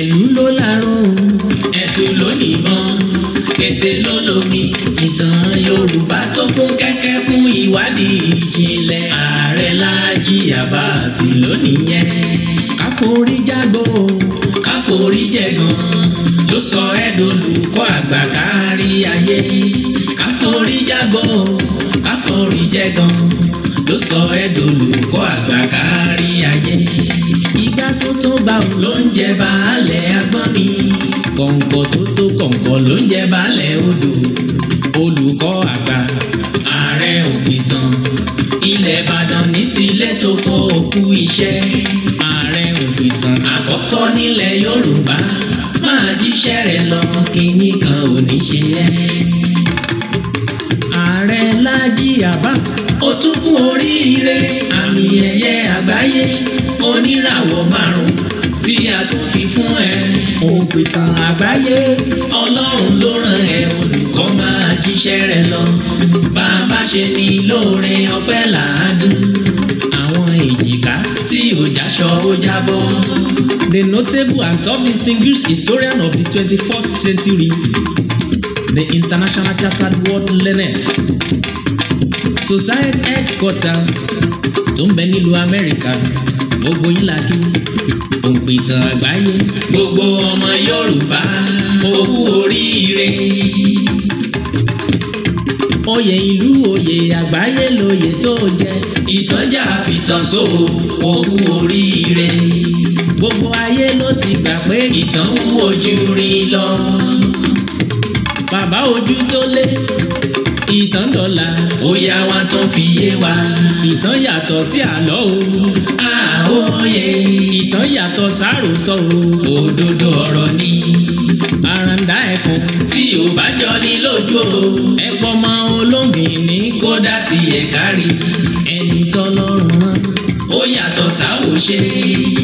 ẹ̀lú ló láró ẹ̀tù ló níbọn ètè ló lómi ìtàn Yorùbá tó kún kẹ́kẹ́ fún ìwádìí ìjìnlẹ̀ Ààrẹ Láàjì Àbáàsì lónìí yẹn káforí jágbó káforí jẹgàn ló sọ ẹ́ dolùkọ́ àgbà kárí ayé káforí jágbó káforí jẹgàn ló sọ ẹ́ dolùkọ́ àgbà kárí ayé. ìgbà tó tó báwo ló ń jẹ baálẹ̀ agbọ́n mi. kọ̀ǹkọ̀ tó tó kọ̀ǹkọ̀ ló ń jẹ baálẹ̀ odò. olùkọ́ àgbà ààrẹ òpìtàn. ilẹ̀ ìbàdàn ní tilẹ̀ tó kọ́ òkú iṣẹ́. ààrẹ òpìtàn àkọ́kọ́ nílẹ̀ yorùbá máa jíṣẹ́ rẹ̀ lọ kíní kan ò ní ṣe ẹ́. márùn tí a tún fi fún ẹ. òpìtàn àgbáyé ọlọ́run ló ràn ẹ́ olùkọ́ máa jíṣẹ́ rẹ lọ. bàbá ṣe ni lóore ọpẹ́ làádùn àwọn èjìká tí ò jáṣọ ó jábọ́. The notable and top distinguished historian of the twenty-first century the International Chartered World Learned Society headquarters tó ń bẹ nílùú America gbogbo yín la kí òǹpìtàn àgbáyé gbogbo ọmọ Yorùbá owó oríire oyè ìlú oyè àgbáyé lóyè tó jẹ ìtọ́jà fìtànṣó owó oríire gbogbo ayé ló ti gbà pé ìtàn ń wojú rí lọ bàbá ojú tó lé ìtàn dọ̀la ó yá wa tó fi yé wa ìtàn yàtọ̀ sí àlọ́ o òye ìtàn yàtọ̀ sáròsọ òdodo ọ̀rọ̀ ni àràǹdà ẹ̀kún tí ò bá jọ ní lójú o ẹ̀pọ̀ ọmọ olóògbé ní kódà ti ẹ̀ka rí ẹni tọ́lọ́run mọ́ ó yàtọ̀ sáwòṣe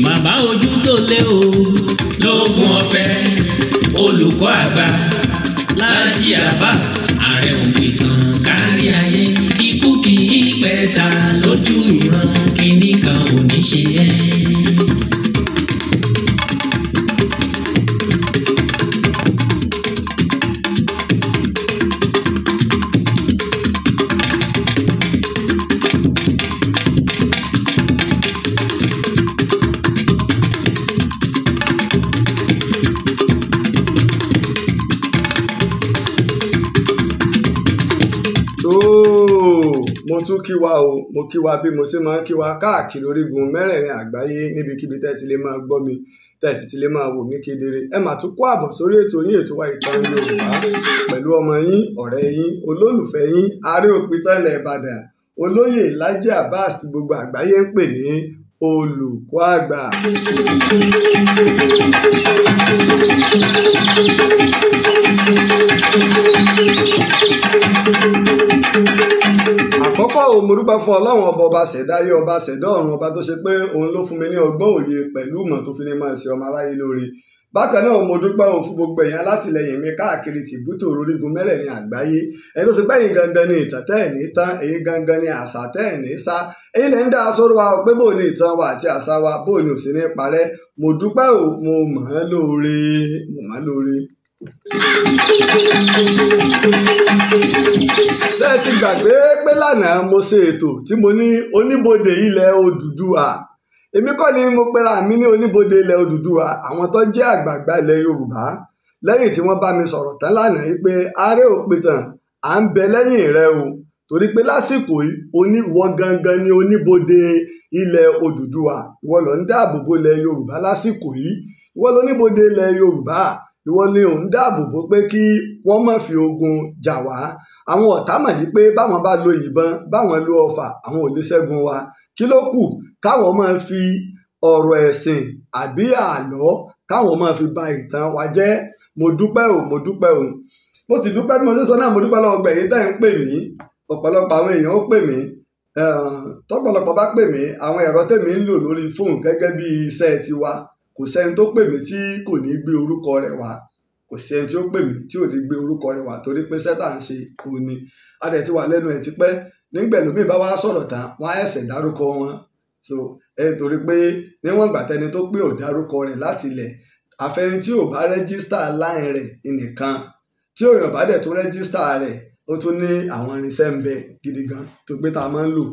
bàbá ojú tó lé o lóògùn ọ̀fẹ́ olùkọ́ àgbà Láàjì Abbas ààrẹ She is. mo kí wa bí mo ṣe máa ń kí wa káàkiri orígun mẹ́rẹ̀ẹ̀rin àgbáyé níbikíbi tẹ́ ti lè máa gbọ́ mi tẹ́ sì ti lè máa wò mí kedere ẹ mà tún kó àbọ̀ sórí ètò yín ètò wa ìtàn Yorùbá pẹ̀lú ọmọ yín ọ̀rẹ́ yín olólùfẹ́ yín aré òpìtàn ilẹ̀ Ìbàdàn olóyè Laji Abbas gbogbo àgbáyé ń pè ní olùkọ́ àgbà. thank you àkọ́kọ́ ò mo dúpẹ́ fún ọlọ́run ọba ọba ṣẹ̀dáyé ọba ṣẹ̀dọ́ọ̀run ọba tó ṣe pé òun ló fún mi ní ọgbọ́n òye pẹ̀lú ìmọ̀ tó fi ní máa ṣe ọmọ aráyé lóore bákan náà mo dúpẹ́ o fún gbogbo èèyàn alátìlẹyìn mi káàkiri tìbútò orígun mẹ́rẹ̀ẹ̀rin àgbáyé ẹni tó ṣe pé ẹ̀yin gangan ni ìtàn tẹ́ ẹ̀ ní tán ẹ̀yin gangan ni àṣà tẹ́ ẹ̀ ní sá ẹ̀yin lẹ́ ń dá aṣọ wa pé bóun ni ìtàn wa àti àṣà wa bóun ni òsì ní parẹ́ mo dúpẹ́ o mo mọ̀ ọ́ lóore mo mọ̀ ọ́ lóore ṣé ẹ ti gbàgbé pé lánàá mo ṣe ètò tí mo ní oníbodè ilẹ̀ Odùduwà èmi kọ́ ni mo pera mi ní oníbodè ilẹ̀ Odùduwà àwọn tó jẹ́ àgbààgbà ilẹ̀ Yorùbá lẹ́yìn tí wọ́n bá mi sọ̀rọ̀ tán lánàá yìí pé ààrẹ òpìtàn à ń bẹ lẹ́yìn rẹ o torí pé lásìkò yìí oníwọ gangan ni oníbodè ilẹ̀ Odùduwà ìwọ ló ń dáàbò bo ilẹ̀ Yorùbá lásìkò yìí ìwọ lóníbodè ilẹ̀ Yorùbá ìwọ ni òun dáàbò bò pé kí wọ́n má fi ogun jà wá àwọn ọ̀tá mọ̀ yí pé báwọn bá lo ìbọn báwọn lo ọfà àwọn ò lè ṣẹ́gun wa kí ló kù káwọn máa fi ọ̀rọ̀ ẹ̀sìn àbí àlọ́ káwọn máa fi ba ìtàn wa jẹ́ mo dúpẹ́ o mo dúpẹ́ o mo sì dúpẹ́ bí mo ṣe sọ náà mo dúpẹ́ lọ́wọ́ gbẹ̀yìn tẹ́ ń pè mí ọ̀pọ̀lọpọ̀ àwọn èèyàn ó pè mí tọ́pọ̀lọpọ̀ bá pè mí àwọn ẹ̀rọ tèmi ń lò lórí fóònù gẹ́gẹ́ bí iṣẹ́ tiwa kò sẹ́ni tó pè mí tí kò ní gbé orúkọ rẹ̀ wá kò sí tí ó pè mí tí ò ní gbé orúkọ rẹ̀ wá torí pé sẹ́tà ń ṣe òun ni ti wà lẹ́nu ẹ̀ tipẹ́ nígbà ẹlòmíì bá wá sọ̀rọ̀ tán wọ́n á ẹ̀sẹ̀ dárúkọ wọn so ẹ torí pé níwọ̀n ìgbà tẹni tó pé ò dárúkọ rẹ̀ láti ilẹ̀ àfẹni tí ò bá rẹ́gísítà láìn rẹ̀ nìkan tí òyìn bá dẹ̀ tún rẹ́gísítà rẹ̀ ó tún ní àwọn irinṣẹ́ ń bẹ gidi gan tó gbé tá máa ń lò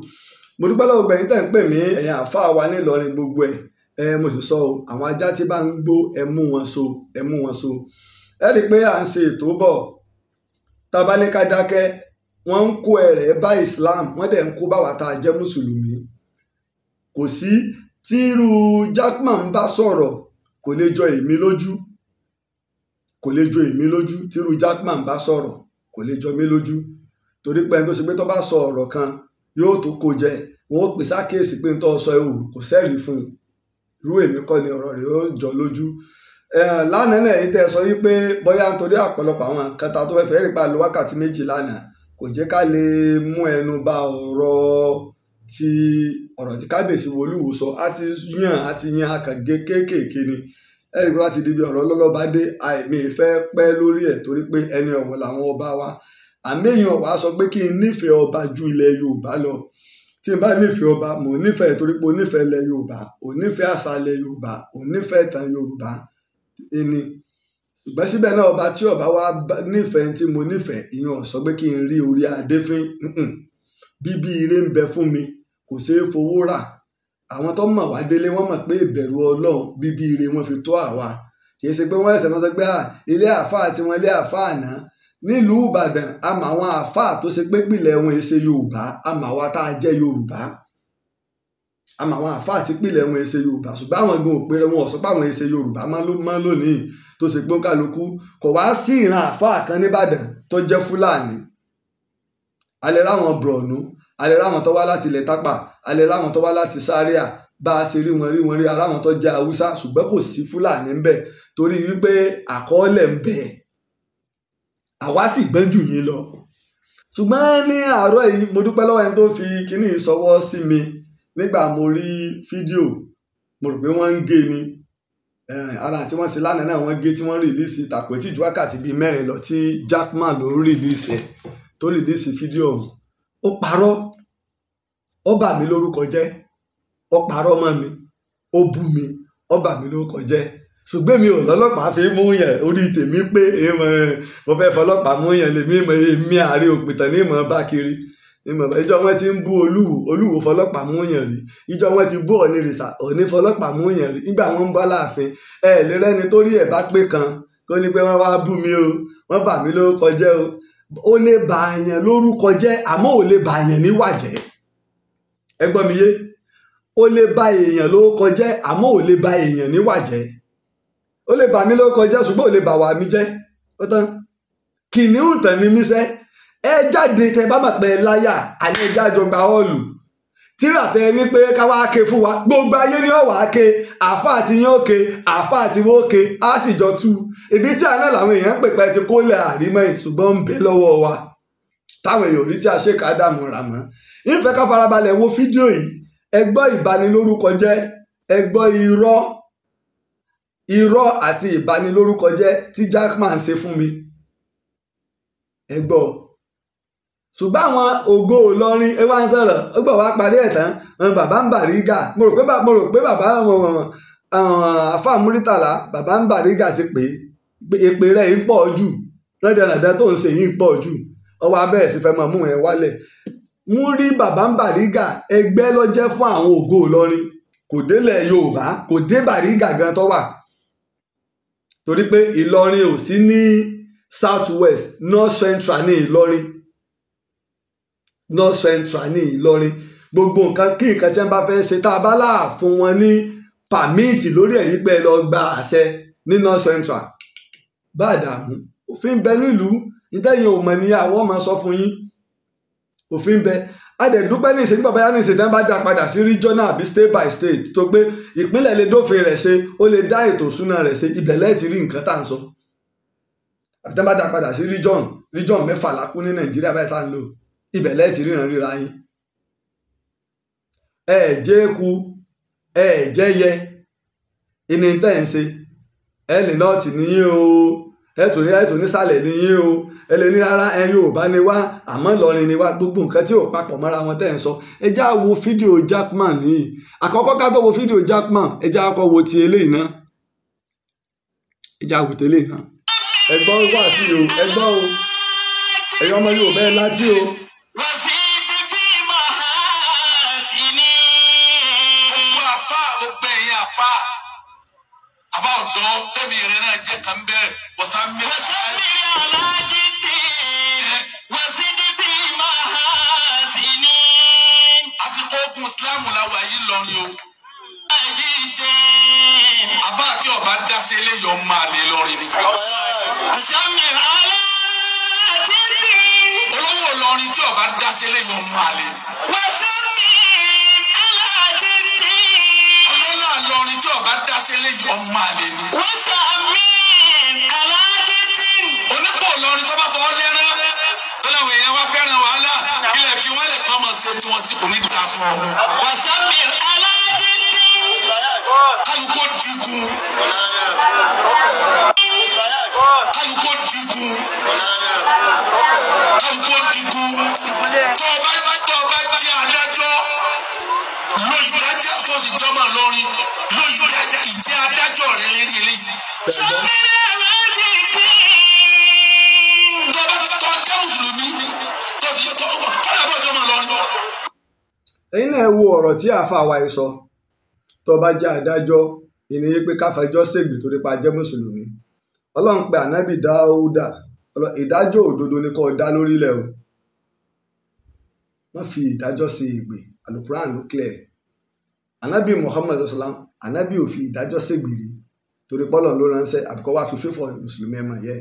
mo dúpẹ́ lọ́wọ́ gbẹ̀yìn tẹ̀ ń pè mí ẹ̀yin àáfàá wa nílọrin gbogbo ẹ̀ ẹ mo sì sọ o àwọn ajá tí bá ń gbó ẹ mú wọn so ẹ mú wọn so ẹ rí i pé à ń ṣe ètò bọ̀ tabalẹ́ka dákẹ́ wọ́n ń kó ẹ̀rẹ̀ bá Islam wọ́n dẹ̀ ń kó báwa tá a jẹ́ mùsùlùmí kò sí tírú Jackman bá sọ̀rọ̀ kò lè jọ èmi lójú kò lè jọ èmi lójú tírú Jackman bá sọ̀rọ̀ kò lè jọ mí lójú torí pé ẹni tó ṣe pé tó bá sọ ọ̀rọ̀ kan yóò tó kó jẹ wọn ó pèsè àkíyèsí pé ń tọ́ sọ ewu kò sẹ́rìí fún un irú èmi kọ́ ni ọ̀rọ̀ rẹ̀ ó jọ lójú lánàá náà yìí tẹ́ sọ wípé bóyá nítorí àpọ̀lọpọ̀ àwọn nǹkan ta tó fẹ́ fẹ́ẹ́ rí pa lo wákàtí méjì lánàá kò jẹ́ ká lè mú ẹnu bà ọ̀rọ̀ ti ọ̀rọ̀ tí kábíyèsí Wolúwo sọ á ti yàn á ti yan akànge kéékèèké ni ẹ̀rí pé wá ti di bí ọ̀rọ̀ lọ́lọ́ba dé àìmí fẹ́ pẹ́ lórí ẹ̀ torí pé ẹni ọ̀wọ̀ làwọn ọba wa àmì èèyàn wàá sọ pé kí n nífẹ̀ẹ́ ọba ju ilẹ̀ Yorùbá lọ tí n bá nífẹ̀ẹ́ ọba mò ń nífẹ̀ẹ́ torí pé onífẹ̀ẹ́ ilẹ̀ yorùbá onífẹ̀ẹ́ àṣà ilẹ̀ yorùbá onífẹ̀ẹ́ ìtàn yorùbá ẹni ṣùgbọ́n síbẹ̀ náà ọba tí ọba wa nífẹ̀ẹ́ tí mo nífẹ̀ẹ́ ìyẹn ò sọ pé kí n rí orí adé fín bíbí ire ń bẹ fún mi kò ṣeé fowó rà àwọn tó mọ̀ wá délé wọ́n mọ̀ pé ìbẹ̀rù ọlọ́run bíbí ire wọn fi tó àwa kì í ṣe pé wọ́n ẹ̀sẹ̀ mọ́ sọ pé ilé àáfàá tiwọn ilé àáfàá náà nílùú ìbàdàn a mọ àwọn àáfàá tó ṣe pé pìlẹ̀ wọn èsè yorùbá a mọ àwa tá a jẹ́ yorùbá a mọ àwọn àáfàá tí pìlẹ̀ wọn èsè yorùbá ṣùgbọ́n àwọn gan òpèrè wọn ọ̀sọ́ pàwọn èsè yorùbá mọ́ lónìí tó ṣe pé ó kálukú kò wá sí ìran àáfàá kan nìbàdàn tó jẹ́ fúlàní alẹ́ ráwọn bùrọ̀nù alẹ́ ráwọn tó wá láti ilẹ̀ tápà alẹ́ ráwọn tó wá láti sáríà bá a ṣe rí wọn rí wọn rí aráwọn tó jẹ́ haúsá ṣùgbọ́n kò sí fúlàní ń bẹ torí wípé àkọọ́lẹ̀ ń bẹ àwa sì gbọ́n jù yín lọ ṣùgbọ́n ní àárọ̀ yìí mo dúpẹ́ lọ́wọ́ ẹni tó fi kíní ìṣọwọ́ sí mi nígbà mo rí fídíò mo rò pé wọ́n ń gé ni ara tí wọ́n ṣe lánàá náà wọ́n gé tí wọ́n rìlíìsì tàpé tí ju wákàtí bíi mẹ́rin lọ tí Jackman ló rìlíìsì ẹ̀ tó rìlíìsì fídíò ọ̀hún ó parọ́ ó bà mí lórúkọ jẹ́ ó parọ́ mọ́ mi ó bú mi ó bà mí lórúkọ jẹ́ ṣùgbọ́n mi ò lọ́lọ́pàá fi mú yẹn orí tèmi pé èèmọ̀ mo fẹ́ fọlọ́pàá mú yẹn lèmi mọ èmi àárẹ̀ òpìtàn ní ìmọ̀ bá kiri ìjọ wọn ti ń bú olúwo olúwo fọlọ́pàá mú yẹn rí ìjọ wọn ti bú ọ̀ní rìsà ọ̀ní fọlọ́pàá mú yẹn rí nígbà wọn ń bá láàfin ẹ lè rẹ́ni tó rí ẹ̀ bá pé kan kó ní pé wọ́n wá bú mi o wọ́n bà mí lórúkọ jẹ́ o ó lè bà yẹn lórúkọ jẹ́ àmọ́ ò lè bà yẹn níwàjẹ́ ẹ ó lè bà mí lórúkọ jẹ́ ṣùgbọ́n ò lè bà wà mí jẹ́ ó tán kìnìún tàn ní mísẹ́ ẹ jáde tẹ bá mà pẹ́ láyà àní ẹja àjọgbà ọ̀ọ̀lù tíra tẹ ní pé ká wá ké fún wa gbogbo ayé ni ó wàá ké àáfà àti yín ó ké àáfà àti wọ́n ó ké á sì jọ tú ibi tí àná làwọn èèyàn pèpè ti kó lẹ̀ àrímọ́ ìtùgbọ́n ń bẹ lọ́wọ́ wa táwọn èèyàn ò tí a ṣe ká dààmú rà mọ́ ìfẹ́ ká farabalẹ̀ wo fídíò yìí ẹ ìbanilórúkọ jẹ́ ẹ irọ́ irọ́ àti ìbanilórúkọjẹ́ tí Jackman ṣe fún mi ẹ gbọ́ ṣùgbọ́n àwọn ògo Ìlọrin ẹ wá ń sọ̀rọ̀ ó gbọ́ wá parí ẹ̀ tán bàbá ń Bàrígà mo mo rò pé bàbá àfàmúrítàlá bàbá ń Bàrígà ti pè é èpè rẹ̀ ń pọ̀ jù rẹ́dẹ̀rẹ̀dẹ̀ tó ń ṣe yìí ń pọ̀ jù ọwọ́ abẹ́ẹ̀ sì fẹ́ mọ̀ mú ẹ̀ wálẹ̀ mú rí bàbá ń Bàrígà ẹgbẹ́ ló fún àwọn ògo Ìlọrin kò délẹ̀ Yorùbá kò dé Bàrígà gan tó wà torí pé Ìlọrin ò sí ní south west north central ní Ìlọrin north central ní Ìlọrin gbogbo nǹkan kí nǹkan tí wọ́n bá fẹ́ ṣe tá a bá là fún wọn ní pàmíìtì lórí ẹ̀yìn pẹ́ lọ gba àṣẹ ní north central bá dààmú òfin bẹ nílùú ìtẹ́yìn ò àwọn ọmọ sọ fún yín òfin bẹ adẹ̀dúpẹ́ ní ìsìn bàbá yá ní ìsìn tẹ́ bá dá padà sí regional àbí state by state tó pé ìpínlẹ̀ lè dófin rẹ̀ ṣe ó lè dá ètò ìṣúná rẹ̀ ṣe ibẹ̀ lẹ́ẹ̀ ti rí nǹkan tá à ń sọ àbí tẹ́ bá dá padà sí region region mẹ́fà lákún ní nàìjíríà báyìí tá à ń lò ibẹ̀ lẹ́ẹ̀ ti ríran ríra yín ẹ ẹ jẹ́ eku ẹ ẹ jẹ́ yẹ ìní tẹ́ ń ṣe ẹ ní nọ́ọ̀tì níyìn o ẹ tò ní ẹ tò o ẹ lè ní rárá ẹ Yorùbá ni wá àmọ́ Ìlọrin ni wá gbogbo nǹkan tí ò papọ̀ mọ́ra wọn tẹ̀ ń sọ ẹ já wo fídíò Jackman yìí àkọ́kọ́ ká tó wo fídíò Jackman ẹ já kọ́ wo ti eléyìí náà ẹ já wo tẹ́lẹ̀ náà ẹ gbọ́ wá sí o ẹ gbọ́ o ẹ̀yọ́ ọmọ Yorùbá ẹ láti o. tí àáfàá wa yìí sọ tó bá jẹ́ adájọ́ ìní pé káfẹjọ́ ṣègbè torí pa jẹ́ mùsùlùmí ọlọ́run pé ànábì dáúdà ìdájọ́ òdodo ni kò dá lórílẹ̀ o wọ́n fi ìdájọ́ sí ègbè alukuran ló clear ànábì muhammad sallam ànábì ò fi ìdájọ́ ṣègbè rí torí pọ́lọ̀ ló ránṣẹ́ àbíkọ́ wá fi fífọ̀ mùsùlùmí ẹ̀ mọ̀ yẹ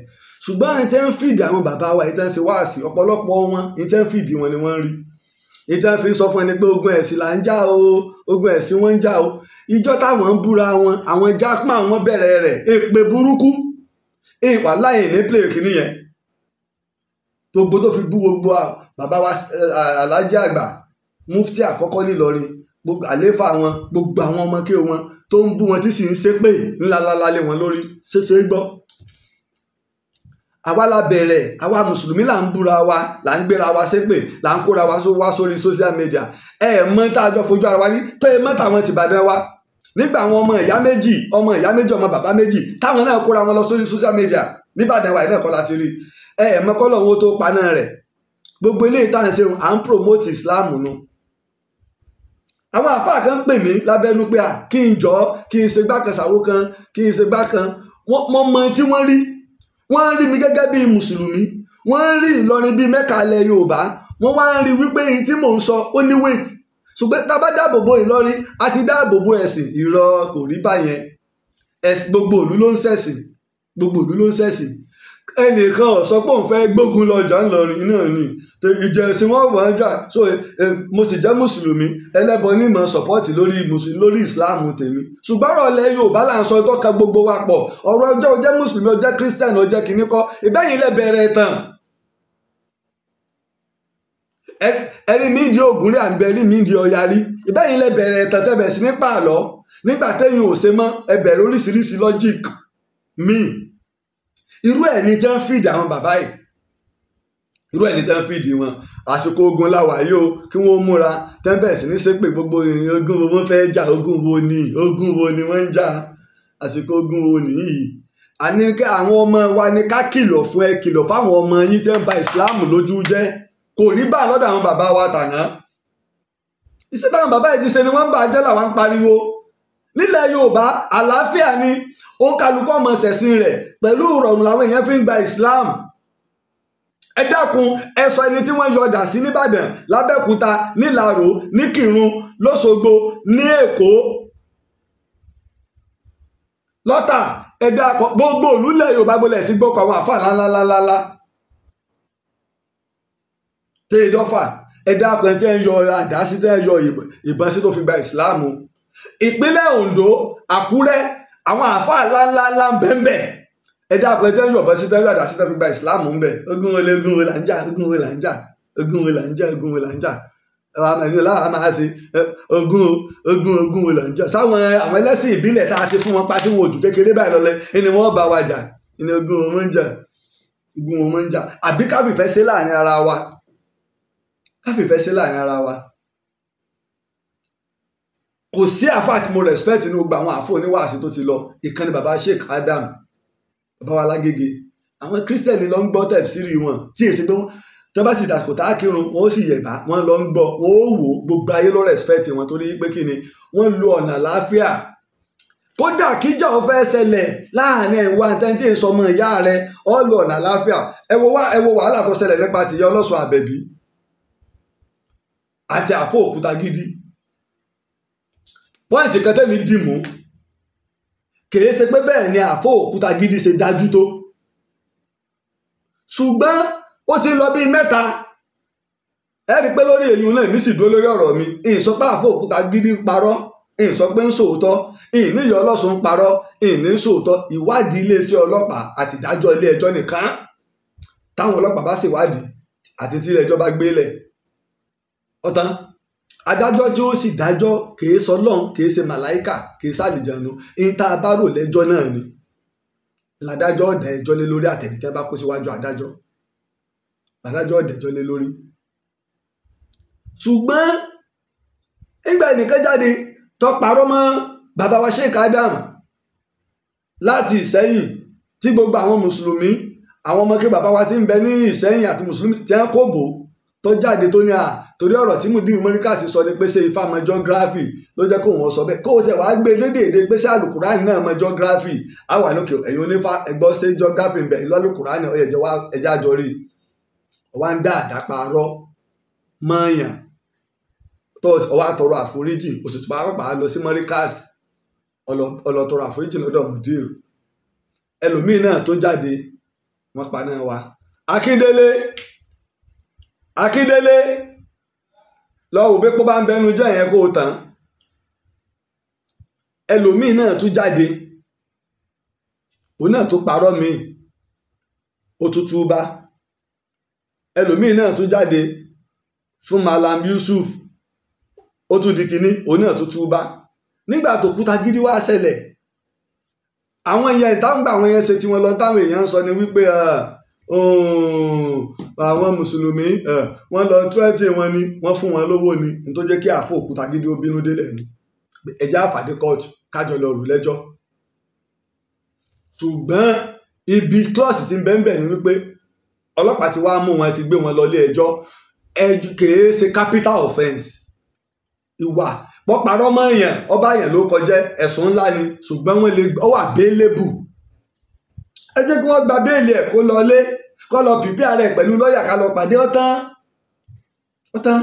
ṣùgbọ́n àìtẹ́ ń fìdí àwọn bàbá wa àìtẹ́ ń ṣe wáàsí ọ̀pọ̀lọpọ̀ wọn àìtẹ́ ń fìdí wọn ni wọ́n ń rí ìtàn fi sọ fún ẹni pé ogun ẹ̀sìn là ń já o ogun ẹ̀sìn wọ́n ń jà o ìjọ táwọn ń búra wọn àwọn jápá wọn bẹ̀rẹ̀ rẹ̀ èpè burúkú ìwà láyè ní pléèkì nìyẹn gbogbo tó fi bú gbogbo bàbá wa alájà àgbà mufti àkọ́kọ́ nìlọrin gbogbo àléfà wọn gbogbo àwọn ọmọ kí wọn tó ń bú wọn tí sì ń ṣépè ńlá lálálé wọn lórí ṣéṣe gbọ́ àwa la bẹ̀rẹ̀ àwa mùsùlùmí là ń búra wa là ń gbéra wa ṣépè là ń kóra wa wá sórí social media ẹ mọ tá a jọ fojú ara wa ní tó ẹ mọ táwọn ti bàdán wa nígbà àwọn ọmọ ìyá méjì ọmọ ìyá méjì ọmọ bàbá méjì táwọn náà kóra wọn lọ sórí social media nìbàdàn wa ìnáà kọ́ la ti rí ẹ ẹ mọ́kọ́ lọ́wọ́ tó paná rẹ̀ gbogbo eléyìí tá à ń ṣe à ń promote Islam nu àwọn àfáà kan pè mí lábẹ́nu pé à kí n jọ kí n ṣe gbá kan ṣàwó kan kí n ṣe gbá kan wọ́n mọ tí wọ́n rí wọ́n rí mi gẹ́gẹ́ bíi mùsùlùmí wọ́n rí Ìlọrin bíi mẹ́ka ilẹ̀ Yorùbá wọ́n wá ń rí wípé èyí tí mò ń sọ ó ní wéètì ṣùgbọ́n tá a bá dáàbò bo Ìlọrin a ti dáàbò bo ẹ̀sìn irọ́ kò rí báyẹn gbogbo ìlú ló ń ṣẹ̀sìn gbogbo ìlú ló ń ṣẹ̀sìn ẹnìkan ò sọ pé òun fẹ́ gbógun lọ́jà ńlọrin náà ni ìjọ ẹ̀sìn wọn wọ́n jà so mo sì jẹ́ mùsùlùmí ẹlẹ́bọn ní mọ̀ sọ́pọ́ọ̀tì lórí mùsùlùmí lórí ìsìláàmù tèmi ṣùgbọ́n ọ̀rọ̀ ilẹ̀ yorùbá là ń sọ tọ́ka gbogbo wa pọ̀ ọ̀rọ̀ ọjọ́ ọjọ́ mùsùlùmí ọjọ́ kírísítẹ̀nì ọjọ́ kìíní kọ́ ìbẹ́yìn lẹ bẹ̀rẹ̀ tán ẹ̀rí mi di ògùn rí àǹbẹ̀rí mi di ọ̀yàrí ìbẹ́yìn lẹ bẹ̀rẹ̀ tán tẹ̀bẹ̀ sí ní pààlọ́ nígbà téèyàn ò ṣe mọ́ ẹbẹ̀rẹ̀ oríṣiríṣi lọ́jíìkì míì irú ẹ̀ ní tí wọ́n fìdí àwọn bàbá yìí irú ẹ̀ ní tí wọ́n fìdí wọn àsìkò ogun làwà yìí o kí wọ́n múra tẹ́ńbẹ̀sì ní sépè gbogbo ogun wo wọ́n fẹ́ jà ogun wo ni ogun wo ni wọ́n ń jà àsìkò ogun wo nìyí àní àwọn ọmọ wa ni ká kìlọ̀ fún ẹ kìlọ̀ fáwọn ọmọ yín tẹ́ ń ba ìsìláàmù lójú jẹ́ kò rí bá lọ́dọ̀ àwọn bàbá wa tàná iṣẹ́ bàbá yìí ti ṣe ni wọ́n ń bàjẹ́ làwọn ń pariwo nílẹ̀ Yorùbá àlàáfíà ni ó ń kálukú ọmọ ṣẹ̀sìn rẹ̀ pẹ̀lú ìrọ̀rùn làwọn èèyàn fi ń gba Islam ẹ dákun ẹ sọ ẹni tí wọ́n yọdà sí nìbàdàn lábẹ́òkúta nílàró níkìrun lọ́sọ̀gbò ní èkó lọ́tà ẹ dákun gbogbo òlúlẹ̀ yorùbá gbolẹ̀ ti gbọ́kọ̀ àwọn àfà ńláńláńláńlá tẹ ìdọ́fà ẹ dákun ẹni tí ń yọ àdá sí tẹ́ ń yọ ìbọn sí tó fi gba ìsìláàmù ìpínlẹ̀ Ondo Àkúrẹ́ àwọn àfáà ńláńlá ńlá bẹ́ẹ̀ ẹ̀dá kan tí wọ́n yọ̀bọ sí fẹ́ẹ́ gbàdá sí fẹ́ẹ́ fi gba ìsìláàmù ń bẹ̀ ogun wo ogun wo là ń jà ogun wo là ń jà ogun wo là ń jà ogun wo là ń jà àwọn àmọ̀ ìlú làwọn máa ṣe ogun ogun ogun wo là ń jà sáwọn àwọn ẹlẹ́sìn ìbílẹ̀ tá a ti fún wọn pa sí wọn òjò kékeré báyìí lọ́lẹ́ ẹni wọ́n bá wa jà ẹni ogun wọn ń jà ogun wọn ń jà àbí káfífẹ́ sí láàrin ara wa káfífẹ́ sí láàrin ara wa kò sí àáfàá tí mo respect nínú gbogbo àwọn àáfàá oníwàásù tó ti lọ ìkànnì baba Sheikh Adam baba wa lágége àwọn christian ló ń gbọ́ tẹ̀síìrì wọn tí èsì pé tó bá sì dàsìkò tá a kírun wọn ó sì yẹ̀bá wọn lọ ń gbọ́ wọn ó wò gbogbo ayé ló respect wọn torí pé kí ni wọ́n lo ọ̀nà àlàáfíà kódà kíjà ọ fẹ́ ṣẹlẹ̀ láàrin ẹ̀wà àtẹ́ntì ìsọmọ ìyá rẹ ọ lo ọ̀nà àlàáfíà ẹ wo wàhálà tó ṣẹlẹ̀ nípa tìyẹ ọlọ́sùn àbẹ̀bí àti àfọ òkúta gidi pọ́ìntì kan tẹ́mi dì mú kìí ṣe pé bẹ́ẹ̀ ni àfọ òkúta gidi ṣe dájú tó ṣùgbọ́n ó ti lọ bíi mẹ́ta ẹ rí i pé lórí èyí náà mi sì dúró lórí ọ̀rọ̀ mi ìyìn sọ pé àfọ òkúta gidi parọ́ ìyìn sọ pé ń sòótọ́ ìyìn ní ìyá ọlọ́sùn parọ́ ìyìn ní sòótọ́ ìwádìí iléeṣẹ́ ọlọ́pàá àti ìdájọ́ ilé ẹjọ́ nìkan táwọn ọlọ́pàá bá ṣèwádìí àti tí ilé ẹjọ́ bá gbélẹ̀ ọ̀tán adájọ́ tí ó sì dájọ́ kìí sọlọ́n kìí ṣe màláìkà kìí sàlìjànù ní tá a bá rò lẹ́jọ́ náà ni ládájọ́ ọ̀dà ẹjọ́ lé lórí àtẹ̀lẹ́tẹ́ bá kó síwájú adájọ́ ládájọ́ ọ̀dà ẹjọ́ lé lórí. ṣùgbọ́n nígbà ẹnìkan jáde tó parọ́ mọ́ bàbá wa Sheikh Adam láti Ìsẹ́yìn tí gbogbo àwọn mùsùlùmí àwọn ọmọ kí bàbá wa ti ń bẹ ní Ìsẹ́yìn àti mùsùlùmí tí wọ́n kò tó jáde tó ní à torí ọ̀rọ̀ tí Mudiru Markaz sọ ni pé ṣé Ifá mọ geography ló jẹ́ kó wọ́n sọ bẹ́ẹ̀ kó o tẹ̀ wá gbé lédèédé pé ṣé alukurani náà mọ geography á wà lókè ẹ̀yin onífá ẹgbọ́ ń ìlú alukurani ọ̀yẹ̀ jẹ́ ẹja jọ rí ń dá mọ́ọ̀yàn tó wá tọrọ àforíjì pàápàá lọ sí ọlọ́tọrọ àforíjì akíndélé lọ́wọ́ pé kó bá ń bẹnu jẹ́ yẹn kó tán ẹlòmíì náà tún jáde òun náà tún parọ́ mi ó tún túbá ẹlòmíì náà tún jáde fún malam yusuf ó tún di kínní òun náà tún túbá nígbà tó kúta gidi wá ṣẹlẹ̀ àwọn èèyàn ìtàǹgbà àwọn èèyàn ṣe tí wọ́n lọ táwọn èèyàn ń sọ ni wípé uh, àwọn mùsùlùmí wọ́n lọ tírẹ́tì wọn ni wọ́n fún wọn lówó ni n tó jẹ́ kí àfọ òkúta gidi ó bínú délẹ̀ ni ẹ̀já àfàdé kóòtù kájọ lọ rù lẹ́jọ́ ṣùgbọ́n ibi klọ́ọ̀sì ti ń bẹ́ńbẹ̀ ni wípé ọlọ́pàá ti wá mú wọn ti gbé wọn lọ ilé ẹjọ́ kèé ṣe capital offence ìwà pọ́parọ́ mọ́ èèyàn ọba èèyàn ló kọjá ẹ̀sùn ńlá ni ṣùgbọ́n wọ́n lè ó wà béélébù ẹ jẹ́ kí wọ́n gba béèlì ẹ̀ kó lọ lé kó lọ pìpì ààrẹ pẹ̀lú lọ́ọ̀yà ká lọ pàdé ọ̀tán ọ̀tán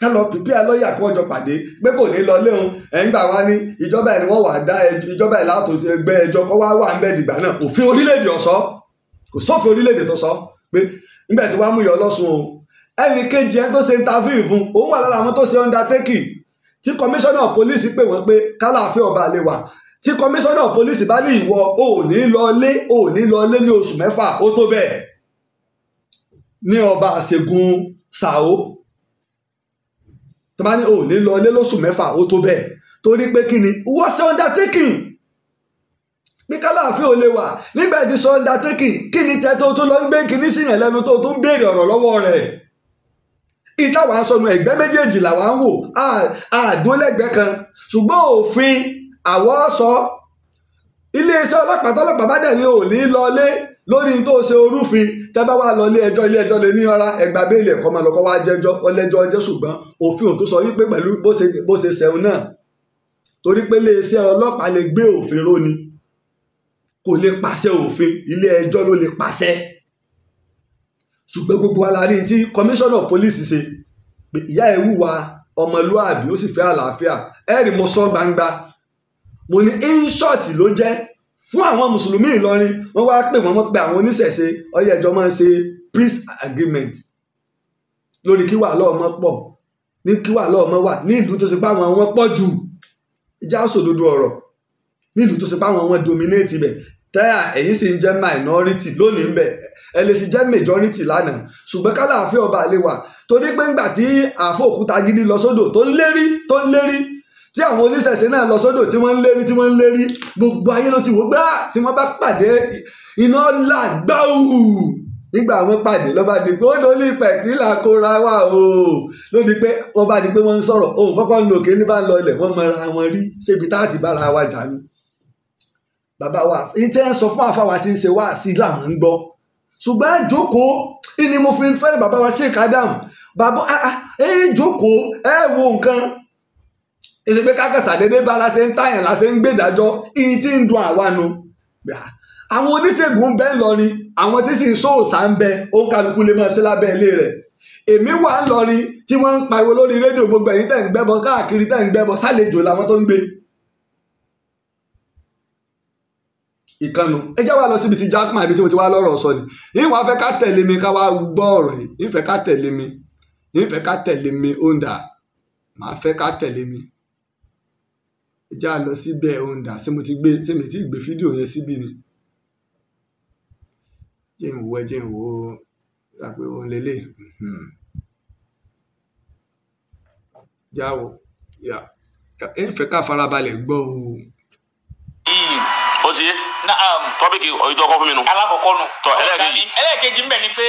ká lọ pìpì ààrẹ lọ́ọ̀yà kí wọ́n jọ pàdé pé kò ní lọ léhun ẹ̀yìn gbà wá ní ìjọba ẹ̀ ni wọ́n wà dá ìjọba ẹ̀ látò ẹgbẹ́ ẹjọ́ kọ́ wá wà ń bẹ́ẹ̀ dìgbà náà òfin orílẹ̀-èdè ọ̀sọ́ kò sófin orílẹ̀-èdè tó sọ pé níbẹ̀ tí wàá mú yọ lọ́sùn o ẹnì kejì ẹ tó ṣe interview fún òun wà lára àwọn tó ṣe undertaking tí commissioner of police pè wọ́n pé kálàáfíà ọba àlewà tí kọmíṣánná pólísì bá ní ìwọ ò ní lọ lé ò ní lọ lé ní oṣù mẹ́fà ó tó bẹ́ẹ̀ ní ọba àṣegun ṣàó tó bá ní ò ní lọ lé lóṣù mẹ́fà ó tó bẹ́ẹ̀ torí pé kí ni wọ́n ṣe undertaking ní kálàáfíà ò lè wà nígbà tí sọ undertaking kí ni tẹ́ tó tó lọ ń gbé kíní sí yẹn lẹ́nu tó tó ń béèrè ọ̀rọ̀ lọ́wọ́ rẹ̀ ìtawà sọnù ẹ̀gbẹ́ méjèèjì làwa ń wò àdólẹ́gbẹ́ kan ṣùgbọ́n òfin àwọ̀ sọ iléeṣẹ́ ọlọ́pàá tọ́lọ́pàá bá dẹ̀ ní ò ní lọlé lórí tó ṣe orúfin tẹ́bá wà lọ ilé ẹjọ́ ilé ẹjọ́ lè ní ọ̀rá ẹgbà béèlì ẹ̀kọ́ máa lọ́kọ́ wá jẹ́jọ́ ọlẹ́jọ́ ọjọ́ ṣùgbọ́n òfin ò tún sọ wípé pẹ̀lú bó ṣe ṣẹ̀hún náà torí pé iléeṣẹ́ ọlọ́pàá lè gbé òfin róni kò lè pàṣẹ òfin ilé ẹjọ́ ló lè pàṣẹ ṣùgbọ́n gbogbo wa tí commissioner of police ṣe ìyá ẹ̀ wùwà ọmọlúàbí ó sì fẹ́ àlàáfíà ẹ̀rì mo sọ gbangba mo ní inshort ló jẹ́ fún àwọn mùsùlùmí ìlọrin wọ́n wá pè wọ́n mọ́ pé àwọn oníṣẹ̀ṣe ọyẹ ẹjọ́ máa ń ṣe peace agreement lórí kí wàhálà ọmọ pọ̀ ní kí wàhálà ọmọ wà ní ìlú tó ṣe pé àwọn wọn pọ̀ jù ìjà sòdodo ọ̀rọ̀ ní ìlú tó ṣe pé àwọn wọn dominate ibẹ̀ tẹ́yà ẹ̀yin sì ń jẹ́ minority lónìí ń bẹ̀ ẹ lè fi jẹ́ majority lánàá ṣùgbọ́n kálá àfẹ́ ọba àlewà torí pé ńgbà tí àfọ òkúta gidi lọ sódò tó ń lérí tó ń lérí tí àwọn oníṣẹ̀ṣe náà lọ sódò tí wọ́n ń lérí tí wọ́n ń lérí gbogbo ayé ló ti wò gbá ah! tí wọ́n bá pàdé iná là gbáwù nígbà wọ́n pàdé ló di pé ó lórí pẹ̀kí là kóra wà o ló di pé wọ́n bá di pé wọ́n ń sọ̀rọ̀ ohun kọ́kọ́ ń lò kí ní bá ń lọ ilẹ̀ wọ́n mọra wọn rí ṣébi tá àti bára wa jà ní. bàbá wa ìtẹ́ ń sọ fún àfáwà tí ń ṣe wá sí làwọn ń gbọ́ ṣùgbọ́n àjókòó ìní mo fi fẹ́ràn bàbá wa Sheikh Adam bàbá ah, ah, ẹ jókòó ẹ wo nǹkan èsì pé kákàsàdédé bá la ṣe ń tàyàn la ṣe ń gbèdájọ́ iye tí ń dun àwa nu àwọn oníṣègùn bẹ́ẹ̀ lọrin àwọn tí sì ń sóòsà ń bẹ ó kálukú lè máa ṣe lábẹ́ ilé rẹ̀ èmi wà ń lọrin tí wọ́n ń pariwo lórí rédíò gbogbo ẹ̀yìn tẹ̀ ń gbẹ́bọ káàkiri tẹ̀ ń gbẹ́bọ sálejò làwọn tó ń gbé. ìkànnù ẹ jẹ́ wá lọ síbi tí Jaqmal ibi tí mo ti wá lọ́rọ̀ sọ ni yìí wàá fẹ́ ká tẹ̀lé mi ká wá gbọ́ ọ̀rọ̀ yìí yìí fẹ́ ká tẹ̀lé mi yìí fẹ́ ká tẹ̀lé mi ó ń dà máa fẹ́ ká tẹ̀lé mi ìjà lọ síbẹ̀ òun dà ṣé mo ti gbé ṣé mi ti gbé fídíò yẹn síbí ni jẹ́ ń wo ẹ jẹ́ ń wo rà pé òun lélẹ̀ hmm. yàwó ẹ ń fẹ́ ká farabalẹ̀ gbọ́ o. ó ti yé tọ́pìkì ọ̀yìn tó kọ́ fún mi nù. alákọ̀ọ́kọ́ nù. tọ́ ẹlẹ́ẹ̀kejì. ẹlẹ́ẹ̀kejì ń ni pé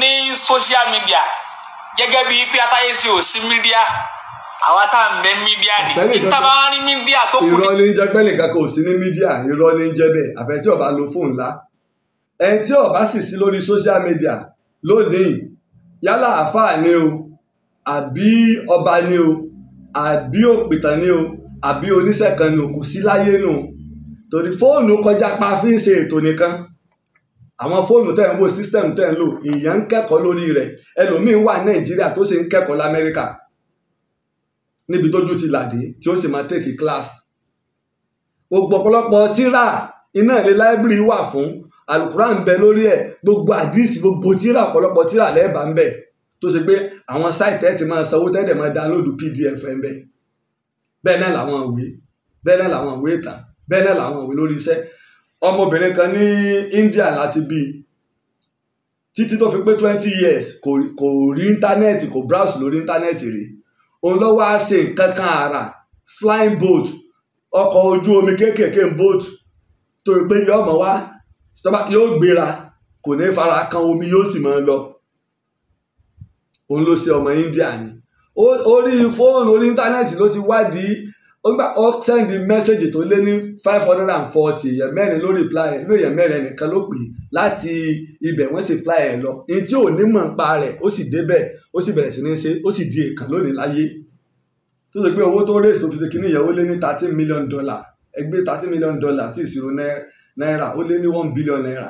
ní social media gẹ́gẹ́ bíi pé atáyé sí ò sí mídíà àwa tá à ń bẹ mídíà ni ìtàbá wa ní mídíà tó kù. irọ́ ló ń jẹ́ pẹ́lẹ́ kankan ò sí ní mídíà irọ́ ló ń jẹ́ bẹ́ẹ̀ àfẹ́ tí ọba lo fóònù ńlá ẹni tí ọba sì sí lórí social media lónìí yálà àáfàá ni o àbí ọba ni o àbí òpìtàn ni o àbí oníṣẹ̀kan ni o kò sí láyé nù torí fóònù kọjá pa fi ń ṣe ètò nìkan àwọn fóònù tẹ́ ń wo system tẹ́ ń lò èèyàn ń kẹ́kọ̀ọ́ lórí rẹ̀ ẹlòmíín wà nàìjíríà tó ṣe ń kẹ́kọ̀ọ́ lamẹ́ríkà níbi tójú ti làdé tí ó sì máa tẹ̀kì class gbogbo ọ̀pọ̀lọpọ̀ tíra iná ilé láìbírì wà fún alukuran ń bẹ lórí ẹ̀ gbogbo àdìsí gbogbo tíra ọ̀pọ̀lọpọ̀ tíra lẹ́ẹ̀bà ń bẹ tó ṣe pé àwọn sáìtì ẹ̀ ti máa sanwó tẹ́lẹ̀ máa dánlódù pdf ẹ̀ ń bẹ bẹ́ẹ̀ náà làwọn ìwé bẹ́ẹ̀ náà làwọn ìwé ìtàn bẹ́ẹ̀ náà làwọn ìwé lórí iṣẹ́ ọmọbìnrin kan ní India láti bí títí tó fi pé twenty years kò rí íńtánẹ́ẹ̀tì kò browse lórí íńtánẹ́ẹ̀tì rèé òun ló wá ṣe nǹkan kan àrà flying boat ọkọ̀ ojú omi kéékèèké boat tó pé yóò mọ̀ wá yóò gbéra kò ní fara kan omi yóò sì máa lọ òun ló ṣe ọmọ India ni orí fóònù orí íńtánẹ́ẹ̀tì ló ti wádìí ó gbà ó sẹ́ndì mẹ́sẹ̀gì tó lé ní five hundred and forty èèyàn mẹ́rin ló reply inú èèyàn mẹ́rin nìkan ló pè láti ibẹ̀ wọ́n sì reply ẹ̀ lọ ní tí ò ní mọ̀ ń pa rẹ̀ ó sì débẹ̀ ó sì bẹ̀rẹ̀ sí ní ṣe ó sì di èèkàn lónìí láyé tó sọ pé owó tó raise tó fi ṣe kíní yẹn ó lé ní thirteen million dollar ẹgbẹ́ thirteen million dollar sí ìṣirò náírà ó lé ní one billion naira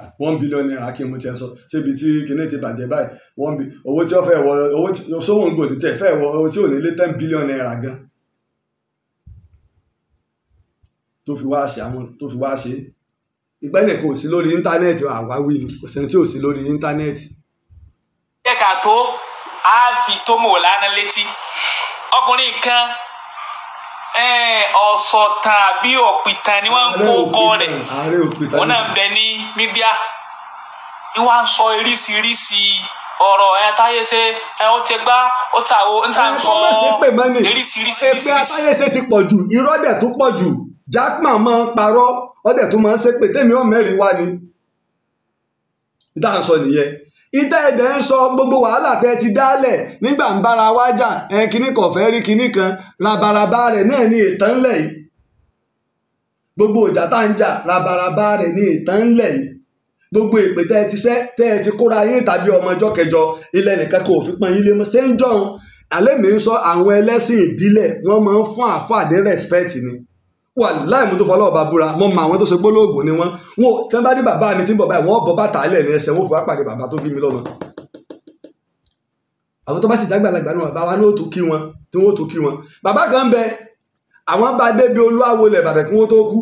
Ah, one billion naira kí n mú tiẹ̀ sọ síbi tí kinní ti bàjẹ́ báyìí one bi owó tí ó fẹ́ wọ owó tí sówó ń gò ní tẹ̀ fẹ́ wọ owó tí ò ní lé ten billion naira gan tó fi wá ṣe àwọn tó fi wá ṣe ìgbẹ́lẹ̀ kò sí lórí íńtánẹ́ẹ̀tì àwáwí ni kò sẹ́ni tí ò sí lórí íńtánẹ́ẹ̀tì. jẹ́ tó a fi tó mò lánàá létí ọkùnrin kan ọsọ tàbí òpìtàn ni wọ́n ń kó kọ́ rẹ wọn náà bẹ ní mídíà wọ́n sọ oríṣiríṣi ọ̀rọ̀ ẹ̀ táyé ṣe ẹ̀ ó ti gbá ó tàwo ń sọ ẹgbẹ́ atáyé ṣe ti pọ̀ jù irọ́ tó pọ̀ jù máa ń parọ́ tó máa ń tèmi ò mẹ́rin wá ni. ìdáhùn sọ nìyẹn ìtẹ́ ẹ̀dẹ̀ ń sọ gbogbo wàhálà tẹ́ ti dálẹ̀ nígbà ń bára wá jà ẹ kinní kan fẹ́ rí kinní kan rabaraba rẹ̀ náà ní ìtàn ńlẹ̀ yìí gbogbo ìjà tá ń jà rabaraba rẹ̀ ní ìtàn ńlẹ̀ yìí gbogbo èpè tẹ́ ẹ ti sẹ́ tẹ́ ẹ ti kóra yín tàbí ọmọ ọjọ́ kẹjọ ilẹ̀ nìkan kò fi pọn yín lé mọ́ ṣé ń jọun mi ń sọ àwọn ẹlẹ́sìn ìbílẹ̀ wọ́n máa ń fún àfàdé respect ni. wà láì mú tó fọlọ́ ọba búra mo mọ àwọn tó ṣe gbólóògùn ni wọ́n wọn tí wọ́n bá ní bàbá mi tí ń bọ̀ báyìí wọ́n bọ́ bàtà ilẹ̀ ní ẹsẹ̀ wọn fò wá bàbá tó bí mi lọ́mọ. àwọn tó bá sì dágbàlagbà náà bàbá wa ní òtún kí wọn tí wọn ó kí wọn bàbá kan bẹ àwọn bá débi olúwawo lẹ̀ bàtà kí wọ́n tó kú.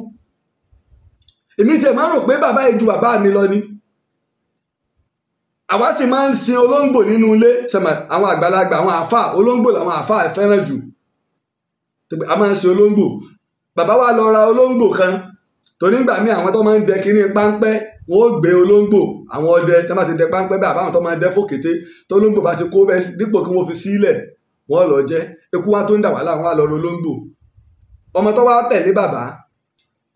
èmi tiẹ̀ máa ń rò pé bàbá yìí ju bàbá mi lọ ni. àwa sì máa ń sin olóńgbò nínú ilé sẹ̀mà àwọn àgbàlagbà àwọn àáfà olóńgbò làwọn àáfà fẹ́ràn jù a máa ń sin olóńgbò bàbá wa lọ ra olóńgbò kan torí ńgbà míì àwọn tó máa ń dẹ kínní páńpẹ́ wọn ó gbé olóńgbò àwọn ọdẹ tó máa ti dẹ páńpẹ́ bẹ́ẹ̀ àbáwọn tó máa ń dẹ fòkété tó olóńgbò bá ti kó bẹ́ẹ̀ dípò kí wọ́n fi sílẹ̀ wọ́n lọ jẹ́ eku wa tó ń dà wá láwọn á lọ ra olóńgbò ọmọ tó wá tẹ̀lé bàbá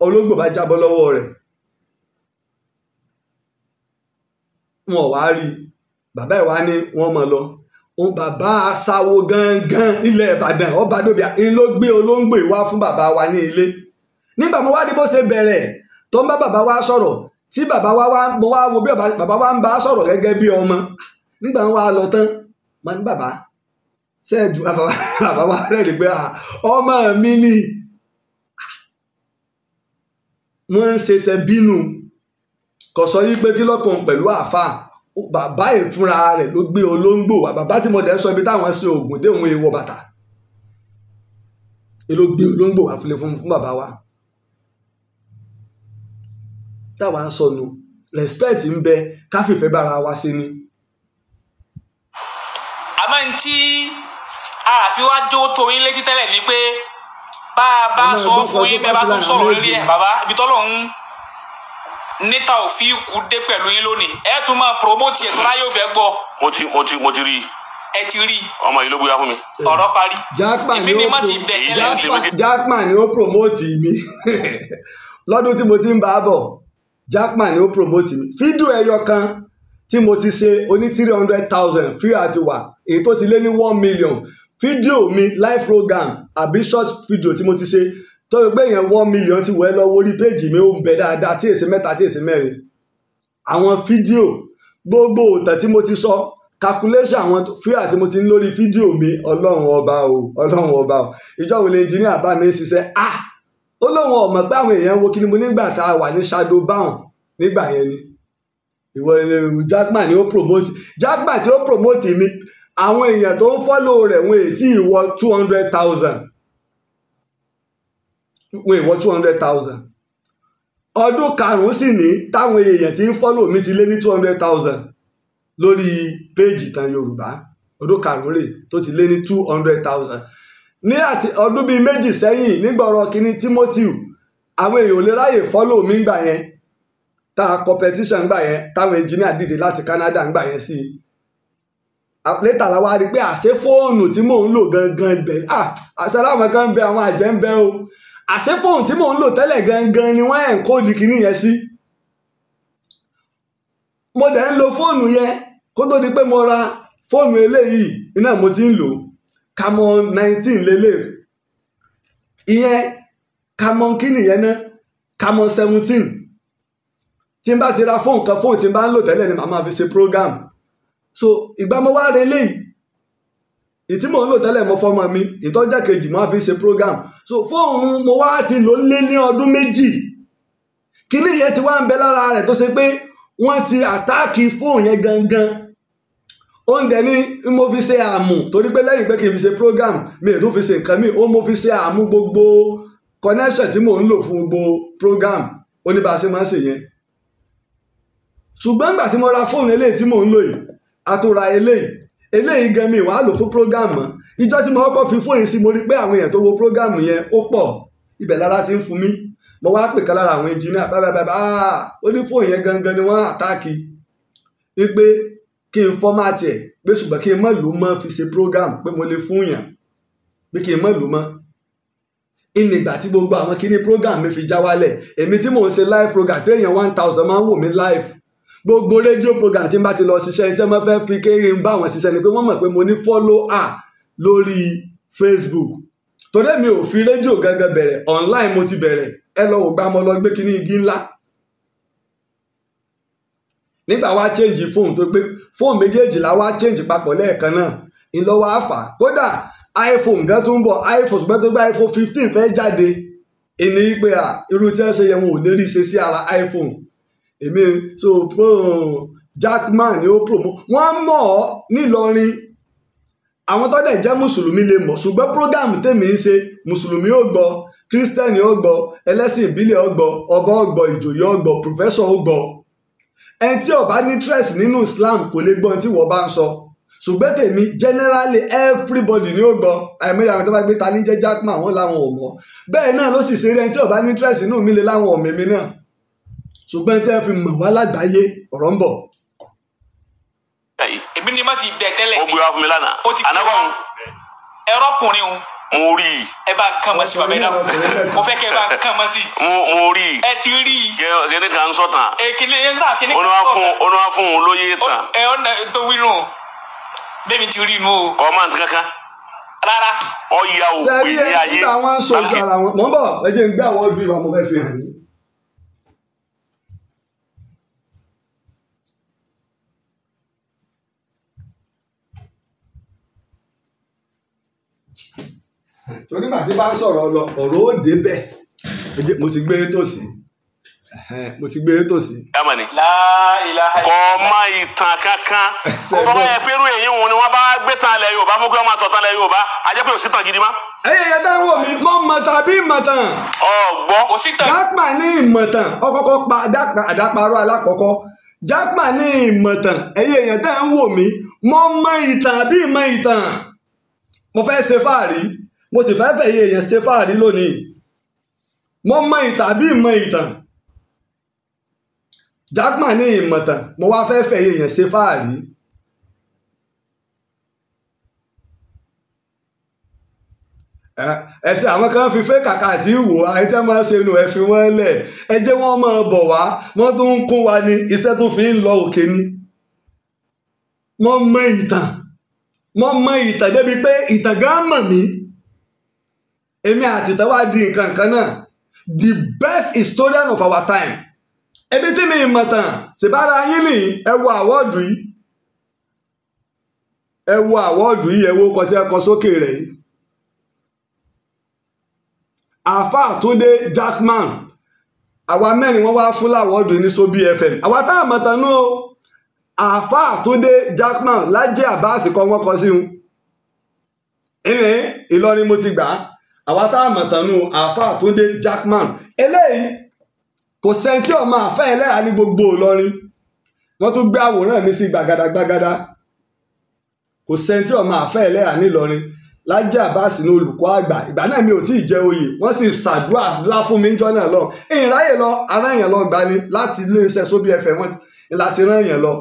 olóńgbò bá jábọ́ lọ́wọ́ rẹ̀ wọn wá rí bàbá ẹ̀ wá ní wọ́n lọ òun bàbá aṣawo gangan ilẹ̀ ìbàdàn ọba dòbíà ń ló gbé olóńgbò wá fún bàbá wa ní ilé nígbà mo wá ní bó ṣe bẹ̀rẹ̀ tó ń bá bàbá wa sọ̀rọ̀ tí bàbá wa wá mo wá wo bí bàbá wa ń bá sọ̀rọ̀ gẹ́gẹ́ bí ọmọ nígbà wa lọ tán mo ní bàbá sẹ́ẹ̀dù bàbá wa rẹ̀ rí pé ọmọ mi ni wọ́n ń ṣe tẹ bínú kò sọ yí pé kí lọ́kàn pẹ̀lú àáfàá bàbá ìfúnra rẹ̀ ló gbé olóńgbò wá bàbá tí mo dẹ̀ sọ ibi táwọn ṣe oògùn dé òun èèwọ̀ bàtà èló gbé olóńgbò wá fúnlé fún fún bàbá wa táwa ń sọnù respect ń bẹ káfífẹ́ bára wa ṣe ni. àmọ́ ní tí àfi wá jó tó yín létí tẹ́lẹ̀ ni pé bá a bá sọ fún yín bẹ́ẹ̀ bá tún sọ̀rọ̀ lórí ẹ̀ bàbá ibi tọ́lọ́hún níta òfin kù dé pẹ̀lú yín lónìí ẹ tún máa promote ẹ̀ tọ́lá yóò fẹ́ gbọ́. mo ti mo ti mo ti rí i. ẹ ti rí i. ọmọ yìí ló gbéra fún mi. ọ̀rọ̀ parí. èmi ni má ti bẹ̀ tẹ́lẹ̀. Jackman ni ó promote mi lọ́dún tí mo ti ń bá a bọ̀ Jackman ni ó promote mi fídíò ẹyọ kan tí mo ti ṣe oní three hundred thousand fíò àti wà èyí tó ti lé ní one million fídíò mi life program àbí short video tí mo ti ṣe tó yẹ pé èèyàn one million ti wẹ̀ lọ orí péjì mi ó ń bẹ dáadáa tí èsì mẹ́ta tí èsì mẹ́rin àwọn fídíò gbogbo òtẹ̀ tí mo ti sọ calculation àwọn fíà tí mo ti ní lórí fídíò mi ọlọ́run ọba o ọlọ́run ọba o ìjọwọ́ lè engineer bá mi ṣiṣẹ́ ah ó lóun ọ̀mọ̀ pé àwọn èèyàn wo kí ni mo nígbà tá a wà ní shadow bound nígbà yẹn ni ìwọ Jackman ni ó promote Jackman tí ó promote mi àwọn èèyàn tó ń fọ́lò rẹ̀ wọn èyí tí ìwọ two hundred thousand wọ́n ìwọ two hundred thousand ọdún karùn ní táwọn èèyàn ti ń fọ́lọ̀ mi ti lé ní two lórí péèjì tan Yorùbá ọdún karụ rè tó ti lé ní two ní àti bíi méjì sẹ́yìn nígbọ̀rọ̀ kínní Timothy àwọn èèyàn ò lè mi gbà yẹn gbà yẹn táwọn engineer dìde láti Canada gbà yẹn sí i létà la wá rí i pé tí mò ń lò gangan bẹ̀ ah àṣẹ kan ń bẹ àwọn àjẹ́ ń o àṣẹ fóònù tí mò ń lò tẹ́lẹ̀ gangan ni wọ́n encode kìíní yẹn sí mo dẹ̀ ń lo fóònù yẹn kó tó di pé mo ra fóònù eléyìí iná mo ti ń lò Camon 19 lélẹ̀ ìyẹn Camon kìíní yẹn ná Camon 17 tí n bá ti ra fóònù kan fóònù tí n bá ń lò tẹ́lẹ̀ ni màá máa fi ṣe program so ìgbà mo wá relé yìí ìtí mò ń lò tẹ́lẹ̀ mo fọmọ mi ìtọ́jà kejì mo á fi ṣe program so fóònù mo wá ti lò lé ní ọdún méjì kíní yẹn ti wá ń bẹ lára rẹ̀ tó ṣe pé wọ́n ti àtáàkì fóònù yẹn gangan oúnjẹ ní mo fi ṣe àmù torí pé lẹ́yìn pé kì í fi ṣe program mi ì tún fi ṣe nǹkan mi ó mo fi ṣe àmù gbogbo connection tí mò ń lò fún gbogbo program oníbàṣẹ máa ń ṣe yẹn ṣùgbọ́n gbà tí mo ra fóònù eléyìí tí mò ń lò yìí àtúra eléyìí eléyìí gan mi wàá lò fún program mọ́ ìjọ tí mo kọ́kọ́ fi fóònù sí mo rí pé àwọn èèyàn tó wo program yẹn ó pọ̀ ibẹ̀ lára ti ń fún mi mo wá pè kan lára àwọn engineer bábábábá ó ní fóònù yẹn gangan ni wọ́n àtáàkì wípé kí n fọ́mátì ẹ̀ pé ṣùgbọ́n kí n mọ̀ ló mọ́ fi ṣe program pé mo lè fún yàn pé kí n mọ̀ ló mọ́ ìnìgbà tí gbogbo àwọn kíní program mi fi já wálẹ̀ èmi tí mò ń ṣe live program téèyàn one thousand máa ń wò mí live gbogbo rédíò program tí n bá ti lọ ṣiṣẹ́ ní tí wọ́n fẹ́ fi kéré ń bá wọn ṣiṣẹ́ ni pé wọ́n mọ̀ pé mo ní follower lórí Facebook torí mi ò fi rédíò gángan bẹ̀rẹ̀ online mo ti bẹ̀rẹ̀ ẹ lọ ò gbá mọ lọ gbé kíní igi ńlá nígbà wa change phone tó gbé phone méjèèjì la wá change papọ̀ lẹ́ẹ̀kan náà ìlọ́wọ́ àfà kódà iphone gan tó ń bọ̀ iphone ṣùgbọ́n tó iphone fifteen fẹ́ èmi so Jackman ni ó promo wọ́n mọ̀ ọ́ nílọrin àwọn tó dẹ̀ jẹ́ mùsùlùmí lè mọ̀ ṣùgbọ́n program tèmi ń ṣe mùsùlùmí ó gbọ́ kírísítẹ́nì ó gbọ́ ẹlẹ́sìn ìbílẹ̀ ó gbọ́ ọba ó gbọ́ ìjòyè ó gbọ́ pòfẹ́sọ̀ ó gbọ́ ẹni tí ó ní tress nínú Islam kò lè gbọ́n tí wọ́n bá ń sọ ṣùgbọ́n tèmi generally everybody ni ó gbọ́ àìmọye àwọn tó bá gbé ta ní jẹ́ Jackman wọn làwọn ò mọ̀ bẹ́ẹ̀ náà ló sì ṣeré ẹni tí ó bá ní tress inú mi lè láwọn ọ̀mẹ̀mí náà ṣùgbọ́n tẹ́ fi mọ̀ wá lágbàáyé ọ̀rọ̀ ń bọ̀. èmi ni má ti bẹ tẹ́lẹ̀. ó gbé wá fún mi lánàá anáwó ń. ẹ̀rọ kùnrin ń. mo rí i. ẹ bá ń kàn mọ́ sí bàbá ẹ̀dá mo fẹ́ kẹ́ ẹ bá ń kàn mọ́ sí. mo rí i. ẹ ti rí i. kẹ́ni kan sọ tán. èkìlì eh, ẹ̀ eh, ń sà kíní kan sọ tán. ọ̀nà wa fún un lóye tán. ẹ eh, ọ̀nà tó wí nù bẹ́ẹ̀ mi ti rí inú o. kọ́ máa ń ti kankan rárá. ọ̀ya òpè ní ayé. sẹ́rí ẹ̀ nígbà wọn sọ ìgbà àwọn nọ́mbà ẹ jẹ́ ń gbé àwọn ọdún ìwà mo fẹ́ fi hàn yín. torí màtí bá sọ̀rọ̀ lọ ọ̀rọ̀ ó dé bẹ́ẹ̀ mo ti gbé tòsí mo ti gbé tòsí. dáàmà ni kọ́ ìtàn kankan kó bá yẹ pé èyí wọn ni wọ́n bá gbé tan ilẹ̀ Yorùbá fún kí wọ́n máa tọ̀ tan ilẹ̀ Yorùbá a jẹ́ pé ó sì tàn gidi mọ́. ẹyẹ yẹn tá wò mí mọ mọtàn bí mọtàn. ọgbọ́n kò sí tàn. dápà ní ìmọ̀tàn ọkọ̀kọ̀ pa àdáparọ́ alákọ̀ọ́kọ́ jápà ní ìmọ̀tàn ẹyẹ yẹn tá wò mí mọ mọ ìtàn bí mọ ìtàn mo fẹ́ ṣe fáàrí mo sì fẹ́ fẹ̀yẹ èèyàn ṣe fáàrí lónìí mo mọ ìtàn àbí ìmọ̀ ìtàn Jaqmal ní ìmọ̀tàn mo wá fẹ́ fẹ̀yẹ èèyàn ṣe fáàrí. ẹsẹ àwọn kan fi fẹ́ kàkà tí ì wò ayé tẹ́ máa ṣe nu ẹ fi wọ́n lẹ̀ ẹ jẹ́ wọ́n máa bọ̀ wá wọ́n tún ń kún wa ní iṣẹ́ tó fi ń lọ òkè ni. wọ́n mọ ìtàn wọ́n mọ ìtàn débi pé ìtàn gan mọ̀ mí èmi àti tàwa di nǹkan kan náà the best historian of our time ebi tí mi mọ̀ tán ṣèbára yín ní ẹ wo àwọ́ọ̀dù yìí ẹ wo àwọ́ọ̀dù yìí ẹ wo kọtí ẹ sókè rẹ̀ yìí àfa àtúndé jackman àwa mẹ́rin wọ́n wá fún láwọ́ọ̀dù ní sobi fm àwa tá a mọ̀ tán náà àfa àtúndé jackman lájẹ́ àbáàsì kan wọ́n kọ sí un ìní Ìlọrin mo ti gbà á àwa tá a mọ̀tànú àfa àtúndé Jackman eléyìí kò sẹ́ńtì ọmọ àfẹ́ ẹlẹ́yà ní gbogbo Ìlọrin wọ́n tún gbé àwòrán mi sí gbàgàdà gbàgàdà kò sẹ́ńtì ọmọ àfẹ́ ẹlẹ́yà nílọrin Lájí Abbas ní olùkọ́ àgbà ìgbà náà mi ò tí ì jẹ oyè wọ́n sì ṣàdúrà ńlá fún mi jọ́nà lọ ìráyè lọ aráyàn lọ gbani láti ilé iṣẹ́ Sobi FM láti ráyàn lọ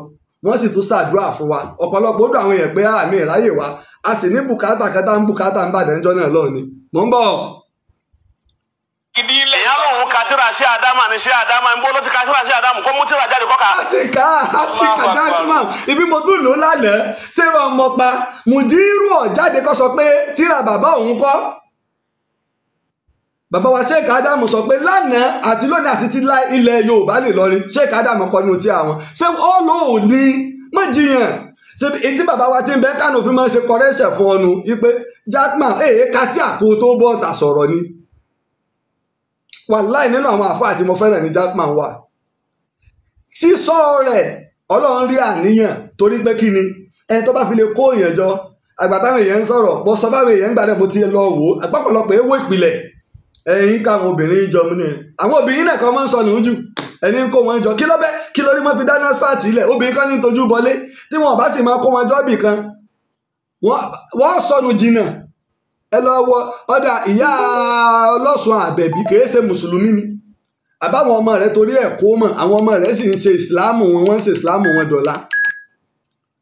wọ́n sì tún ṣàdúrà fún wa ọ̀pọ̀lọpọ̀ ó dùn àwọn èèyàn pé àmì ah, ìráyè wa a sì ní bùkátà kan ń bùkátà ń bàdàn jọ náà lọ́ọ̀ ni mò ń bọ̀. gidi ilẹ̀ ìyá lòun ka tíra ṣé àdámà ni ṣé àdámà ń bó ló ti ka tíra ṣé àdámà kó mú tíra jáde kọ́ka. a ti ka a ti ka dákúmọ̀ ibi mo tún lò lánàá ṣé ọmọ pa mùdírù ọ̀ jáde kọ́ sọ pé tíra bàbá òun kọ́ bàbá wa sheik adamu sọ pé lánàá àti lónìí àti ti la ilẹ̀ yorùbá lè lọrin sheik adamu kọ ní otí àwọn ṣé ó lò ó ní mọ̀jìyàn ṣebí ètí bàbá wa ti ń bẹ kánò fi máa ṣe kọrẹ́ṣẹ̀ fún ọnu wípé jackman èyí ka tí àpò tó bọ́ ọ̀tà sọ̀rọ̀ ni wàláì nínú àwọn àfáà tí mo fẹ́ràn ní jackman wà sísọ rẹ̀ ọlọ́run rí àníyàn torí pé kí ni ẹni tó bá fi lè kó èèyàn jọ àgbàtàwọn èèyàn ń sọ̀rọ̀ mo sọ báwọn èèyàn ń gbà mo ti lọ wò ó àpapọ̀lọpọ̀ èèwọ̀ ìpìlẹ̀ ẹ̀yin káwọn obìnrin jọ mí ni àwọn obìnrin náà kan máa ń sọ nìyújú ẹni ń kó wọn jọ kí fi dáná spáàtì ilẹ̀ obìnrin kan ní tojú bọlé tí wọn bá sì máa kó kan sọnù jìnnà ẹ lọ wọ ọ̀dà ìyá ọlọ́sùn àbẹ̀bí kìí ṣe mùsùlùmí ni àbáwọn ọmọ rẹ torí kó àwọn ọmọ rẹ sì ń ṣe ìsìláàmù wọn ń ṣe ìsìláàmù wọn dọ̀la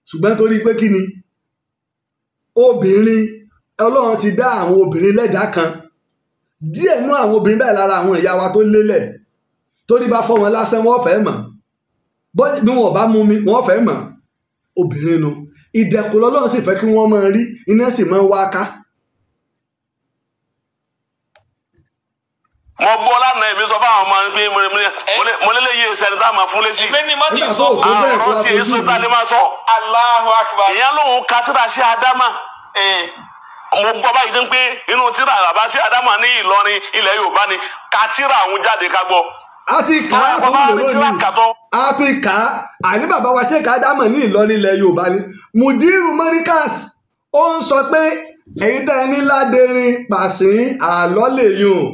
ṣùgbọ́n torí pé kí ni obìnrin ọlọ́run ti dá àwọn obìnrin lẹ́dàá kan díẹ̀ nú àwọn obìnrin bẹ́ẹ̀ lára àwọn ìyá wa tó lélẹ̀ torí bá fọ́ wọn lásán wọ́n fẹ́ mọ̀ bí wọn ò bá mú mi wọ́n fẹ́ mọ̀ obìnrin nu ìdẹ̀kùn lọ́lọ́run sì fẹ́ kí wọ́n máa rí iná sì máa wá ká. mo gbọ́ lánàá èmi sọ fáwọn ọmọ pé mo eh? lé léyìí ẹsẹ̀ ní táwọn máa fún lésì. ìgbé ni mọ́tì sọ àrùn tí èso tá a lè máa sọ. Allahu Akbar. ìyá lòun ka tíra ṣe Adama mo gbọ́ báyìí dín pé inú tíra bàbá sí Adamu ní Ìlọrin ilẹ̀ Yorùbá ni ka tíra àwọn jáde ká gbọ́. a ti kà á tó ń a ti kà á àní bàbá wa ṣe ká Adamu ní Ìlọrin ilẹ̀ Yorùbá ni mudiru Markaz ó ń sọ pé èyí tẹ́ ẹ ní ládẹrin pàṣín àlọ́lẹ̀ yìí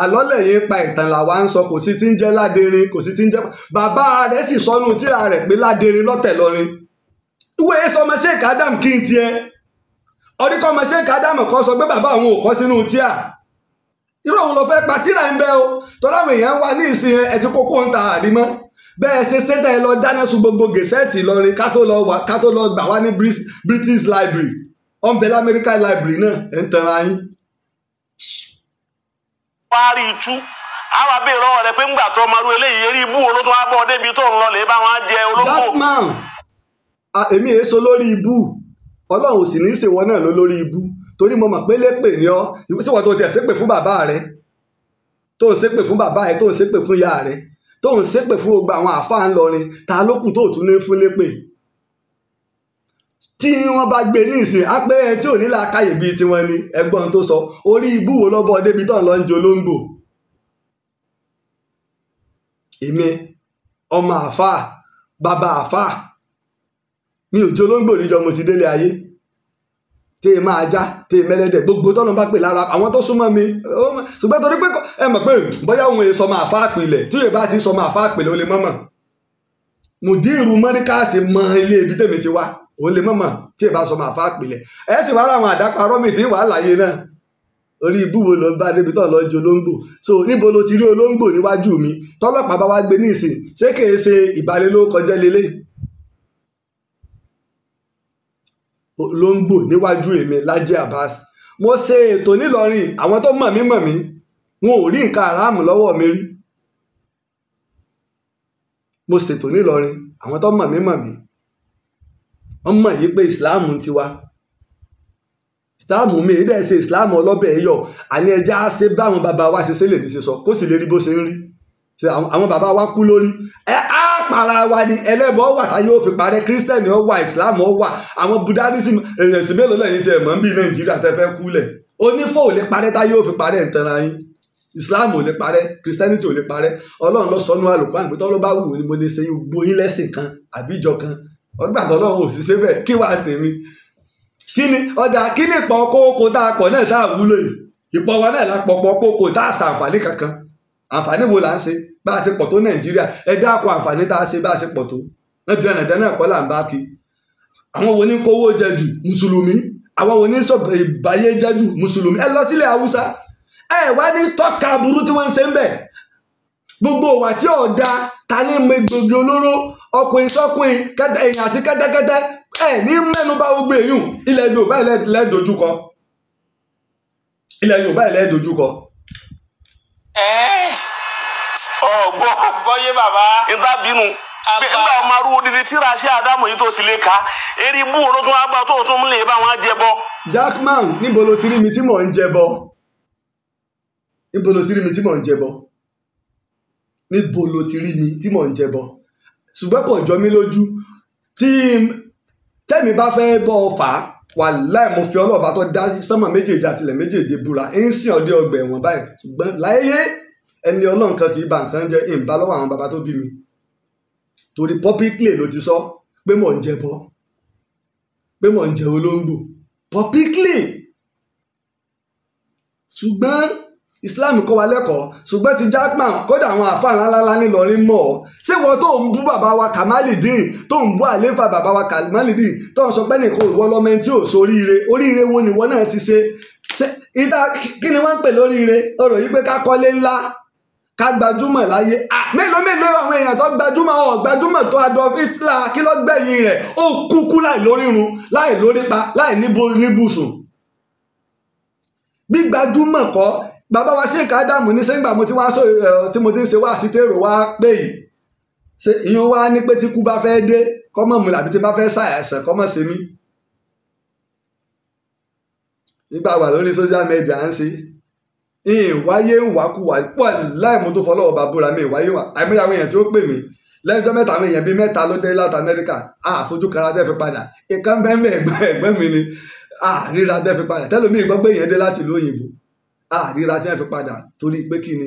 àlọ́ lẹ́yìn pa ìtàn làwa ń sọ kò sí ti ń jẹ́ ládẹrin kò sí ti ń jẹ́ bàbá rẹ̀ sì sọnù tíra rẹ̀ pé ládẹrin lọ́tẹ̀ lọ́rin ìwé sọmọ ṣèkà Adamu kí n tiẹ̀ ọdíkọ́ ọmọ ṣé nǹkan kan sọ pé bàbá òun ò kọ́ sínú a irú òun lọ pa tíra ń o èèyàn wà ní ìsìn ẹ ti kókó ń ta bẹ́ẹ̀ ṣe ṣẹ́tà ẹ lọ dáná sun gbogbo ká tó lọ gbà wá ní British Library ọ̀nbẹ̀lẹ̀ American Library náà ẹ̀ ń tanra yín. àwọn abẹ́ ìrọ́wọ́ rẹ pé ńgbà ọlọ́run ò sì ní í ṣe wọn náà ló lórí ibú torí mo mọ̀ pé lépè ni ọ́ síwọ́n tó tiẹ̀ ṣépè fún bàbá rẹ tó ń ṣépè fún bàbá rẹ tó ń ṣépè fún ìyá rẹ tó ń ṣépè fún gbogbo àwọn àáfàá ńlọrin ta ló kù tó tún ní fún lépè tí wọ́n bá gbé ní ìsìn apẹ́ ẹ tí ò ní làákàyè bíi tiwọn ni ẹgbọ́n tó sọ orí ibú wo lọ́bọ̀ débi tó ń lọ ń jẹ olóńgbò èmi ọmọ àáfàá bàbá àáfàá mi ò jẹ olóńgbò níjọ mo ti délé ayé tí ì máa já tí ì mẹ́lẹ́dẹ̀ gbogbo tọ́nà bá pè lára àwọn tó súnmọ́ mi ṣùgbọ́n torí pé ẹ mọ̀ pé bóyá òun èso máa fà pìlẹ̀ tí ìbá ti sọ máa fà pìlẹ̀ ó lè mọ̀mọ̀ mùdírù mọ́ríkàsì mọ ilé ibi tèmi ti wá ó lè mọ̀mọ̀ tí ìbá sọ máa fà pìlẹ̀ ẹ sì wá ráwọn àdáparọ́ mi tí wàá láyé náà orí ibùwò ló ń bá débi tó lọ ju olóńgbò so níbo lo ti rí olóńgbò níwájú mi tọ́lọ́pàá bá wá gbé ní ìsìn ṣé kèé ṣe ìbálélókọjẹ́ lélẹ́yìí olóńgbò níwájú èmi Laji abas, mo ṣe ètò nílọrin àwọn tó mọ̀ mí mọ̀ mí wọn ò rí nǹkan àràmù lọ́wọ́ mi rí mo ṣètò nílọrin àwọn tó mọ̀ mí mọ̀ mí wọ́n mọ̀ yí pé ìsìláàmù ti wá ìsìláàmù mi èyí dẹ̀ ṣe ìsìláàmù ọlọ́bẹ̀ ẹ̀yọ̀ àní ẹja ṣe báwọn bàbá wa ṣe ṣe lè ní ṣe sọ kó sì lè rí bó ṣe ń rí àwọn bàbá wa kú lórí ẹ á para wa ni ẹlẹ́bọ̀ wà tá yóò fi parẹ́ kírísítẹ́nì ó wà ìsìláàmù ó wà àwọn buddhism èèyàn sí mélòó lẹ́yìn tí ẹ̀ mọ́ ń bí nàìjíríà tẹ́ fẹ́ kúlẹ̀ onífò ò lè parẹ́ tá yóò fi parẹ́ ìtanra yín ìsìláàmù ò lè parẹ́ kírísítẹ́nìtì ò lè parẹ́ ọlọ́run lọ sọnù àlùkò àgbẹ̀ tó ló bá wù ni mo lè ṣe gbogbo yín lẹ́sìn kan àbí kan ọgbà tó a pọ̀ náà tá a wúlò yìí ìpọ̀ wa náà la pọ̀ pọ̀ kókó tá a ṣàǹfààní kankan àǹfààní wo là ń ṣe bá a ṣe pọ̀ tó nàìjíríà ẹ dákun àǹfààní tá a ṣe bá a ṣe pọ̀ tó dandan náà kọ́ là ń bá kí àwọn wo ní kówó jẹ jù mùsùlùmí àwọn wo sọ̀bẹ̀ jẹ jù mùsùlùmí ẹ lọ sílẹ̀ haúsá ẹ wá ní tọ́ka burú tí wọ́n ń ṣe ń bẹ̀ gbogbo òwà tí ọ̀dà ta ní gbogbo olóró ọkùnrin sọkùnrin èèyàn àti kẹ́tẹ́kẹ́tẹ́ ẹ bá gbogbo èèyàn ilẹ̀ yorùbá ilẹ̀ dojúkọ ilẹ̀ yorùbá ilẹ̀ ọgbọ́ gbọ́yé baba níta bínú nígbà ọmọ arúgbó dídí tíra ṣé àdámọ̀ yìí tó sì lè ka eribu olótún àgbà tó tún lè bá wọn jẹ bọ. Jackman níbo ló ti rí mi tí mò ń jẹ bọ níbo ló ti rí mi tí mò ń jẹ bọ níbo ló ti rí mi tí mò ń jẹ bọ ṣùgbọ́n kò jọ mí lójú tí tẹ́mi bá fẹ́ bọ́ ọ fà á wàláì mo fi ọlọ́ọ̀bá tó dá sánmà méjèèjì àtìlẹ̀ méjèèjì búra ń sìn ọdẹ ọgbà ẹ̀wọ̀n báyìí ṣùgbọ́n láyé ẹni ọlọ́run kan kì í ba nǹkan jẹ́ ìǹbá lọ́wọ́ àwọn baba tó bí mi torí publicly ló ti sọ pé mò ń jẹ bọ́ pé mò ń jẹ olóńgbò publicly ṣùgbọ́n Islam kọ́ wa lẹ́kọ̀ọ́ ṣùgbọ́n ti Jaqmal kódà àwọn àfáà ńláńlá nílọrin mọ̀ ọ́ ṣé wọ́n tó ń bú bàbá wa Kamalidin tó ń bú àléfà bàbá wa Kamalidin tó ń sọ pé nìkan ìwọ lọ́mọ ẹni tí ò soríire oríire wo nìwọ náà ti ṣe kí ni wọ́n ń pè lóríire ọ̀rọ̀ yìí pé ká kọ́lé ńlá ká gbajúmọ̀ láyé mélòó mélòó àwọn èèyàn tó gbajúmọ̀ ọ̀ gbajúmọ̀ tó Adolf Hitler kí ló gbẹ̀yìn rẹ̀ ó kúkú láì lórírun láì lórípa láì níbùsùn bí gbajúmọ̀ kọ́ bàbá wa ṣèkà ádámù ní sẹ́ńgbà mo ti wá sọ tí mo ti ń ṣe wá sí tèrò wá pé yìí ṣe ìyẹn wá ní pé tí kú bá fẹ́ dé kọ́mọ̀ mu làbí tí bá fẹ́ ṣàìsàn kọ́mọ̀ sí mi nígbà wà lórí social media ń ṣe ìwáyé ìwàkuwà pọ̀ láìmú tó fọlọ́ ọba búra mi ìwáyé wà àìmọye àwọn èèyàn tí ó pè mí lẹ́jọ́ mẹ́ta àwọn èèyàn bíi mẹ́ta ló dé láti amẹ́ríkà àfojú kan adé fi padà ìkan bẹ́ẹ̀ ẹ̀gbọ́n mi ni àríra adé fi padà tẹ́lómi ìgbọ́ pé èèyàn dé láti ìlú òyìnbó àríra tí wọ́n fi padà torí pé kí ni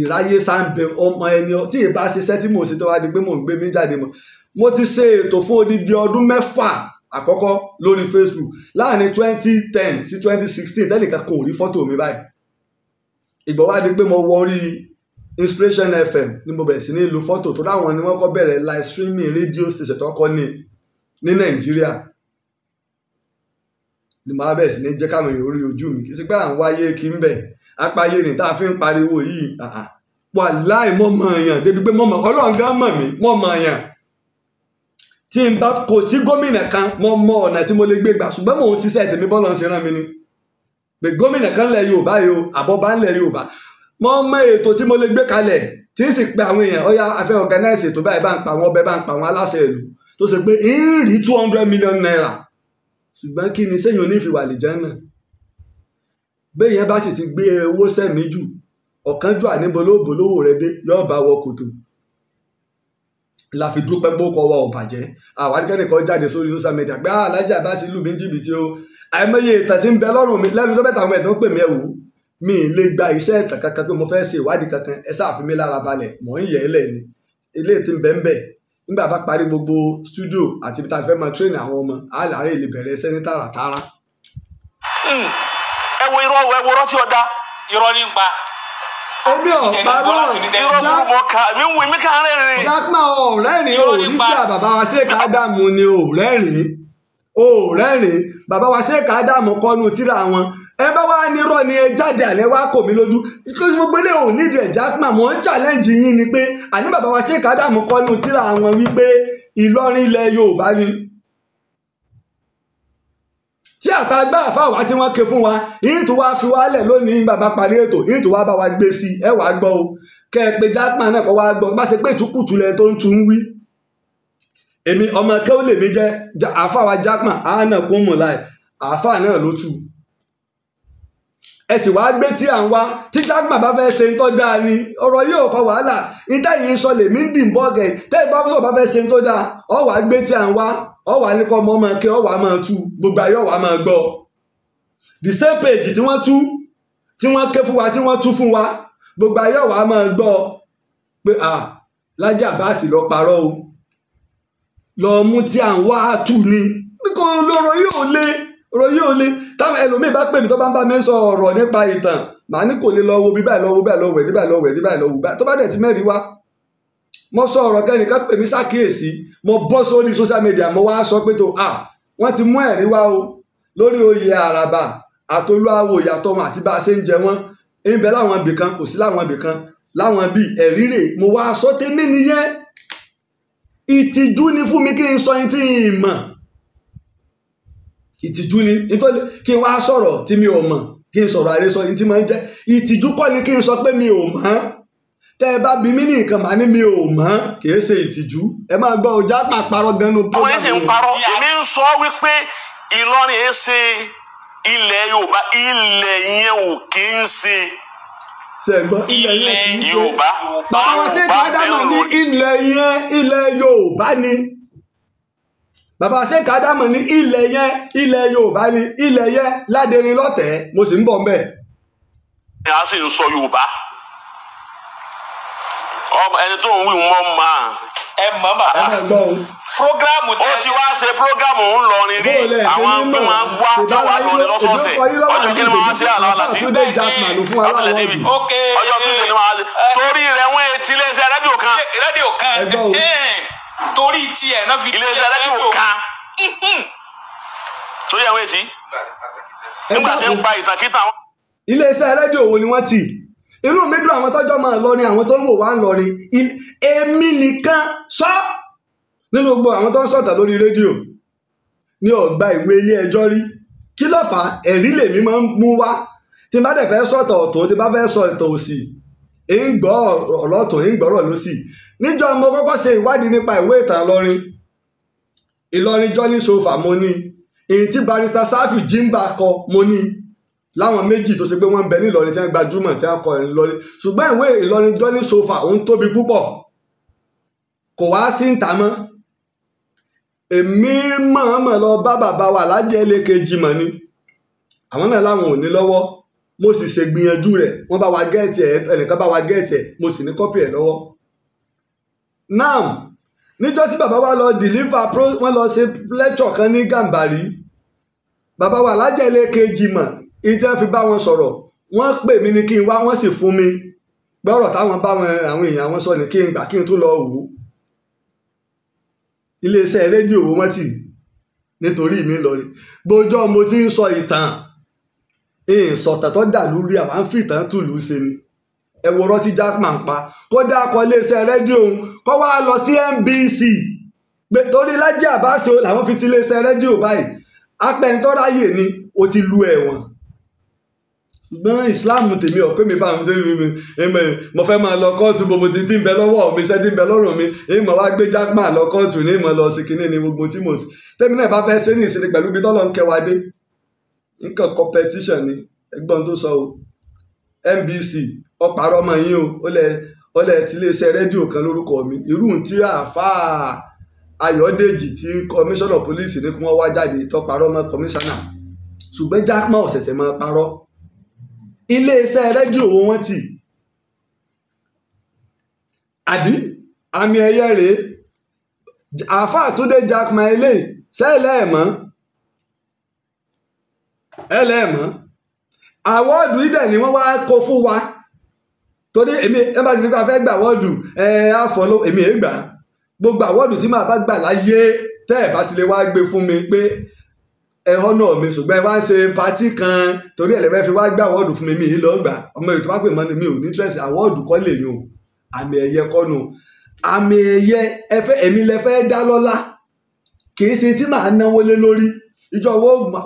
ìráyé sáńbẹ ọmọ ẹni tí ì bá ṣiṣẹ́ tí mò ń ṣe tó wá di pé mò ń gbé mi jáde mọ́ mo ti ṣe ètò fún odidi ọdún mẹ́fà àkọ́kọ́ lórí Facebook láàrin twenty ten sí twenty sixteen tẹ́nìkan kò rí fọ́tò mi báyìí ìgbọ́ wá di pé mo wọ orí inspiration fm ni mo bẹ̀rẹ̀ sí ní ìlú fọ́tò tó dáwọn ni wọ́n kọ́ bẹ̀rẹ̀ live streaming radio station tó kọ́ ní ní nàìjíríà ni màá bẹ̀rẹ̀ sí ní jẹ́ káwọn èèyàn orí ojú mi kì í sí pé à ń wáyé kí n bẹ̀ apáyé ni tá a fi ń pariwo yìí wà láì mọ́ mọ̀ èèyàn débi pé mọ́ mọ̀ ọlọ́run gan mọ̀ mí mọ́ mọ̀ èèyàn tí n bá kò sí gómìnà kan mo mọ ọ̀nà tí mo lè gbé gbà ṣùgbọ́n mò ń ṣiṣẹ́ tèmi bọ́lọ́ ń ṣe rán mi ni pé gómìnà kan lẹ yorùbá yìí o àbọ̀bá ń lẹ yorùbá mo mọ ètò tí mo lè gbé kalẹ̀ tí ń sì pe àwọn èèyàn ọ̀yà afẹ́ organize ètò báyìí bá ń pa àwọn ọbẹ̀ bá ń pa àwọn aláṣẹ ìlú tó ṣe pé ń rí two hundred million naira ṣùgbọ́n kí ni sẹ́yìn onífìwà lè jẹ́ náà béèyàn bá sì ti gbé owó sẹ́mi jù ọ̀kan jù àníbo lóòbò lówó rẹ dé yóò bá wọ kòtò la fi dúpẹ́ bó kọ́ wa ò bàjẹ́ àwa nìkan nìkan jáde sórí social media pé ah, alájà bá sì lù mí jìbìtì o àìmọye ìtàn tí ń bẹ lọ́rùn mi lẹ́nu lọ́bẹ̀tà àwọn ẹ̀dán pè mí ẹ̀wù mi ì lè gba iṣẹ́ ìtàn kankan pé mo fẹ́ ṣe ìwádìí kankan ẹ sáà fi mí lára balẹ̀ mọ̀ ń yẹ̀ ẹ́ lẹ̀ ni eléyìí ti ń bẹ ń bẹ nígbà bá parí gbogbo studio àti ibi tá a fẹ́ máa tírénì àwọn ọmọ á láàárẹ̀ ilé bẹ̀rẹ̀ iṣẹ́ ní tààràtààrà. Hmm. ẹ wo irọ́ ẹ wo rántí ọ̀dà irọ́ ní pa omi ọ̀pá náà jákmà ọ̀rẹ́rìn o tí a bàbá wa ṣe ká dààmú ni òrẹ́rìn òórẹ́rìn bàbá wa ṣéèkà ádámù kọ́nu tíra wọn ẹ bá wá nírọ́ ni ẹ jáde àlẹ́ wá kò mí lójú gbogbo ilé òun nídìí ẹ̀já pmà mọ́ ń challenge yín ni pé àní bàbá wa ṣéèkà ádámù kọ́nu tíra wọn wípé ìlọrin ilẹ̀ yorùbá ni tí àtàgbà àfàwà tí wọ́n ké fún wa yìí tó wá fi wálẹ̀ lónìí bàbá parí ètò yìí tó wá bá wa gbé sí ẹ wàá gbọ́ o kẹ ẹ pé jákpà náà kọ́ wá gbọ́ bá ṣe pé ìtúkùtù lẹ tó ń tún wí èmi ọmọ kẹ́wọ́ lèmi jẹ́ àáfà wa jákmà àánà kún mọ̀ láì àáfà náà ló tù ẹ sì gbé tí à ń wá tí jákmà bá fẹ́ ṣe ń tọ́ dáa ni ọ̀rọ̀ yóò fa wàhálà ìtẹ̀yìn sọ lèmi ń dìbò ọ̀gẹ̀ tẹ́yìn bá fọ́ bá fẹ́ ṣe ń tọ́ dáa ọ̀ wá gbé tí à ń wá ọ̀ wá ní kọ́ ọmọ ọmọ kẹ́ ọ̀ wá máa tú gbogbo ayé ọ̀ wá máa gbọ́ the same page tí wọ́n tú tí wọ́n ké fún wa tí wọ́n tú fún wa gbogbo ayé ọ̀ wá máa gbọ́ pé à Lájì Àbáàsì lọ parọ́ o lọ́ọ́ mú tí à ń wá àtù ni nǹkan lọ́rọ̀ yóò lé ọ̀rọ̀ yóò lé táwọn ẹlòmíín bá pè mí tó bá ń bá mi sọ ọ̀rọ̀ nípa ìtàn màá ní kò lè lọ wo bíbá ìlọ́wọ́ bíbá ìlọ́wọ́ bíbá ìlọ́wọ́ bíbá ìlọ́wọ́ tó bá dẹ̀ ti mẹ́rin wá mo sọ ọ̀rọ̀ kẹ́nìkan pè mí sákìyèsí mo bọ́ sórí social media mo wá sọ pé tó à wọ́n ti mú ẹ̀rí wá o lórí oyè àràbà àtolúwàwò ìyàtọ̀ wọn àti bá a ṣe ń jẹ wọn ń bẹ láwọn ibì kan kò sí láwọn ibì kan láwọn bíi ẹ̀rí rè mo wá sọ tèmi nìyẹn ìtìjú ni fún mi kí n sọ yín tí n mọ̀ ìtìjú ni nítorí kí n wá sọ̀rọ̀ tí mi ò mọ̀ kí n sọ̀rọ̀ àrẹ sọ tí máa ń jẹ́ ìtìjú kọ́ ni kí n sọ pé mi ò mọ̀ tẹ́ ẹ bá bí mí ní nǹkan màá ní mi ò mọ̀ kì í ṣe ìtìjú ẹ máa gbọ́ ọjà pàparọ́ parọ́ èmi ń sọ wípé Ìlọrin ẹ e ṣe ilẹ̀ Yorùbá sẹgbọn ilẹ̀ yẹn kì í ṣe bàbá wa ṣe kàdámà ní ilẹ̀ yẹn ilẹ̀ Yorùbá ni bàbá ṣe kàdámà ní ilẹ̀ yẹn ilẹ̀ Yorùbá ni ilẹ̀ yẹn ládẹrin lọ́tẹ̀ mo sì ń bọ̀ mbẹ̀. ẹ á sì ń sọ Yorùbá ẹni tó ń wí wọn máa ẹ mọ bàbá. ẹ mọ gbọ́n programu tẹ. ó ti wá ṣe programu ńlọrin rí àwọn tó máa ń wá tó wà lọrin lọ́sọ̀ọ̀sẹ̀ ọjọ́ kí ni wọ́n á ṣe àlọ́ àlàtí ọjọ́ tv ọjọ́ tv ni wọ́n á ṣe eh. torí rẹ̀ wọ́n etí iléeṣẹ́ rédíò kan. rédíò kan eh, torí tiẹ̀ náà fi tiẹ̀ rédíò kan. Mm-hmm. torí ẹ̀ wọ́n etí nígbà tí ń pa ìtàkìtà. iléeṣẹ́ rédíò wo ni wọ́n ti inú mi dùn àwọn tọ́jọ́ máa lọ ni àwọn tó ń wò wá ń lọ ni èmi nìkan sọ́ọ́ nínú gbogbo àwọn tó ń sọ̀tàn lórí rédíò ní ọ̀gbà ìwé ilé ẹjọ́ rí kí ló fà á ẹ̀rí lèmi máa ń mú wá tí n bá dẹ̀ fẹ́ sọ̀tọ̀ ọ̀tọ̀ tí n bá fẹ́ sọ ìtọ̀ òsì ń gbọ́ ọ̀rọ̀ tó ń gbọ́rọ̀ lọ́sì níjọ́ mo kọ́kọ́ ṣe ìwádìí nípa ìwé ìtàn Ìlọrin Ìlọrin jọ́ní sofa mo ní èyí tí barista Sáfì Jimba kọ mo ní láwọn méjì tó ṣe pé wọ́n ń bẹ nílọrin tí wọ́n gbajúmọ̀ tí wọ́n kọ Ìlọrin ṣùgbọ́n ìwé Ìlọrin jọ́ní sofa òun tóbi púpọ̀ kò wá sí ìta mọ́ èmi mọ̀ọ́mọ̀ lọ bá bàbá wa lájẹ́ ẹlẹ́kejì mọ̀ ni àwọn náà láwọn ò ní lọ́wọ́ mo sì ṣe gbìyànjú rẹ̀ wọ́n bá wa gẹ́ẹ̀tì ẹ̀ ẹnìkan bá wa gẹ́ẹ̀tì ẹ̀ mo sì ní kọ́pì ẹ̀ lọ́wọ́. now níjọ́ tí bàbá wa lọ deliver pro wọ́n lọ ṣe lecture kan ní Gàmbàrí bàbá wa lájẹ́ ẹlẹ́kejì mọ̀ ìjẹ́ fi bá wọn sọ̀rọ̀ wọ́n pè mí ní kí n wá wọ́n sì fún mi gbọ́rọ̀ táwọn bá àwọn èèyàn wọn sọ ní kí n gbà kí n tún lọ wò ó iléeṣẹ́ rédíò wo wọ́n ti nítorí mi lọrin gbọ́jọ́ mo ti ń sọ ìtàn ìsọ̀tàn tó dà lórí àwọn àǹfìtàn tùlù ṣe ni ẹ wo rọtí Jackman pa kó dákọ iléeṣẹ́ rédíò òun kó wá lọ sí NBC pé torí Laji Abbas làwọn fi ti iléeṣẹ́ rédíò báyìí apẹ̀ntọ́ráyè ni ó ti lu ẹ̀wọ̀n. E ṣùgbọ́n islam tèmi ọ̀pẹ́ mi bá ń ṣe mi mo fẹ́ máa lọ kóòtù gbogbo ti ti ń bẹ lọ́wọ́ mi ṣẹ́ ti ń bẹ lọ́rùn mi ìmọ̀ wá gbé jágbà lọ kóòtù ní ìmọ̀ lọ sí kinní ni gbogbo tí mo sì tẹ́mi náà bá fẹ́ ṣe ní ìsinmi pẹ̀lú ibi tọ́lọ́ ń kẹwàá dé nǹkan competition ni ẹgbọ́n tó sọ o NBC ọ̀pàrọ̀ ọmọ yín o ó lẹ ó lẹ ti iléeṣẹ́ rédíò kan lórúkọ mi irú tí àáfàá Ayọ̀dèjì tí commissioner police ní kí wọ́n wá jáde tọ́pàrọ̀ ọmọ commissioner ṣùgbọ́n jákmọ́ ọ̀sẹ̀sẹ̀ máa parọ́ iléeṣẹ́ rẹ́díò wo wọ́n ti àbí àmì ẹ̀yẹ rèé àáfàá tó dé Jack Miley sẹ́ẹ̀lẹ́ẹ̀mọ́ ẹlẹ́ẹ̀mọ́ àwọ́ọ̀dù ibẹ̀ ni wọ́n wá kó fún wa torí èmi ẹ bá ti fi pa fẹ́ gba àwọ́ọ̀dù ẹ àfọlọ́ èmi èé gbà gbogbo àwọ́ọ̀dù tí màá bá gbà láyé tẹ́ ẹ̀ bá ti lè wá gbé fún mi pé ẹ̀họ́ náà mi ṣùgbọ́n ẹ wá ń ṣe patí kan torí ẹ̀ lẹ́fẹ́ fi wá gbé àwọ́ọ̀dù fún mi mi yìí lọ́gbà ọmọ ètò wá pè a mi ò ní tírẹ̀sì àwọ́ọ̀dù kọ́ lè yùn àmì ẹ̀yẹ kọ́nu àmì ẹ̀yẹ ẹfẹ́ èmi lẹ́fẹ́ dá lọ́lá kì í ṣe tí màá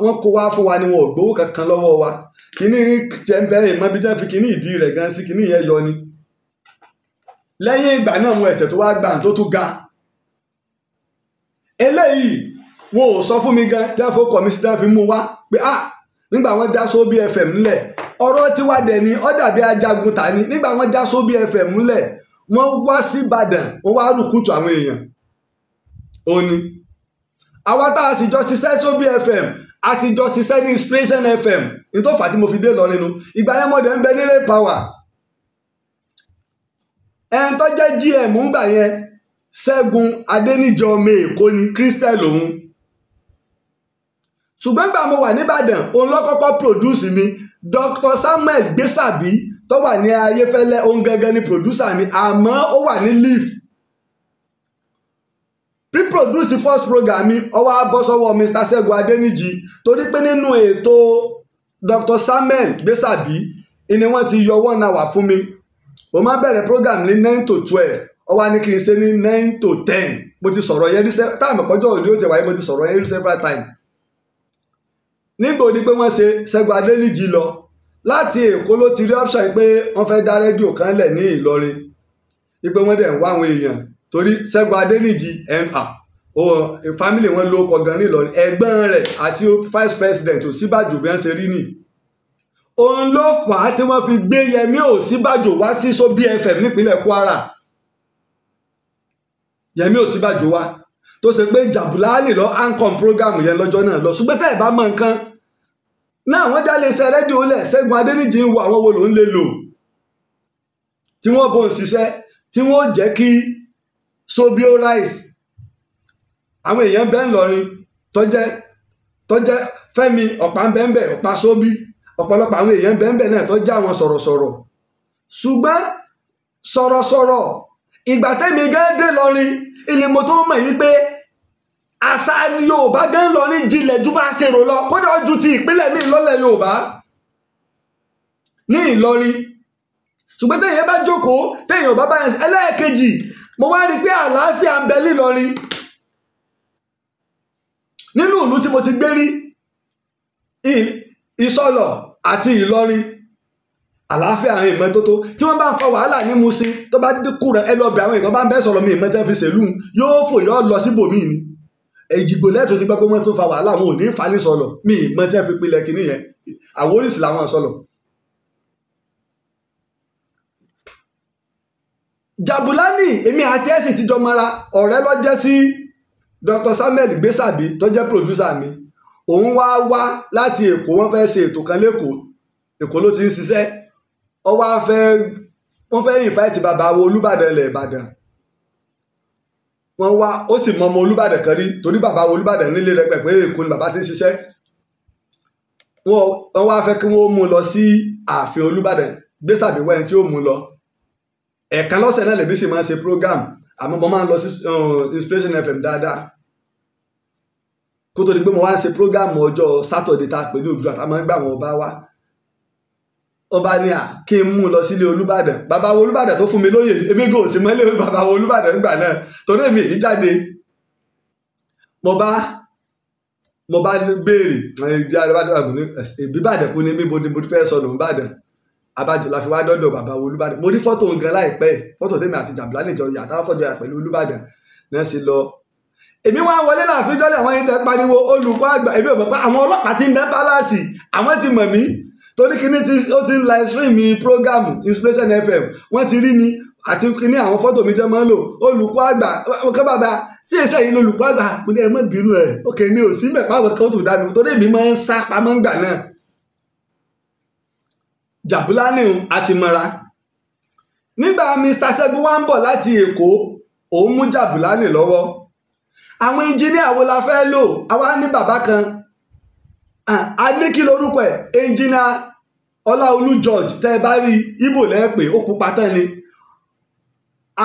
wọn kó wá fún wa ni wọn ò gbowó kankan lọ́wọ́ wa kìíní tiẹ̀ ń mọ́ bí fi kìíní ni ga wọn ò sọ fún mi gan tí wọ́n fọkọ̀ mi sí tí wọ́n fi mú wá pé ah nígbà wọ́n dá Sobi FM nílẹ̀ ọ̀rọ̀ tiwa dẹ̀ ni ó dàbí ajagun ta ni nígbà wọ́n dá Sobi FM nílẹ̀ wọ́n wá sí Ìbàdàn wọ́n wá rùkútù àwọn èèyàn ó àwa tá a sì jọ ṣiṣẹ́ Sobi FM a ti jọ ṣiṣẹ́ ní inspiration fm nítòfà tí mo fi dé lọ nínú ìgbà yẹn mọ̀dẹ̀ ń bẹ nílé power ẹn tó jẹ́ gm ńgbà yẹn ṣẹ́gun adéníjọ ọmọ èkó ni christel òun ṣùgbọ́n gbà mo wà nìbàdàn òun ló kọ́kọ́ produce mi Dr Samuel Gbèsàbí tó wà ní Ayéfẹ́lẹ́ òun gangan ni producer mi àmọ́ ó wà ní leaf pre-produce first program mi ọwọ́ abọ́sọ́wọ́ Mr Ṣẹ́gun Adéníjì torí pé nínú ètò Dr Samuel Gbèsàbí ni wọ́n ti yọ one hour fún mi mo máa bẹ̀rẹ̀ program ní nine to twelve ọwọ́ ni kí n ṣe ní nine to ten mo ti sọ̀rọ̀ yẹn ní táàmù pọ́jọ́ òní ó ti wáyé mo ti sọ̀rọ̀ yẹn ní several times níbo ni pé wọ́n ṣe Ṣẹ́gun Adéníjì lọ láti Èkó ló ti rí option pé wọ́n fẹ́ dá rédíò kan lẹ̀ ní Ìlọrin ipe wọ́n dẹ̀ ń wá àwọn èèyàn torí Ṣẹ́gun Adéníjì ma o family wọn ló kọ gan ní Ìlọrin ẹ̀gbọ́n rẹ̀ àti vice president Ọ̀ṣínbàjò bí wọ́n ṣe rí nì òun ló fà á tí wọ́n fi gbé Yẹmí Ọ̀ṣínbàjò wá sí Sobi FM nípínlẹ̀ Kwara Yẹmí Ọ̀ṣínbàjò wá tó ṣe pé jàbùláàlì lọ ancom program yẹn lọ́jọ́ náà lọ ṣùgbọ́n tẹ́ ẹ̀ bá mọ nǹkan náà wọ́n dálé iṣẹ́ rédíò lẹ̀ Ṣẹ́gun Adéníjì ń wo àwọn wo ló ń lè lò tí wọ́n bó ń ṣiṣẹ́ tí wọ́n jẹ́ kí sobio rice àwọn èèyàn bẹ́ẹ̀ ńlọrin tọ́jẹ́ tọ́jẹ́ Fẹ́mi ọ̀pá bẹ́ẹ̀ ọ̀pá sóbí ọ̀pọ̀lọpọ̀ àwọn èèyàn bẹ́ẹ̀ náà tọ́jẹ́ àwọn sọ̀rọ̀sọ̀rọ̀ ṣùgbọ́n sọ̀rọ̀sọ̀rọ̀ ìgbà tẹ́mi gẹ́gẹ́ dé lọrin ilé mo tó mọ̀ yí pé àṣà ni yorùbá gan lọ ní jinlẹ̀ ju bá ṣe rò lọ kódà ojú ti ìpínlẹ̀ míì lọ́lẹ̀ yorùbá ní ìlọrin ṣùgbọ́n téèyàn bá jókòó téèyàn bá báyìí ẹlẹ́ẹ̀kejì mo wá rí i pé àlàáfíà ń bẹ nílọrin nínú ìlú tí mo ti gbé rí ìsọlọ àti ìlọrin àlàáfíà àwọn ìmọ̀ tó tó tí wọ́n bá ń fa wàhálà ní Mùṣín tó bá dínkù rẹ̀ ẹ àwọn èèyàn bá ń bẹ́ sọ̀rọ̀ mi ìmọ̀ tẹ́ yóò fò yóò lọ síbòmíì ni èjìgbò lẹ́tọ̀ ti gbọ́ pé wọ́n tún fa wàhálà wọn ò ní fa ní sọlọ mi ìmọ̀ tí ẹ fi pilẹ̀ kínní yẹn àwọn oríṣi làwọn sọlọ. Jabulani èmi àti ẹ̀sìn tíjọ mọ́ra ọ̀rẹ́ ló jẹ́ sí Dr Samuel gbèsàbí tó jẹ́ pòdúsà mi òun wá wá láti Èkó wọ́n fẹ́ ṣe ètò kan lẹ́kọ̀ọ́ Èkó ló ti ń ṣiṣẹ́ ọwọ́ afẹ́ wọ́n fẹ́ yìn fáìtì bàbá wo Olúbàdàn ilẹ̀ Ìbàdàn wọ́n wá ó sì mọ ọmọ olúbàdàn kan rí torí bàbá olúbàdàn nílé rẹ pẹ̀pẹ́ èkó ni bàbá ti ń ṣiṣẹ́ wọ́n wá fẹ́ kí wọ́n mú un lọ sí ààfin olúbàdàn gbèsè àbíwá ẹni tí ó mú un lọ ẹ̀ẹ̀kan lọ́sẹ̀ náà lèmi sì máa ń ṣe program àmọ́ mo máa ń lọ sí eh, inspiration fm dáadáa kó tó di pé mo wá ń ṣe program ọjọ́ sátọ̀dé tá a pè ní òdúrà tá a máa ń gbà wọn bá wá ọba ni à kí n mú un lọ sílé olùbàdàn bàbá wo olùbàdàn tó fún mi lóyè èmi gò sí mọ́lẹ̀ bàbá wo olùbàdàn nígbà náà torí èmi èyí jáde mo bá mo bá béèrè ẹbí àdébàdàn àgùn ní ẹbí bàdàn kú ní bíbo ni mo fẹ́ sọnù bàdàn abájọ la fi wá dọ́dọ̀ bàbá wo olùbàdàn mo rí fọ́tò nǹkan láìpẹ́ fọ́tò tèmi àti jàbùlá níjọ yàtá fọ́jọ yà pẹ̀lú olùbàdàn náà sì lọ èmi wá wọlé láàfin jọ́lẹ̀ àwọn yìí pariwo olùkọ́ àgbà èmi ò mọ̀ pé àwọn ọlọ́pàá ti ń bẹ́ pálásì àwọn ti mọ̀ mí torí kíní tí ó ti ń live stream mi prógámù inspiration fm wọ́n ti rí mi àti kíní àwọn fọ́tò mi tẹ́ máa ń lò olùkọ́ àgbà ọkọ bàbá sí èsì ẹ̀yìn olùkọ́ àgbà mo ní ẹ má bínú ẹ̀ òkè mi ò sí mẹ́pà àwọn kan tó dá mi torí èmi máa ń sá pamọ́ ńgbà náà jàbúlánì àti nígbà Mr Segun wá ń bọ̀ láti Èkó òun mú jàbúlánì lọ́wọ́ àwọn engineer wo la fẹ́ lò àwa ní bàbá kan adékí ah, lorúkọ ẹ̀ ẹnjìnà ọláolú george tẹ́ ẹ bá rí ibo lẹ́ẹ̀pẹ́ ó pupa tán ni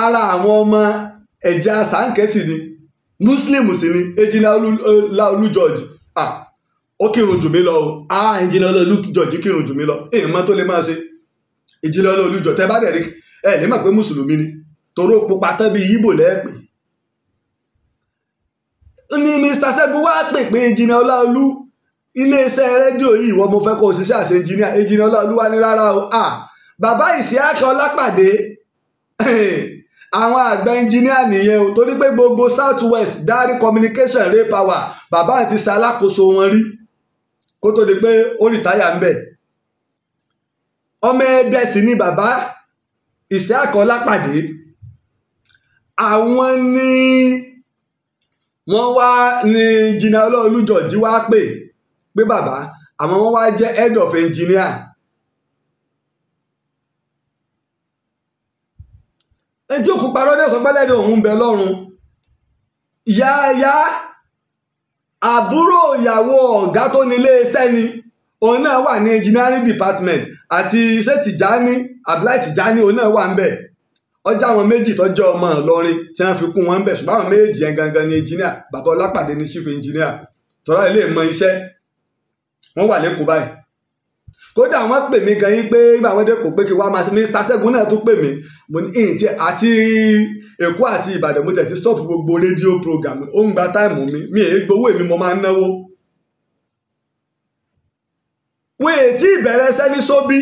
ara àwọn ọmọ ẹ̀jẹ̀ sàǹkẹ́sì ni muslim sì ni ẹnjìnà ọláolú george ah, ó kírun jù lọ o ah ẹnjìnà ọláolú george kírun jù lọ tó lè máa ṣe ẹnjìnà ọláolú george bá ni ibo ni mr segun wá ẹnjìnà iléeṣẹ́ rédíò yìí ìwọ mo fẹ́ kó o ṣiṣẹ́ àṣẹ ẹnjìníà ẹnjìníà ọlọ́ọ̀lúwa ní rárá o à bàbá ìṣíàkì ọlápàdé àwọn àgbà ẹnjìníà nìyẹn o torí pé gbogbo south west dari communication ray power bàbá àti ṣe alákòóso wọn rí kó tó di pé ó rìtáyà ń bẹ̀ ọmọ ẹdẹ sì ni bàbá ìṣíàkì ọlápàdé àwọn ni wọ́n wá ní jìnnà ọlọ́ọ̀lú jọ̀jí wá pè é pé bàbá àmọ́ wọ́n wá jẹ́ head of engineer ẹni tí òkú parọ́ ní ọ̀sán pẹ́lẹ́dẹ̀ òun bẹ lọ́rùn yáyá àbúrò ìyàwó ọ̀gá tó nílé iṣẹ́ ni òun náà wà ní engineering department àti iṣẹ́ tìjáni Abdullahi tìjáni òun náà wà ń bẹ̀ ọjà àwọn méjì tọ́jú ọmọ Ìlọrin tí wọ́n fi kún wọn ń bẹ̀ ṣùgbọ́n àwọn méjì yẹn gangan ni engineer bàbá Ọlápàdé ni chief engineer tọ́lá ilé ìmọ̀ iṣẹ́ wọ́n wà lẹ́kọ̀ọ́ báyìí kódà wọ́n pè mí gan yín pé nígbà wọ́n dé kò pé kí wọ́n máa ṣe Mr Ṣẹ́gun náà tún pè mí mo ní ìyìn tí àti Èkó àti Ìbàdàn mo tẹ̀ stop gbogbo rédíò program ó ń gba táìmù mi mi èé gbowó èmi mo máa ń náwó wọn ètí ìbẹ̀rẹ̀ sẹ́ni sóbí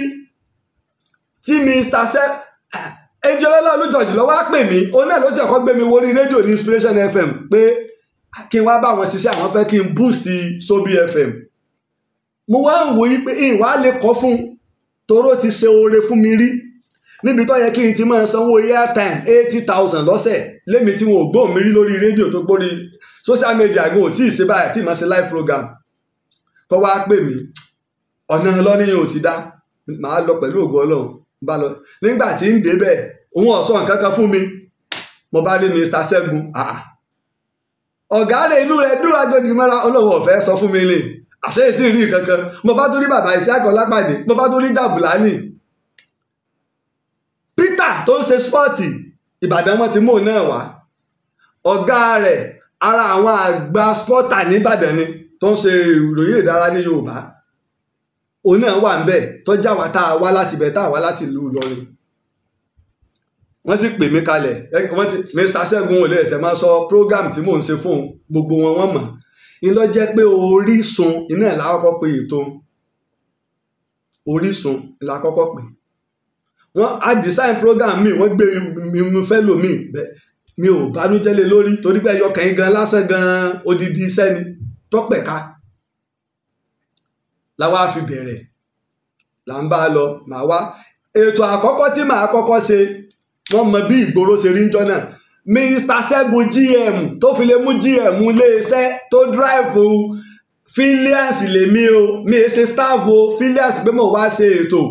tí Mr Ṣẹ́ Ẹnjọ́lọ́lá Olújọ́jì lọ́wọ́ á pè mí òun náà ló ti ẹ̀kọ́ gbé mi wọrí rédíò ní Inspiration FM pé kí n wá bá wọn ṣiṣẹ́ àwọn fẹ́ kí n boost Sobi FM mo wá ń wòye pé ìwà lè kọ́ fún toró ti ṣe oore fún mi rí níbi tó yẹ kí n ti máa sanwó airtime eighty thousand lọ́sẹ̀ lémi tí wọn ò mi rí lórí rédíò tó gbórí social media gan ò tí ì ṣe báyìí tí ì máa live program kọ́ wá pè mí ọ̀nà lọ́ní yóò sì dá màá lọ pẹ̀lú ògùn ọlọ́run bá lọ nígbà tí ń débẹ̀ òun àṣẹ ètí ìrí kankan mo bá tó rí bàbá Isiaku Ọlápàdé mo bá tó rí Jàbùlánì Peter tó ń ṣe spọ́ọ̀tì Ìbàdàn wọn ti mú òun náà wá ọ̀gá rẹ̀ ara àwọn àgbà spọ́tà nìbàdàn ni tó ń ṣe ìròyìn ìdára ní Yorùbá òun náà wà ńbẹ̀ tó já wa tá a wá láti bẹ̀ tá a wá láti ìlú Ìlọrin wọ́n sì pè mí kalẹ̀ wọ́n ti Mr Ṣẹ́gun ò lè ẹ̀sẹ̀ máa sọ program tí mò ń ṣe fún gbogbo wọn wọ́n mọ̀ ń lọ jẹ́ pé orísun iná ìlà àkọ́kọ́ pé ètò orísun ìlà àkọ́kọ́ pé wọ́n á design program mi wọ́n gbé mi fẹ́ lò mí mi ò bánújẹ́ lé lórí torí pé ẹyọ kẹ́yìn gan lásán gan odidi iṣẹ́ ni tọ́pẹ̀ka làwa fi bẹ̀rẹ̀ là ń bá a lọ màá wá ètò àkọ́kọ́ tí màá kọ́kọ́ ṣe wọ́n mọ bí ìgboro ṣe rí ń jọ náà Mr. Ṣẹ́gun GM tó fi lè mú GM iléeṣẹ́ tó dráìfù Filias lèmi o mi ṣe staff o Filias pé mo wá ṣe ètò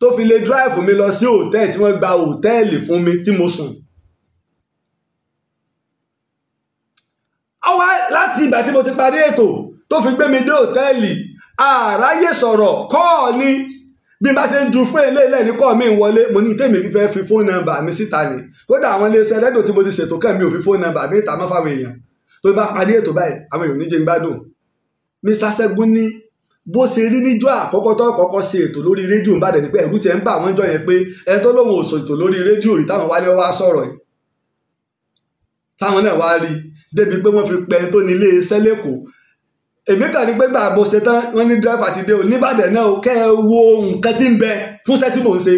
tó fi lè dráìfù mi lọ sí hòtẹ́ẹ̀lì tí wọ́n gba hòtẹ́ẹ̀lì fún mi tí mo sùn. àwa láti ìgbà tí mo ti parí ètò tó fi gbé mi dé hòtẹ́ẹ̀lì àráyè sọ̀rọ̀ kọ́ọ̀ ni bí n bá ṣe ń ju fún eléyìí lẹ́ni kọ́ọ̀ mi wọlé mo ní tèmi fífẹ́ fi fóònù nọ́mbà mi síta ni kódà àwọn iléeṣẹ́ rédíò tí mo ti ṣètò kàn mí ò fi fóònù nàmbà mi ìta mọ́ fáwọn èèyàn tó bá parí ètò báyìí àwọn èèyàn oníjẹ ń gbádùn Mr. Ṣẹ́gun ní bó ṣe rí níjọ́ àkọ́kọ́ tó kọ́kọ́ ṣe ètò lórí rédíò Ìbàdàn ni pé ẹ̀rù tiẹ̀ ń bà wọ́n jọ yẹn pé ẹ tó lóun ò ṣètò lórí rédíò rí táwọn wálé wá sọ̀rọ̀ yìí táwọn náà wá rí débi pé wọ́n fi pẹ́ tó ní iléeṣẹ́ lẹ́kọ̀ọ́ èmi kàn ní pé gbà bó ṣe tán wọ́n ní dírẹ́fà ti dé o nìbàdàn náà kẹ́ ẹ wo nǹkan tí ń bẹ fúnṣẹ́ tí mò ń ṣe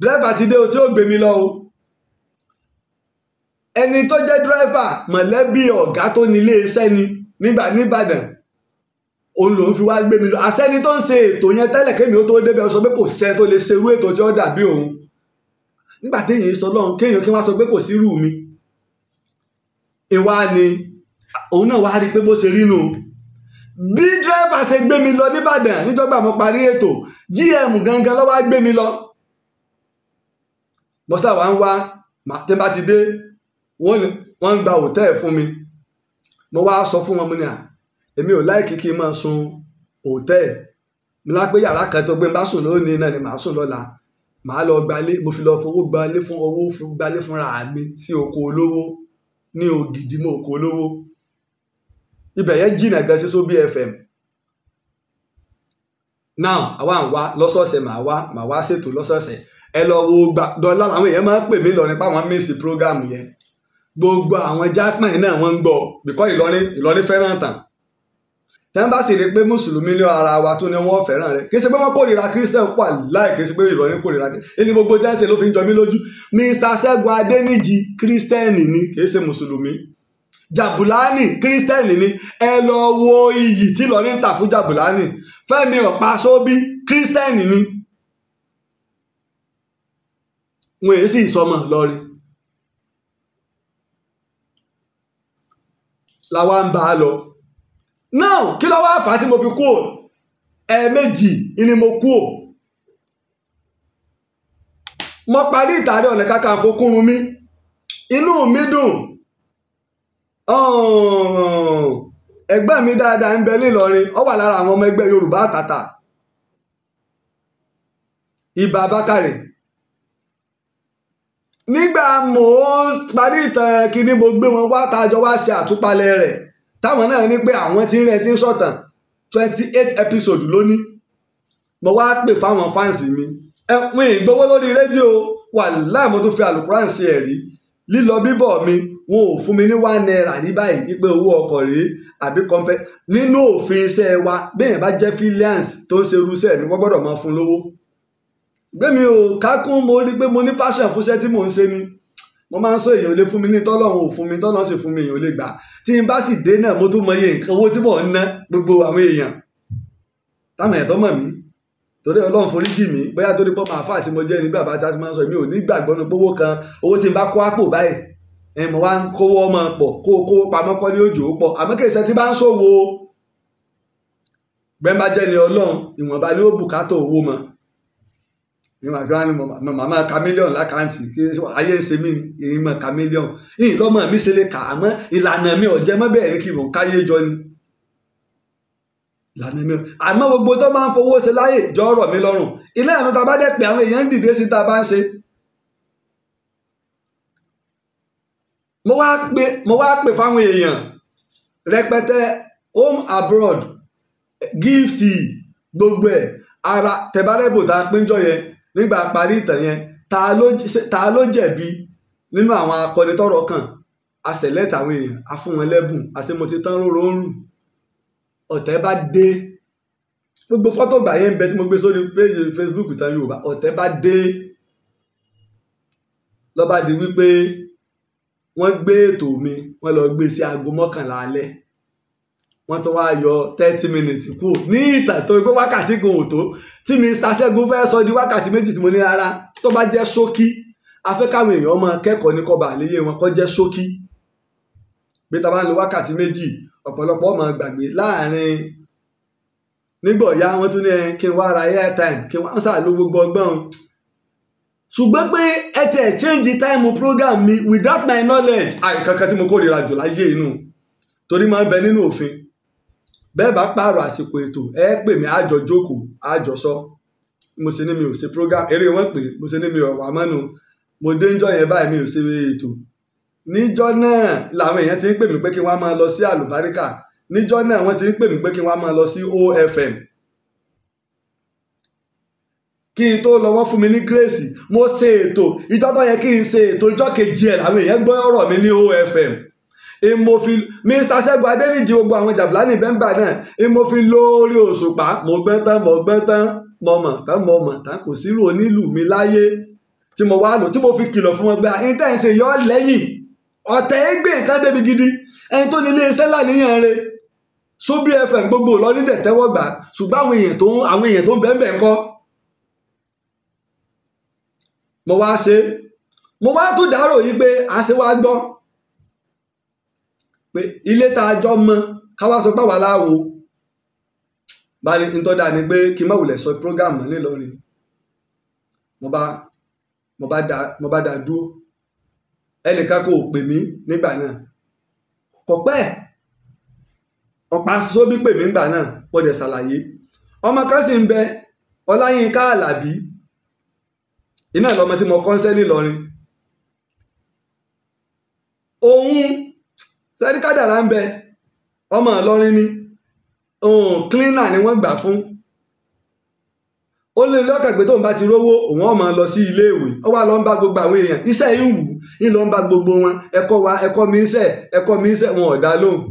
dírẹ́fà ti dé o tí ó gbé mi lọ o ẹni tó jẹ́ dírẹ́fà mọ̀lẹ́bí ọ̀gá tó ní iléeṣẹ́ ni nígbà níbàdàn òun lòun fi wá gbé mi lọ àṣẹni tó ń ṣe ètò yẹn tẹ́lẹ̀ kémi ó tó débẹ̀ ó sọ pé kò sẹ́ tó lè ṣerú ètò tí ó dàbí òun nígbà téèyàn sọ lọ́run kéèyàn kí wọ́n sọ pé kò sí irú mi ìwà ni òun náà wá rí pé bó ṣe rí nù bí dírẹ́fà ṣe gbé mi lọ níbàdàn nítorí àmọ́ parí ètò gm gangan ló wá gbé mi lọ mo ń wá tí bá ti dé wọ́n ń gba hòtẹ́ẹ̀ fún mi mo wá sọ fún wọn mo ní à èmi ò láìkí kí n máa sun hòtẹ́ẹ̀ mo lá yàrá kan tó gbé bá sùn lónìí náà ni màá sùn lọ́la màá lọ gbalé mo fi lọ fowó gbalé fún owó gbalé fúnra mi sí oko olówó ní ògidì mọ oko olówó ibẹ̀ yẹn jìnnà gan sí Sobi FM now àwa ń wá lọ́sọ̀ọ̀sẹ̀ màá wá màá wá ṣètò lọ́sọ̀ọ̀sẹ̀ ẹ lọ wo gbà dọ́là làwọn èèyàn máa ń pè mí lọ nípa àwọn mísì prógámù yẹn gbogbo àwọn jackman náà wọ́n ń gbọ́ bíkọ́ ìlọrin ìlọrin fẹ́ràn tàn tẹ́ bá sì rí pé mùsùlùmí ní ara wa tó ní wọ́n fẹ́ràn rẹ̀ kì í ṣe pé wọ́n kórìíra christian wà láì kì í ṣe pé ìlọrin kórìíra ẹni gbogbo tẹ́ ń ṣe ló fi ń jọ mí lójú mr ṣẹ́gun adẹ́nìjì kírísítẹ́nì ni kì í ṣe mùsùlùmí jabulani kírísítẹ́nì ni ẹ lọ wo iyì tí ìlọrin tà fún jabulani fẹ́mi ọ̀pá-sóbí kírísítẹ́nì ni wọn èyí sì sọmọ lọrin làwa ń bá a lọ now kí ló wá fà á tí mo fi kú ò ẹ̀ẹ̀mejì ni mo kú ò mo parí ìtàrí ọ̀nà kakanfò mi. inú mi dùn ẹgbẹ́ mi dáadáa ń bẹ nílọrin ọ wà lára àwọn ọmọ ẹgbẹ́ Yorùbá àtàtà ibà Bákàrẹ̀ nígbà mò ń parí ìtàn kíní mo gbé wọn wá tàjọ wá ṣe àtúpalẹ̀ rẹ̀ táwọn náà ní pé àwọn tí ń rẹ ti ń ṣọ̀tàn twenty eight episode lónìí mo wá pè fáwọn fáǹsì mi ẹ pin ìgbowó lórí rédíò wà láì mo tún fi àlùkùrán ṣe ẹ̀rí lílọ bíbọ̀ mi wọn ò fún mi ní one naira ní báyìí wípé owó ọkọ̀ rèé àbí compare nínú òfin iṣẹ́ wa bẹ́ẹ̀ bá jẹ́ freelance tó ń ṣe irúṣẹ́ mi wọ́n gbọ́dọ̀ máa fún lówó gbẹ̀mí o kákún mo rí pé mo ní passion fún iṣẹ́ tí mò ń ṣe ni mo máa ń sọ èèyàn lè fún mi ní tọ́lọ́run ò fún mi tọ́lọ́run sì fún mi èèyàn lè gbà tí n bá sì dé náà mo tún mọ iye nǹkan owó tí mò ń ná gbogbo àwọn èèyàn táwọn ẹ̀tọ́ mọ̀ mí torí ọlọ́run foríjì mí bóyá torí pọ́ màáfà tí mo jẹ́ ní bàbá tí a ti máa ń sọ mi ò ní gbàgbọ́ ní pówó kan owó tí n bá kó àpò báyìí ẹ̀ mo wá ń kówó ọmọ pọ̀ kó kówó pamọ́ kọ́ ní òjò pọ̀ àmọ́ kì í ṣe tí bá ń ṣòwò gbẹ́ńbàjẹ́ ni ọlọ́run ìwọ̀nba ni ó bùkátà owó mọ́ ìmọ̀ àti wọn ni màmá chameleon lákàntì kí ayé ṣe mí ìmọ̀ chameleon yìí lọ́mọ mi ṣe lè kà àmọ́ ìlànà mi ọ̀jẹ́ mọ́ bẹ́ẹ̀ ni kí mò ń káyé jọ ni ìlànà mi àmọ́ gbogbo tó máa ń fowó ṣe láyè jọ ọ̀rọ̀ mi lọ́rùn iná ìlú tá a bá dẹ̀ pé àwọn èèyàn ń dìde sí tá a bá ń ṣe. mo wá pè mo wá pè fáwọn èèyàn rẹpẹtẹ home abroad gift gbogbo ẹ ara tẹbárẹ́bò tá a pín jọ yẹn nígbà parí ìtàn yẹn ta ló jẹ̀bi nínú àwọn akọni tọ́rọ̀ kàn a select àwọn èèyàn a fún wọn lẹ́bùn àti mo ti tán róró ń rù ọ̀tẹ̀ bá dé gbogbo fọ́tò gbà yẹn ń bẹ tí mo gbé sórí péjì Facebook tán Yorùbá ọ̀tẹ̀ bá dé lọ́ba di wípé wọ́n gbé ètò mi wọ́n lọ gbé sí aago mọ́kànlá alẹ́ wọ́n tún wá yọ thirty minutes kú ní ìtàn tó gbé wákàtí gan ò tó tí Mr Ṣẹ́gun fẹ́ sọ di wákàtí méjì tí mo ní rárá tó bá jẹ́ ṣókí afẹ́ káwọn èèyàn máa kẹ́kọ̀ọ́ ní kọba àléyé wọn kọ́ jẹ́ ṣókí bí ta bá ń lo wákàtí méjì ọ̀pọ̀lọpọ̀ máa gbàgbé láàrin nígbà ọ̀yá wọn tún ní kí n wá ra airtime kí wọ́n sà ló gbogbo ọgbọ́n ṣùgbọ́n pé ẹ ti ẹ̀ change time program mi without my knowledge àìkankan tí mo kórìíra jù láyé inú torí máa ń bẹ nínú òfin bẹ́ẹ̀ bá pààrọ̀ àsìkò ètò ẹ pè mí àjọ jókòó mo ṣe ní mi ò ṣe program eré wọn pè mo ṣe ní mi ò wà mọ́nu mo dé yẹn báyìí mi ò ṣe ètò níjọ́ náà làwọn èèyàn ti ń pè mí pé kí wọ́n máa lọ sí àlùbáríkà níjọ́ náà wọ́n ti ń pè mí pé kí wọ́n máa lọ sí OFM kí n tó lọ wọ́n fún mi ní grace mo ṣe ètò ìjọ́ yẹn kí n ṣe ètò ìjọ́ kejì ẹ̀ làwọn èèyàn gbọ́ ọ̀rọ̀ mi ní OFM mo fi Mr. Ṣẹ́gun Adéníjì gbogbo àwọn jàbùlánì bẹ́ńbà náà mo fi lórí òṣùpá mo gbẹ́ tán mo gbẹ́ tán mo mọ̀ tán mo mọ̀ tán kò sírò onílù mi láyé tí mo wá lò tí mo fi kìlọ̀ fún wọn gbé intense yọ lẹ́yìn ọ̀tẹ̀ ń gbé nǹkan débi gidi ẹni tó nílé iṣẹ́ láníyàn rẹ̀ Sobi FM gbogbo lọ nídẹ̀ tẹ́wọ́ gbà ṣùgbọ́n àwọn èèyàn tó àwọn èèyàn tó ń bẹ́ẹ̀ bẹ́ẹ̀ kọ́ mo wá ṣe mo wá tún dárò yìí pé àṣewá gbọ́ pé ilé tá a jọ mọ káwá sọ pé àwa láwo bá ní tó dáa ni pé kí n má wulẹ̀ sọ program mọ́ nílọrin mo bá mo bá da mo bá da dúró ẹnìkan kò pè mí nígbà náà kò pẹ́ ọ̀pá sóbí pè mí nígbà náà mo dẹ̀ ṣàlàyé ọmọ kan sì ń bẹ ọláyínká àlàbí iná ìlọmọ tí mo kọ́ńsẹ́ nílọrin òun sẹ́ni kádàrá ń bẹ ọmọ Ìlọrin ni cleaner ni wọ́n gbà fún ó lé lọ́kàn pé tóun bá ti rówó òun ọmọ lọ sí iléèwé ó wá lọ ń bá gbogbo àwọn èèyàn iṣẹ́ yìí wù ń lọ ń bá gbogbo wọn ẹ̀kọ́ wa ẹ̀kọ́ mi ń sẹ̀ ẹ̀kọ́ mi ń sẹ̀ wọn ò dá lóhùn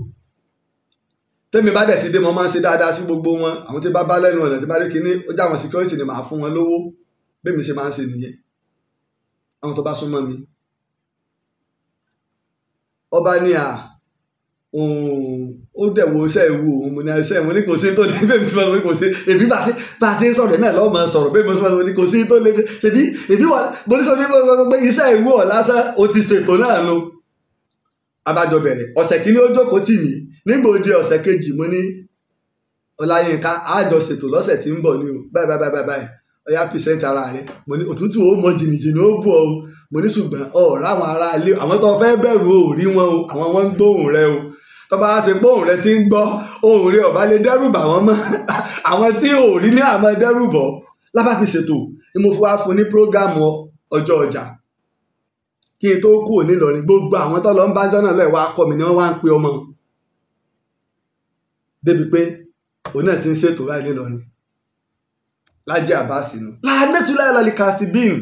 tẹ́mi bá dẹ̀ ti dé mo máa ń ṣe dáadáa sí gbogbo wọn àwọn tí bá bá lẹ́nu ọ̀nà tí bá rí kinní ó já àwọn security ni màá fún wọn lówó bẹ́ẹ̀mi ṣe máa ń ṣe nìyẹn àwọn tó bá súnmọ́ mi ọba ni à ó dẹ̀ wo iṣẹ́ ìwú òun mo ní iṣẹ́ mo ní kò sí tó lé bẹ́ẹ̀ mi sọ mo ní kò sí èmi bá ṣe bá ṣe sọ̀rọ̀ náà lọ́ọ́ máa sọ̀rọ̀ bẹ́ẹ̀ mi sọ mo ní kò sí tó lé ṣèbí èmi wà mo ní sọ ní mo sọ pé iṣẹ́ ìwú ọ̀ lásán o ti ṣètò náà nu abájọ bẹ̀rẹ̀ ọ̀sẹ̀ kìíní ó jókòó tì mí nígbà òde ọ̀sẹ̀ kejì mo ní Ọláyínká àjọ ṣètò lọ́sẹ̀ tí ń bọ̀ ní o báyìí báyìí báyìí ọyá pèsèntì ara rẹ mo ní òtútù ó mọ jìnnìjìnnì ó bọ o mo ní ṣùgbọ́n ọ̀rọ̀ àwọn ará ilé àwọn tó fẹ́ bẹ̀rù ò rí wọn o àwọn wọn ń gbóhùn rẹ o tọba ṣe gbóhùn rẹ ti ń gbọ́ ohùn rẹ ọba lè dẹ́rù bà wọ́n àwọn tí ò rí ní àmọ́ dẹ́rù bọ̀ ṣètò ni mo fi wá fún ní prógámù ọjọ́ ọjà kí n tó kú òní lọrin gbogbo àwọn tó lọ ń bájọ́ náà lọ́ọ̀ wá kọ́ mi ni wọ́n wá ń pe ọmọ débi pé òun náà ti ń ṣètò báyìí nílọrin Lájì Abbas nu làánẹ́tùlá ìlàlí kàṣíbìn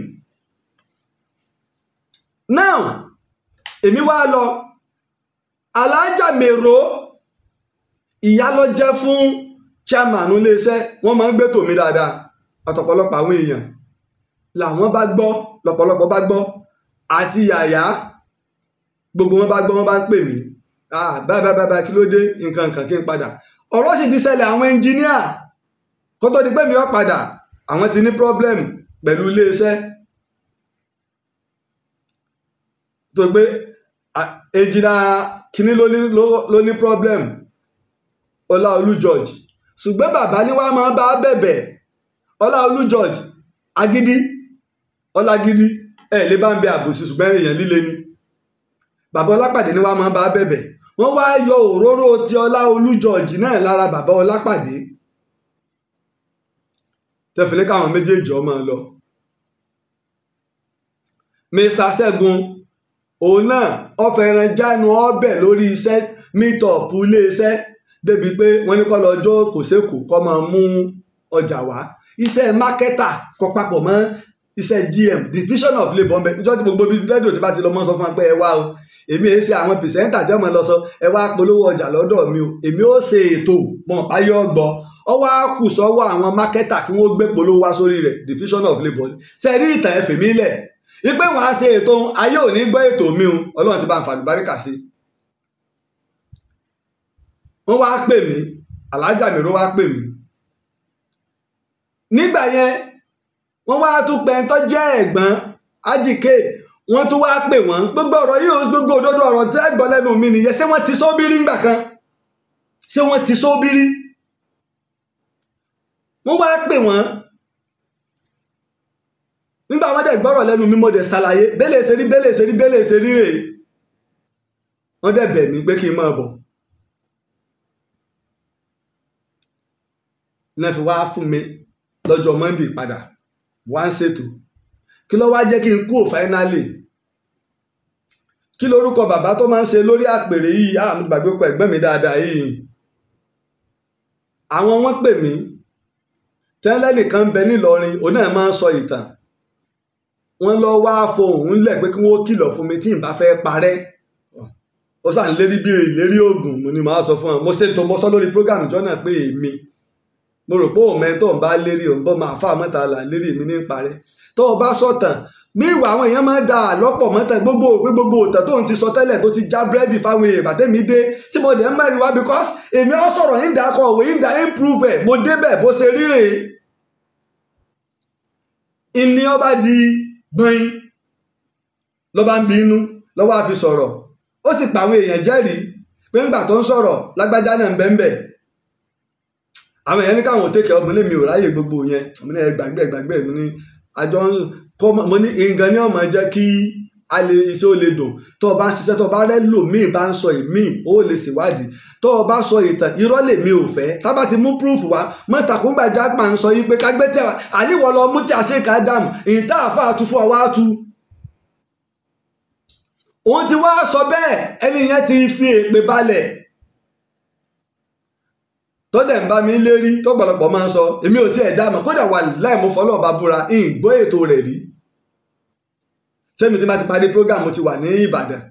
now èmi wá lọ alájà mèrò ìyá ló jẹ́ fún chairman iléeṣẹ́ wọ́n máa ń gbé tòmí dáadáa àtọ̀pọ̀lọpọ̀ àwọn èèyàn làwọn bá gbọ́ lọ́pọ̀lọpọ̀ bá gbọ́ àti yàyà gbogbo wọn bá gbọ́ wọn bá ń pè mí báyìí báyìí báyìí kí ló dé nǹkan nǹkan kí n padà ọ̀rọ̀ sì ti ṣẹlẹ̀ àwọn ẹnjìníà kó tó di pé mi ò padà àwọn ti ní problem pẹ̀lú iléeṣẹ́ tó pé ejina kínní ló ní problem Ọláolú George ṣùgbọ́n bàbá ni wàá máa bá bẹ̀bẹ̀ Ọláolú George agídí ọlágídí ẹ̀ lè bá ń bẹ àbòsí ṣùgbọ́n èèyàn líle ni bàbá Ọlápàdé ni wàá máa bá bẹ̀bẹ̀ wọ́n wá yọ òróró ti Ọláolú George náà lára bàbá Ọlápàdé tẹ̀fìlẹ́ káwọn méjèèjì ọmọ lọ. Mr Ṣẹ́gun òun náà ọ̀fẹ́ranjánu ọbẹ̀ lórí iṣẹ́ mítọ̀pù iléeṣẹ́ débi pé wọ́n ní kọ́ lọ jó kòsékò kọ́ máa mú ọjà wá iṣẹ́ mákẹ́tà kọ́ papọ̀ mọ́ iṣẹ́ GM division of labour ọbẹ̀ ìjọ tí gbogbo bíi rédíò tí bá ti lọ mọ́ sọ fún wa pé ẹ wá o èmi èsì àwọn pìsẹ́ńtà jẹ́ mọ́ lọ sọ ẹ wá polówó ọjà lọ́dọ̀ mi o èmi ó ṣe ètò mọ̀ ayé ọgbọ́n ó wá kù sọ́wọ́ àwọn mákẹ́tà kí wọ́n gbé polówó wá sórí rẹ̀ division of labour ṣe rí ìtàn ẹ̀fẹ̀ mi lẹ̀ ipe wọn á ṣe ètò ayé ò ní gbọ́ ètò mi o ọlọ́run ti bá ń fa àlùbáríkà sí i wọ́n wá pè mí alájà mi ló wá pè mí nígbà yẹn wọ́n wá tún pẹ́ńtọ́ jẹ́ ẹ̀gbọ́n ajíkè wọ́n tún wá pè wọ́n gbogbo ọ̀rọ̀ yìí gbogbo òdodo ọ̀rọ̀ tẹ́gbọ́n lẹ́nu mi nìyẹn ṣé wọ́n ti sóbírí ńgbà kan ṣé wọ́n ti sóbírí. So wọ́n wá pè wọ́n nígbà wọ́n dẹ̀ gbọ́rọ̀ lẹ́nu mi mo dẹ̀ ṣàlàyé bẹ́lẹ̀ ṣe rí bẹ́lẹ̀ ṣe rí bẹ́lẹ̀ ṣe rí rèé wọ́n dẹ̀ bẹ̀ mí pé kí n máa bọ̀ náà fi wá fún mi lọ́jọ́ Monday padà wá ń ṣètò kí ló wá jẹ́ kí n kú ò kí lorúkọ bàbá tó máa ń ṣe lórí àpèrè yìí àmì kọ ẹ̀gbẹ́ mi dáadáa yìí àwọn wọ́n pè mí tẹ́lẹ̀ nìkan ń bẹ nílọrin òun náà máa ń sọ ìtàn wọ́n lọ wá fohùn lẹ̀ pé kí wọ́n kìlọ̀ fún mi tí n bá fẹ́ parẹ́ ó sàn lérí bí ìlérí oògùn mo ni màá sọ fún ọ mo ṣètò mo sọ lórí program jọ́nà pé èmi mo rò pé òun mẹ́tọ̀ ń bá lérí òun bọ́ máa fà mọ́ta là lérí mi ní parẹ́ tó o bá sọ̀tàn míwà àwọn èèyàn máa ń da àlọ́pọ̀ mọ́tà gbogbo òwe gbogbo òtẹ̀ tó ń ti sọ tẹ́lẹ̀ tó ti já búrẹ́dì fáwọn èèyàn bàtẹ́mi dé tí mo dẹ̀ ń mẹ́rin wá because èmi ọ̀ sọ̀rọ̀ yín dà kọ òwe yín dà improve ẹ̀ mo débẹ̀ bó ṣe ríre ìní ọba di gbọ̀n lọ́ba ń bi inú lọ́wọ́ àfi sọ̀rọ̀ ó sì pa àwọn èèyàn jẹ́rìí pé ńgbà tó ń sọ̀rọ̀ lágbájá náà ń bẹ́ńbẹ́ àwọn èèyàn ní káwọn ò tẹ́kẹ̀ ọmọ ní mi ò ráyè gbogbo yẹn ọmọ ní ẹgbàgbẹ́ ẹgbàgbẹ́ mi ní àjọ kọ́ mo ní nǹkan ní ọmọ jẹ́ kí a lè iṣẹ́ ó lè dùn tó o bá ń ṣiṣẹ́ tó o bá rẹ́ lò míì bá ń sọ ìmíì ó lè ṣèwádìí tó o bá sọ ìtàn irọ́ lè mi ò fẹ́ tábà ti mú proof wá mọ́tàkùn gbàjà máa ń sọ yí pé kágbẹ́ tí a àníwọ̀ lọ mú tí a ṣe ká dàmú ìta àfa àtúfò àwa tu. òun ti wá sọ bẹ́ẹ̀ ẹni yẹn ti fi èpè balẹ̀ tó dẹ̀ ń bá mi lérí tó gbọ̀lọpọ̀ máa ń sọ èmi ò tiẹ̀ dàmú kódà wà láì mo fọlọ́ọ̀ bá búra ìgbọ́ ètò rẹ̀ rí sẹ́mi tí má ti parí program mo ti wà ní Ìbàdàn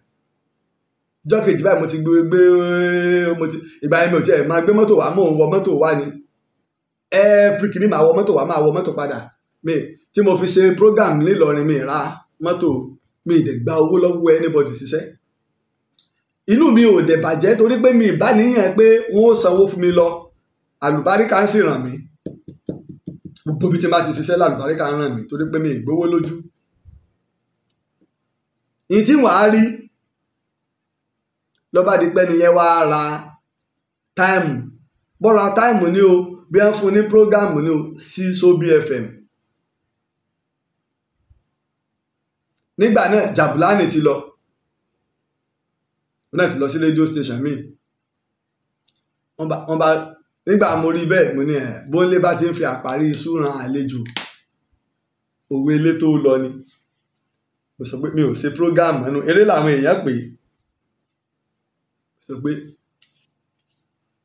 ìjọ kejì báyìí mo ti gbé gbé mo ti ìgbà mi ò tiẹ̀ máa gbé mọ́tò wá mò ń wọ mọ́tò wá ni every kìíní máa wọ mọ́tò wá máa wọ mọ́tò padà mi tí mo fi ṣe program nílọrin mi ra mọ́tò mi ì dẹ̀ gba owó lọ́wọ́ anybody ṣiṣẹ́ inú mi ò dẹ̀ bàjẹ́ torí pé mi ìbáníyàn pé wọ́n ó sanwó fún mi lọ àlùbáríkà ń sì ràn mí gbogbo ibi tí n bá ti ṣiṣẹ́ làlùbáríkà ń ràn mí torí pé mi ì gbowó lójú ní tí wàá rí lọ́ba dípẹ́ nìyẹn wàá ra táìmù bọ́ra táìmù ni o bí wọ́n fún ní prógámù ni o sí Sobi FM nígbà náà Jabulani ti lọ wọn náà ti lọ sí radio station míì wọn bá nígbà mo rí bẹ́ẹ̀ mo ní ẹ̀ bóńlé bá ti ń fi àparí ìṣúràn àlejò òwe ilé lọ ni mo sọ pé mi ò ṣe program ẹnu eré làwọn èèyàn pè é sọ pé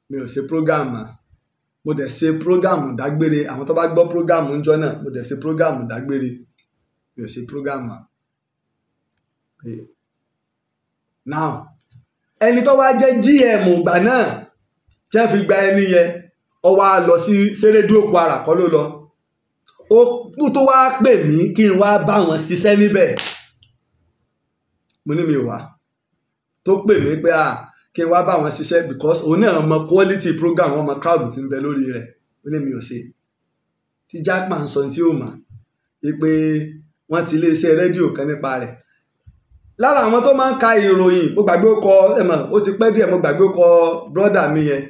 mi ò ṣe program à mo dẹ̀ ṣe program dágbére àwọn tó bá gbọ́ program ńjọ́ náà mo dẹ̀ ṣe program dágbére mi ò ṣe program à pé now ẹni tó wá jẹ́ GM ìgbà náà jẹ́ fi gba ẹni yẹn ó wá lọ sí sérédú òkú ara ló lọ ó tó wá pè mí kí n wá bá wọn ṣiṣẹ́ níbẹ̀ mo ní mi wá tó pè mí pé à kí n wá bá wọn ṣiṣẹ́ because òun náà mọ quality program wọn mọ crowd ti ń bẹ lórí rẹ̀ ó ní mi ò ṣe tí Jaqmal ń sọ tí ó mọ̀ wípé wọ́n ti iléeṣẹ́ rédíò kan nípa rẹ̀ lára àwọn tó máa ń ka ìròyìn mo gbàgbé ó kọ ẹ̀mọ̀ ó ti pẹ́ díẹ̀ mo gbàgbé ó kọ brọ́dà mi yẹn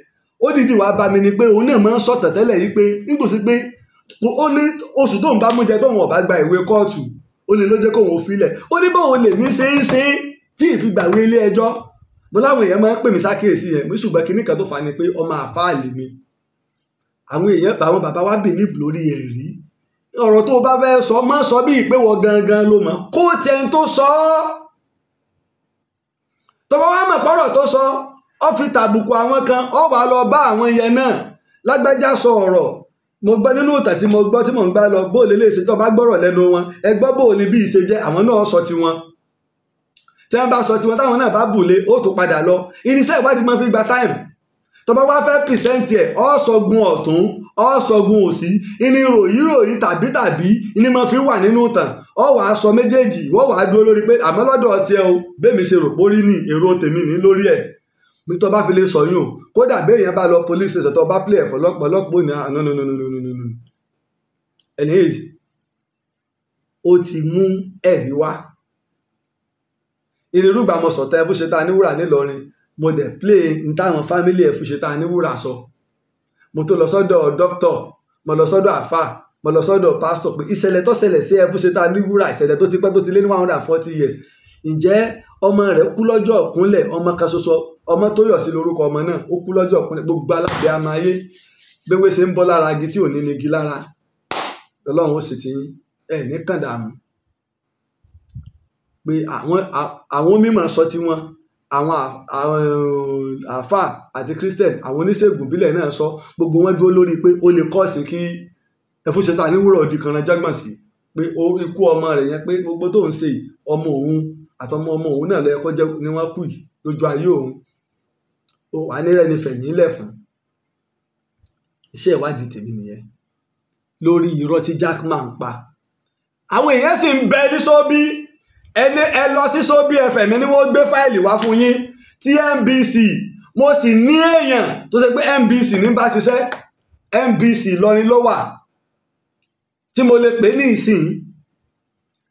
ó dìdí wàá bá mi ni pé òun náà máa ń sọ̀tàn tẹ́lẹ̀ yìí pé nígbòsí pé ó ní oṣù tóun bá mú jẹ tóun ọ̀bá gba ìwé kóòtù ó lè ló jẹ́ kóun filẹ̀ ó ní báwo lè mí ṣe é ṣe tí ìfigbàwé ilé ẹjọ́ mo láwọn èèyàn máa ń pè mí sákèésí yẹn mo ṣùgbọ́n kinní kan tó fà ni pé ọmọ àfáàlì mi àwọn èèyàn àwọn bàbá wa believe lórí ẹ̀rí ọ̀rọ̀ tó bá fẹ́ sọ má sọ bí ìpé wọ gangan ló mọ̀ kó tiẹ̀ ń tó sọ ọ́ tọ́ba wa mọ̀ pọ́rọ̀ tó sọ ọ́ fi tàbùkù àwọn kan ọ̀ wà lọ bá àwọn yẹn náà lágbájá sọ ọ̀rọ̀ mo gbọ́ nínú ìtàn tí mo gbọ́ tí mò ń gbá lọ bóòlù lè ṣe tó bá gbọ́rọ̀ lẹ́nu wọn ẹ gbọ́ bóòlù bí ìṣe jẹ́ àwọn náà sọ tiwọn tí wọ́n bá sọ tiwọn táwọn náà bá bùlé ó tó padà lọ irinṣẹ́ ìwádìí máa fi gba táìmù tó bá wá fẹ́ pìrìsẹ́ǹtì ẹ̀ ọ́ sọgun ọ̀tún ọ́ sọgun òsì ìní ròyìnròyìn tàbí tàbí ìní máa fi wà nínú ìtàn ọ́ wàá sọ méjèèjì wọ́n wàá dúró lórí pé àmọ́ lọ́dọ̀ ọtí ẹ o bẹ́ẹ̀ mi ṣe rò pórí ní èrò tèmi ní lórí ẹ̀ mi tó bá fi lè sọ yún o kódà béèyàn bá lọ police station tó bá play ẹ̀fọ́ lọ́pọ̀ ní àná nínú ó ti mú ẹ̀rí wá ìrírúgba mo sọ̀tà fún ṣe ta níwúrà nílọrin mo dẹ̀ play sọ mo tó lọ sọ́dọ̀ doctor mo lọ sọ́dọ̀ àfà mo lọ sọ́dọ̀ pastor pé ìṣẹ̀lẹ̀ tó ṣẹlẹ̀ sí ẹ fún ṣe ta níwúrà ọmọ tó yọ̀ sí lórúkọ ọmọ náà ó kú lọ́jọ́ ọ̀kúnlẹ̀ gbogbo alábẹ́ amáyé gbégbé ṣe ń bọ́ lára igi tí ò ní nigi lára lọ́lọ́run ó sì ti ẹ̀ ní kàndàmú pé àwọn mímọ̀ sọ ti wọn àwọn àáfà àti christian àwọn oníṣègùn ìbílẹ̀ náà sọ gbogbo wọn dúró lórí pé ó lè kọ́ọ̀sì kí ẹfúnṣetà níwúrọ̀ òdì kan jágbọ̀n sí pé ikú ọmọ rẹ̀ yẹn pé gbogbo tó ń ṣe ọmọ òun àtọmọ ọmọ òun náà ló yẹ kó jẹ́ ni wọ́n kú yìí lójú ayé òun ó wà nírẹ̀ ní fẹ̀yìn lẹ̀ fún iṣẹ́ ìwádìí tèmi nìyẹn lórí irọ́ tí Jackman pa àwọn èèyàn sì ń bẹ ní sóbí ẹni ẹ lọ sí sóbí ẹfẹ̀ mi ni wọ́n gbé fáìlì wá fún yín tí NBC mo sì ní èèyàn tó ṣe pé NBC ní bá ṣiṣẹ́ NBC lọrin ló wà tí mo lè pè ní ìsìn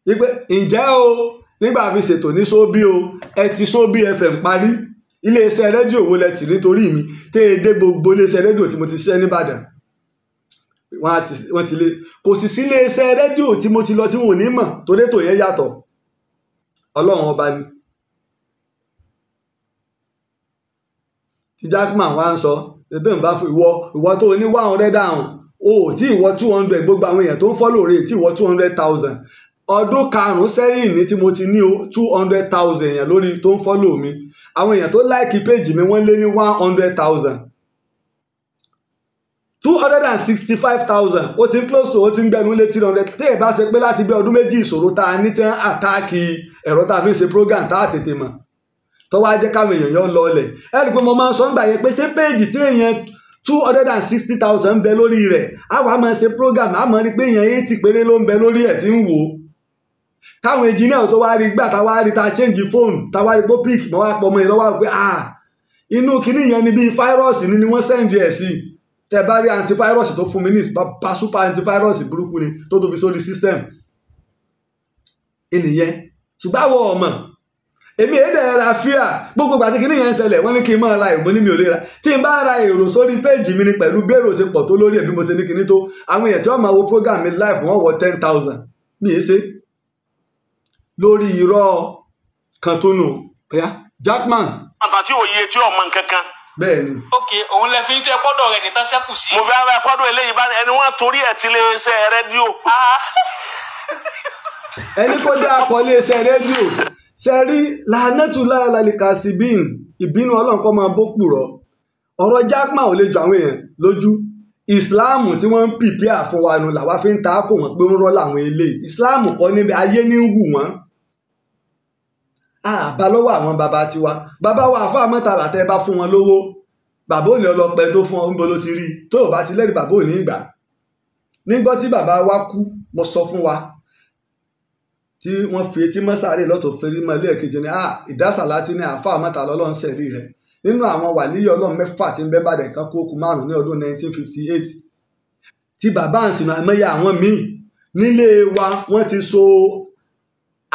wípé ǹjẹ́ o nígbà fi ṣètò ní sóbí o ẹ ti sóbí ẹfẹ̀ ń parí iléeṣẹ́ rédíò wo lẹ tì nítorí mi tẹ́ ẹ dé gbogbo iléeṣẹ́ rédíò tí mo ti ṣiṣẹ́ nìbàdàn wọ́n ti lé kò sì sí iléeṣẹ́ rédíò tí mo ti lọ tí wọn ò ní mọ̀ torí ètò yẹn yàtọ̀ ọlọ́run ọba ni. tí jackman wá ń sọ ètò ìbá fún ìwọ ìwọ tó ní one hundred down o tí ìwọ two hundred gbogbo àwọn èèyàn tó ń fọ́lò rẹ̀ tí ìwọ two hundred thousand ọdún karùn-ún sẹ́yìn ní tí mo ti ní o two hundred thousand èèyàn lórí tó ń fọ́lò mi àwọn èèyàn tó láìkì péjì mi wọ́n lé ní one hundred thousand two hundred and sixty five thousand ó ti ń close to ó ti ń gbẹnu lé three hundred tí èèyàn bá ṣe pé láti bí ọdún méjì ìṣòro tá a ní tí wọ́n àtáàkì ẹ̀rọ tá a fi ń ṣe program tá a tètè mọ̀ tó wá jẹ́ káwọn èèyàn yọ lọ ọlẹ̀ ẹ rí i pé mo máa ń sọ ń yẹn pé ṣé péjì tí èèyàn two hundred and sixty thousand ń bẹ lórí rẹ̀ àwa máa ṣe program àmọ́ rí i pé èèyàn eighty péré ló ń bẹ lórí ẹ̀ tí ń wò káwọn engineer tó wá rí gbà táwa rí ta change phone táwa rí popic mọ́ wá pọ̀ mọ́ yẹn lọ́wọ́ pé ah inú kinní yẹn ni bíi fáírọ́ọ̀sì ni wọ́n sẹ́ǹdì ẹ̀ sí tẹ bá rí antivirus tó fún mi ní bá super antivirus burúkú ni tó tó fi sórí system ènìyẹn ṣùgbọ́n àwọn ọmọ èmi èdè ra fíà gbogbo gbàtí kìíní yẹn ń ṣẹlẹ̀ wọ́n ní kí n máa ra ìmọ̀ ní mi ò lè ra tí n bá ra èrò sórí péjì mi ni pẹ̀lú bẹ́ẹ̀rù ṣe pọ̀ tó lórí ẹ̀ bí mo ṣe ní kinní tó àwọn èèyàn tí wọ́n máa wo program mi live wọ́n wọ ten thousand mi èé ṣe lórí irọ́ kan tó nù ọ̀yá Jackman. àtàtì òye tí ọmọ nkankan. bẹ́ẹ̀ni. ok òun lè fi jẹ kọdọ rẹ ní tásẹkù sí. mo fẹ́ ara kọdọ eléyìí bá ẹni wọn torí ẹ ti lè ṣe rédíò. Ah. ẹni kó dá akọ lè ṣe rédíò ṣe rí làánẹ́tùlá làlìkàsíbìn ìbínú ọlọ́run kọ́ máa bó pùrọ̀ ọ̀rọ̀ Jackman ò lè jọ àwọn èèyàn lójú ìsìláàmù tí wọ́n ń pìpìà fún wa nù làwa fi ń ta kò wọ́n pé ń rọ́ làwọn eléyìí ìsìláàmù kọ́ níbi ayé ní wù wọ́n àbá lọ́wọ́ àwọn bàbá tiwa bàbá wa àfa mọ́tàlá tẹ́ bá fún wọn lówó bàbá òní ọlọpẹ tó fún ọ ń bolo ti rí tó o bá ti lẹ́rìí bàbá òní ìgbà nígbọ́ tí bàbá wa kú mo sọ fún wa tí wọ́n fi etí mọ́sàárè lọ́tọ̀ fẹ́rí mọ́ lẹ́ẹ̀kejì ni ah ìdásàlá ti ní àfa mọ́tà lọ́lọ́run ṣẹ̀rí rẹ̀ nínú àwọn wàlíyọ̀ ọlọ́run mẹ́fà tí ń bẹ́ bàdẹ̀ kan kú okùn márùn ní ọdún 1958 tí bàbá àǹsìnà àmọ́yẹ àwọn míì nílé wa wọ́n ti so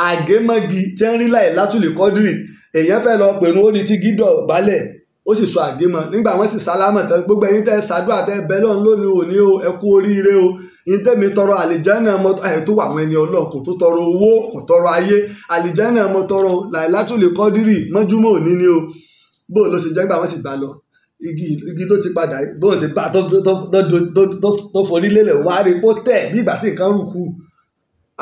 àgémọ́gi tí ń rí láì látúlẹ̀ kọ́dírì èèyàn fẹ́ lọ pẹ̀lú ó ní ti gídọ̀ balẹ̀ ó sì sọ àgémọ́ nígbà wọ́n sì sálámọ̀ tán gbogbo ẹ̀yin tẹ́ ẹ ṣàdúrà tẹ́ ẹ bẹ́ lọ́n lónìí òní o ẹ kú oríire o yín tẹ́mi tọrọ àlìjánà mọ ẹ tó wà wọn ẹni ọlọ́run kò tó tọrọ owó kò tọrọ ayé àlìjánà mọ tọrọ láì látúlẹ̀ kọ́dírì mọ́júmọ́ òní ni o bó ló ṣe jẹ́ gbà wọ́n sì gbà lọ igi tó ti padà bó ṣe bá tó forí lélẹ̀ wá rí pó tẹ̀ bí ìgbà tí nǹkan rù kú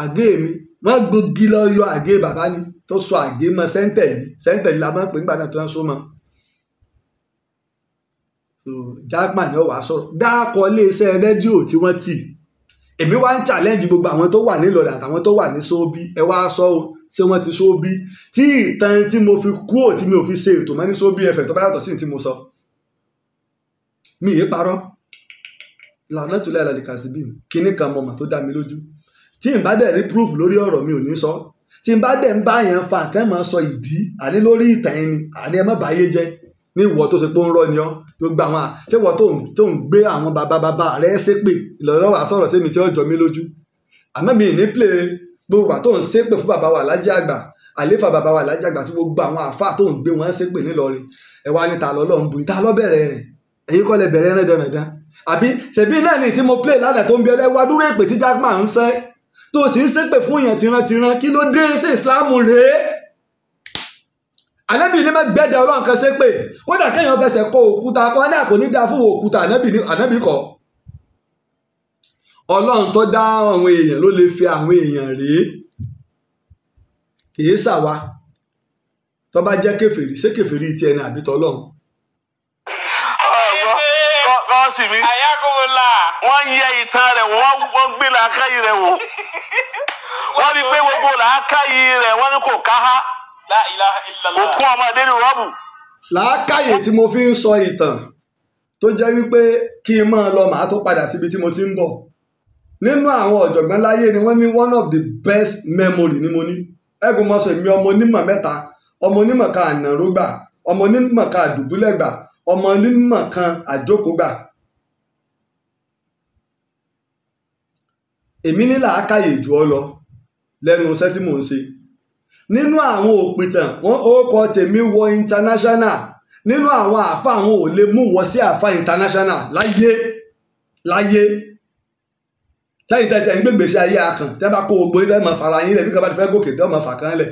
àgé mi wọ́n gbógi lọ yọ àgé bàbá ni tó sọ àgé mọ́ sẹ́ńtẹ̀lì sẹ́ńtẹ̀lì la máa ń pè nígbà náà tó ń so mọ́ so Jaqmal ni ó wàá sọ̀rọ̀ dáàkọ́ iléeṣẹ́ rédíò tí wọ́n tì èmi wá ń challenge gbogbo àwọn tó wà nílọrin àtàwọn tó wà ní sóbí ẹ wá sọ o ṣé wọ́n ti sóbí tí ìtàn tí mo fi kú ò tí mi ò fi ṣe ètò mọ́ ní sóbí ẹ̀fẹ̀ tó bá yàtọ̀ sí ní tí mo sọ mi ì parọ́ làwọn náà tún lẹ́yìn lálẹ́ kàṣíbí kínní kan mọ̀mọ́ tó dá mi lójú tí n bá dẹ̀ rí proof lórí ọ̀rọ̀ mi ò ní sọ tí n bá dẹ̀ ń bá yẹn fa nǹkan máa sọ ìdí àní lórí ìtàn ẹni àní ẹ má bàyé jẹ́ ní ìwọ tó ṣe pé ó ń rọ ni ọ tó gba àwọn ṣé ìwọ tó ń gbé àwọn bàbá bàbá rẹ ṣépè ìlọlọ́wà sọ̀rọ̀ sí mi tí ó jọ mí lójú àmọ́ mi ní play gbogbo àtò ń ṣépè fún bàbá wa lájẹ àgbà àléfà bàbá wa lájẹ àgbà tí gbogbo àwọn àfa tó ń gbé wọn ṣépè nílọrin ẹ wá níta lọlọ ń bu ìta lọbẹ̀rẹ̀ rẹ̀ ẹ̀yin kọ́ lẹ bẹ̀rẹ̀ rẹ̀ dandan àbí ṣèbí náà ni tí mo play lálẹ́ tó ń bí ọlẹ́wà dúró èpè tí jákmà tó sì ń ṣépè fún èèyàn tìrantìran kí ló dé sí ìsìláàmù rèé ànábì ní mẹ́gbẹ́dẹ ọlọ́run kan ṣépè kódà kéèyàn fẹsẹ̀ kọ òkúta kan ní àkóní dá fún òkúta ànábì kọ́ ọlọ́run tó dá àwọn èèyàn ló lè fi àwọn èèyàn rèé kìí ṣàwa tó bá jẹ́ kèfèrí ṣé kèfèrí tiẹ̀ ní àbí tọ́lọ́run. ọ̀gbọ́n bọ́ọ̀sì mi. àyàkùnrin láà. wọ́n yẹ ìtàn rẹ̀ wọ́n gbé làákàyè rẹ̀ wò wọ́n rí pé gbogbo làákàyè rẹ̀ wọ́n ní kò káhá kò kún ọmọdé ní rọ́ọ̀bù. làákàyè tí mo fi ń sọ ìtàn tó jẹ́ wípé kí n máa lọ màá tó padà síbi tí mo ti ń bọ̀ nínú àwọn ọ̀jọ̀gbọ́n láyé ni wọ́n ní one of the best memory ni mo ní ẹ̀gbọ́n mọ́sọ̀ èmi ọmọ onímọ̀ mẹ́ta ọmọ onímọ̀ kan ànàrógbà ọmọ onímọ̀ kan àdùbúlẹ̀gbà ọmọ onímọ̀ kan àjókògbà èmi ní làákàyè jù ọ lọ lẹ́nu iṣẹ́ tí mò ń ṣe nínú àwọn òpìtàn wọn orúkọ tèmi wọ international nínú àwọn àfa àwọn ò lè mú wọ sí àfa international láyé láyé sẹ́yìn tẹ́tẹ́ ń gbégbèsè ayé akàn tẹ́ bá kó gbogbo ibẹ̀ mọ̀ fara yín lẹ̀ bí kò bá ti fẹ́ gòkè tẹ́ mọ̀ fà kan lẹ̀.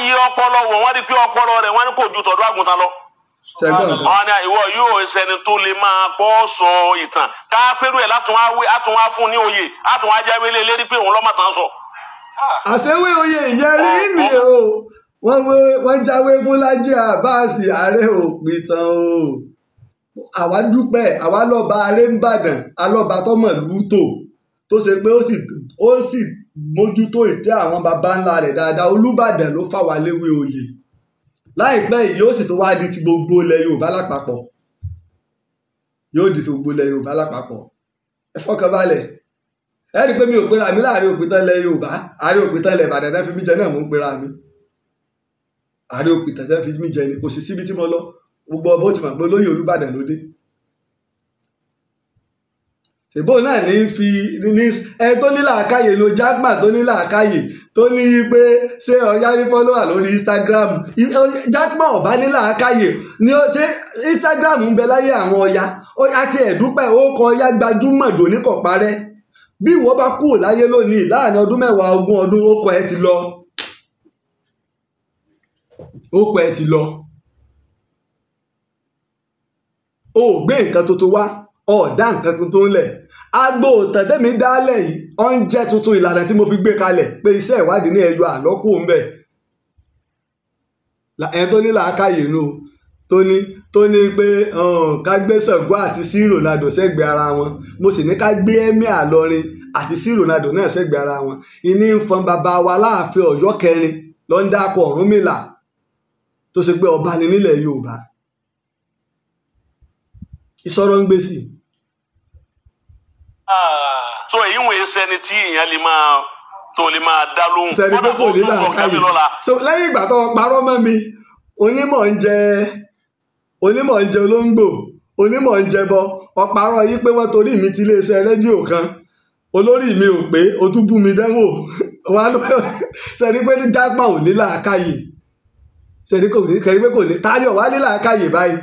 iye wọn ni pé ọpọlọ rẹ wọn ni kò ju tọdún àgùntàn lọ ọ̀nà ìwọ yóò ṣẹni tó lè máa gbọ́ sọ ìtàn ká pẹ̀lú ẹ̀ látún wá fún ní oyè látún wá jáwé lé lérí pé òun lọ́mọ tán sọ. àṣewé oyè ìyẹrí mi o wọ́n wé wọ́n jáwé fún Lájí Abbas ààrẹ òpìtàn o àwa dúpẹ́ àwa lọ́ba arẹ́ńbàdàn alọ́ba tọ́mọ̀ lútò tó ṣe pé ó sì mójútó ìtẹ́ àwọn baba ńlá rẹ̀ dáadáa Olúbàdàn ló fà wá léwé oyè láìpẹ́ yìí yóò sì tún wá di ti gbogbo ilẹ̀ yorùbá lápapọ̀ yóò di ti gbogbo ilẹ̀ yorùbá lápapọ̀ ẹ fọkàn balẹ̀ ẹ rí i pé mi ò pera mi láàrin òpìtàn ilẹ̀ yorùbá àárín òpìtàn ilẹ̀ ìbàdàn náà fi mí jẹ náà mò ń pera mi àárín òpìtàn náà fi mí jẹ ni kò sì síbi tí mo lọ gbogbo ọbọ tí mà ń pé olóyè olúbàdàn ló dé ṣèbó náà ní fi ní ẹ tó ní làákàyè ló jágbà tó ní làákàyè tó ní pé ṣé ọyá ní fọ́lọ́wà lórí Instagram jágbà ọ̀bá ní làákàyè ni ó ṣe Instagram ń bẹ láyé àwọn ọya àti ẹ̀dúpẹ́ ó kọ ọyá gbajúmọ̀ dòní kọ̀ parẹ́ bí ìwọ bá kúrò láyé lónìí láàrin ọdún mẹ́wàá ogún ọdún ó kọ ẹ ti lọ ó kọ ẹ ti lọ ó gbé nǹkan tuntun wá ọ̀dá nǹkan tuntun lẹ̀ agbo òtàn tẹ́mi dálẹ̀ yìí ó ń jẹ́ tuntun ìlànà tí mo fi gbé kalẹ̀ pé iṣẹ́ ìwádìí ní ẹyọ àlọ́kù ń bẹ̀ ẹ̀ tó ní làákàyè nù tó ní tó ní pé ká gbé Ṣàngó àti sí Ronaldo sẹ́gbẹ̀ẹ́ ara wọn mo sì ní ká gbé Emir Ìlọrin àti sí Ronaldo náà sẹ́gbẹ̀ẹ́ ara wọn ìní ń fọn bàbá wa láàfin Ọ̀yọ́ kẹrin lọ́ńdàkọ̀ Ọ̀rúnmìlà tó ṣe pé ọba ni nílẹ̀ Yorùbá ìṣòro ń gbé sí i so èyí wòye sẹni tí èèyàn lè máa tó lè máa dá lóhùn kódà kó tún sọ kábí lọ́la. so lẹ́yìn ìgbà tó parọ́ mọ́ mi onímọ̀ ń jẹ onímọ̀ ń jẹ olóńgbò onímọ̀ ń jẹ bọ ọ̀parọ́ yìí pé wọ́n torí mi ti iléeṣẹ́ rédíò kan olórí mi ò pé o tún bú mi dánwò wà ló sẹ́ni pé jápà ò ní làákàyè sẹ́ni pé kò ní táyọ̀ wà ní làákàyè báyìí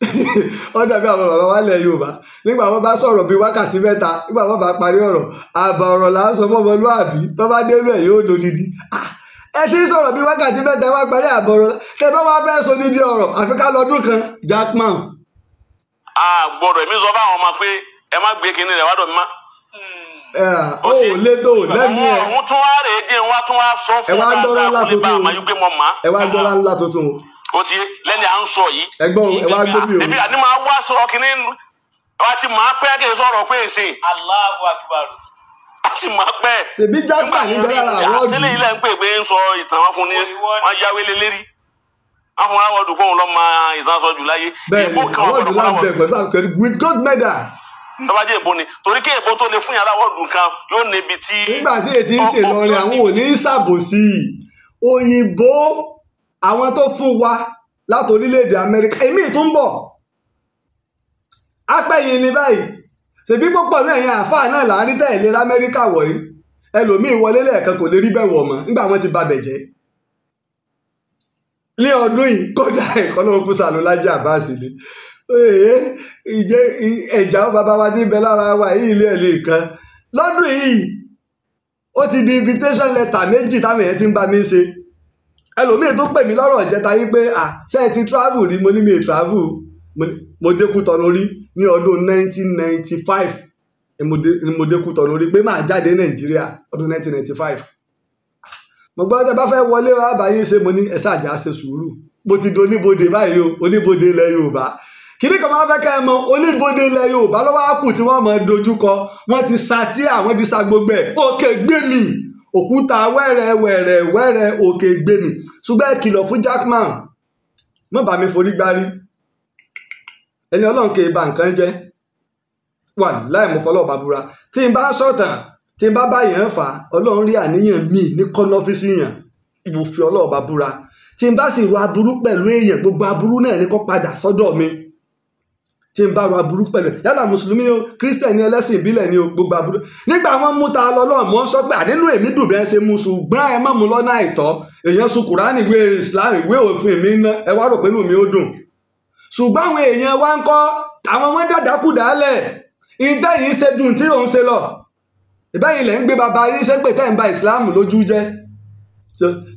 ó dàbí àwọn bàbá wa lẹ̀ Yorùbá nígbà wọn bá sọ̀rọ̀ bíi wákàtí mẹ́ta nígbà wọn bá parí ọ̀rọ̀ àbà ọ̀rọ̀ là ń sọ fọmọlúàbí tó bá dé lẹ̀ yóò dodidi ah! ẹ ti sọ̀rọ̀ bíi wákàtí mẹ́ta wá parí àbà ọ̀rọ̀ tẹ bá wá fẹ́ sọ nídìí ọ̀rọ̀ àfi ká lọ́dún kan jackman. a gbọ́dọ̀ èmi sọ fáwọn ọmọ pé ẹ má gbé kinní rẹ wádọ mi má. ó sì lédò lẹ́nu ẹ̀. ọ̀hún tún wá rèé o ti yé lẹ́ni à ń sọ yìí. ẹ̀gbọ́n ẹ wá gbé mi o. èmi àní máa wá sọ kínní wa ti máa pẹ́ kí n sọ̀rọ̀ pé èsè. Allahu Akbar. a ti máa pẹ́. tèmi jágbà ní bẹ́ẹ̀ la wọ́ọ̀dù. àtẹ́lẹ̀ ilẹ̀ ń pè pé ń sọ ìtàn wọn fún ni wọ́n jáwé lé lérí. wọ́n fún awọ́dù fóun lọ́ ma ìtàn sọ jù láyé. bẹ́ẹ̀ni awọ́dù láǹbẹ pẹ̀lú àkẹ́rì with gold medal. tọ́bajẹ́ èbó ni torí kí èbó tó lè fún yàrá awọ́dù àwọn tó fún wa láti orílẹ̀-èdè amẹ́ríkà èmi tó ń bọ̀ apẹ́yìn ni báyìí ṣèbí púpọ̀ náà yẹn àáfàá náà láàrin tẹ̀ lé lamẹ́ríkà wọ̀nyí ẹlòmíì wọlé lẹ́ẹ̀kan kò lè rí bẹ́ẹ̀ wọ̀ mọ́ nígbà wọn ti ba bẹ̀ jẹ́ ní ọdún yìí kódà ẹ̀kọ́ ló ń kú sànú lájì àbáàsì ni ìjẹ́ ẹ̀jà bàbá wa ti bẹ lára wa yìí ilé ẹ̀ lè kan lọ́dún yìí ó ti di invitation letter méjì táwọn èèyàn ti ń bá mi ṣe ẹlòmíì tó pè mí lọ́rọ̀ ìjẹta yìí pé à ṣe é ti travel rí mo ní mi travel mo dékú tọ́nu rí ní ọdún 1995 ni mo dékú tọ́nu rí pé máa jáde nàìjíríà ọdún 1995 mo gbọ́ tẹ bá fẹ́ wọlé wa báyìí ṣe mo ní ẹ ṣáàjà ṣe sùúrù mo ti di oníbodè báyìí o oníbodè ilẹ̀ yorùbá kìnnì kan máa fẹ́ ká ẹ mọ oníbodè ilẹ̀ yorùbá lọ́wọ́ á kù tí wọ́n mọ̀ dojúkọ wọ́n ti sa tíà wọ́n ti sa gbogbo ẹ̀ òkè gbé mi òkúta wẹ́rẹ̀ wẹ́rẹ̀ wẹ́rẹ̀ òkè gbèmí ṣùgbọ́n ẹ kìlọ̀ fún Jackman mọ́ bàmí forí gbárí ẹni ọlọ́run kì í ba nǹkan jẹ́ wà láì mú fọlọ́ bàbúra tí n bá sọ̀tàn tí n bá báyìí ń fà ọlọ́run rí àníyàn míì ní kọ́nà ọ́fíìsì yàn ìbùfẹ́ ọlọ́ọ̀bàbúra tí n bá sì ro aburú pẹ̀lú èèyàn gbogbo aburú náà ní kó padà sọ́dọ̀ mi tí ń bá ro aburú pẹ̀lú yálà mùsùlùmí o kírísítẹ̀ ní ẹlẹ́sìn ìbílẹ̀ ní gbogbo aburú nígbà wọn mú ta lọ lọ́ọ̀ mọ́ ń sọ pé àdínú èmi dùn bẹ́ẹ̀ ṣe mu ṣùgbọ́n ẹ má mu lọ́nà àìtọ́ èèyàn sun kùránì ìwé islam ìwé òfin mi ná ẹ wá rò pé inú mi ó dùn ṣùgbọ́n àwọn èèyàn wá ń kọ́ àwọn wọn dàdákù dálẹ̀ ìdẹ́yìn ṣe dùn tí òun ṣe lọ ìbẹ́yìn lẹ́ ń gbé bàbá yín ṣe pé tẹ́ ń ba islam lójú jẹ́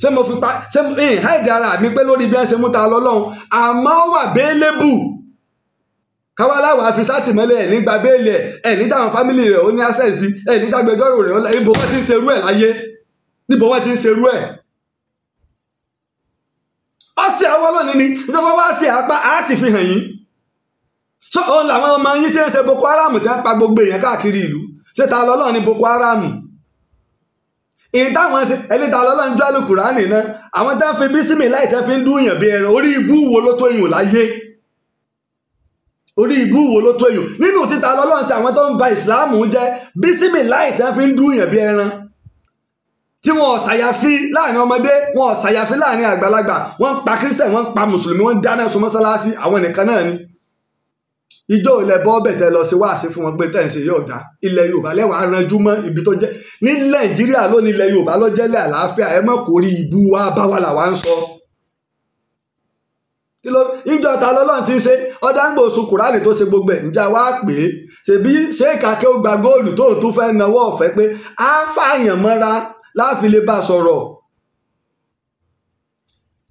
ṣé mo fi pa ṣé ń hẹ́ẹ̀dì ara mi pé lórí káwáláwà àfi sátìmọ́lé ẹ̀ nígbà béèlì ẹ̀ ẹ̀ nígbà àwọn fámìlì rẹ̀ ó ní access ẹ̀ nígbà gbẹjọ́rò rẹ̀ níbo wọ́n ti ń ṣerú ẹ̀ láyé níbo wọ́n ti ń ṣerú ẹ̀. ọ̀sẹ̀ ọwọ́ lónìí ni ìjọba wá sí apá a sì fi hàn yín. ṣé òun làwọn ọmọ yín ti ń ṣe Boko Haram ti ń pa gbogbo èèyàn káàkiri ìlú ṣé ta lọ́lọ́ ni Boko Haram. ìyìn táwọn ẹni ta lọ́lọ́ ń jọ́ àlùkùránì náà àwọn tán fi bísímì láì tán fi ń dúyàn orí ibú wo ló tó èèyàn nínú títa lọ́lọ́run sí àwọn tó ń ba ìsìláàmù jẹ́ bísímì láì tí wọ́n fi ń dúyàn bí ẹran tí wọn ò ṣàyàfi láàrin ọmọdé wọn ò ṣàyàfi láàrin àgbàlagbà wọn ń pa kírísítẹ̀ wọn ń pa mùsùlùmí wọn ń dáná sun mọ́sálásí àwọn nìkan náà ni ìjọ ilẹ̀ bọ́ọ̀bẹ̀ tẹ lọ sí wáàsí fún wọn pé tẹ̀sí yóò dá ilẹ̀ yorùbá lẹ́wàá ranjú mọ́ ibi tó jẹ́ ní nàìjíríà lónìí ilẹ̀ yorùbá ló jẹ́lẹ̀ àlàáfíà ẹ mọ̀ kórí ibú wa báwa làwa ń sọ kí ló ìjọ ta lọ́lọ́run ti ṣe kùránì tó ṣe gbogbo ẹ̀ ǹjẹ́ wá pé ṣèbí ṣéèkà kí ó gba góòlù tó tún fẹ́ náwó ọ̀fẹ́ pé á fààyàn mọ́ra láàfin lè bá sọ̀rọ̀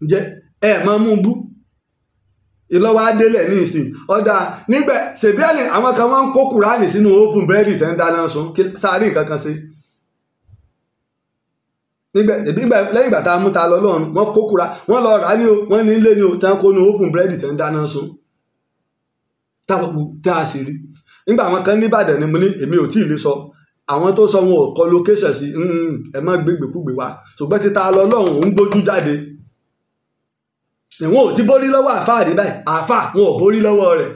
ǹjẹ́ ẹ mú bú ìlọ́wọ́ adélẹ̀ ní ìsìn ọ̀dà ṣèbí àwọn kan wọ́n ń kó kùránì sínú tẹ́ nígbà lẹ́yìn ìgbà tá a mú ta lọ lọ́run wọ́n kó kura wọ́n lọ rà á ní o wọ́n ní ilé ní o tí wọ́n kó nu ófùn búrẹ́dì tí wọ́n dáná sun tá a sì rí nígbà àwọn kan níbàdàn ni mo ní èmi ò tí ì lè sọ àwọn tó sọ wọn ò kọ location sí mm, mm, ẹ má gbégbèkúgbè wa ṣùgbọ́n ti ta lọ lọ́run òun gbójú jáde ìwọ̀n ò ti borí lọ́wọ́ àfáà rí báyìí àfáà wọn ò borí lọ́wọ́ rẹ̀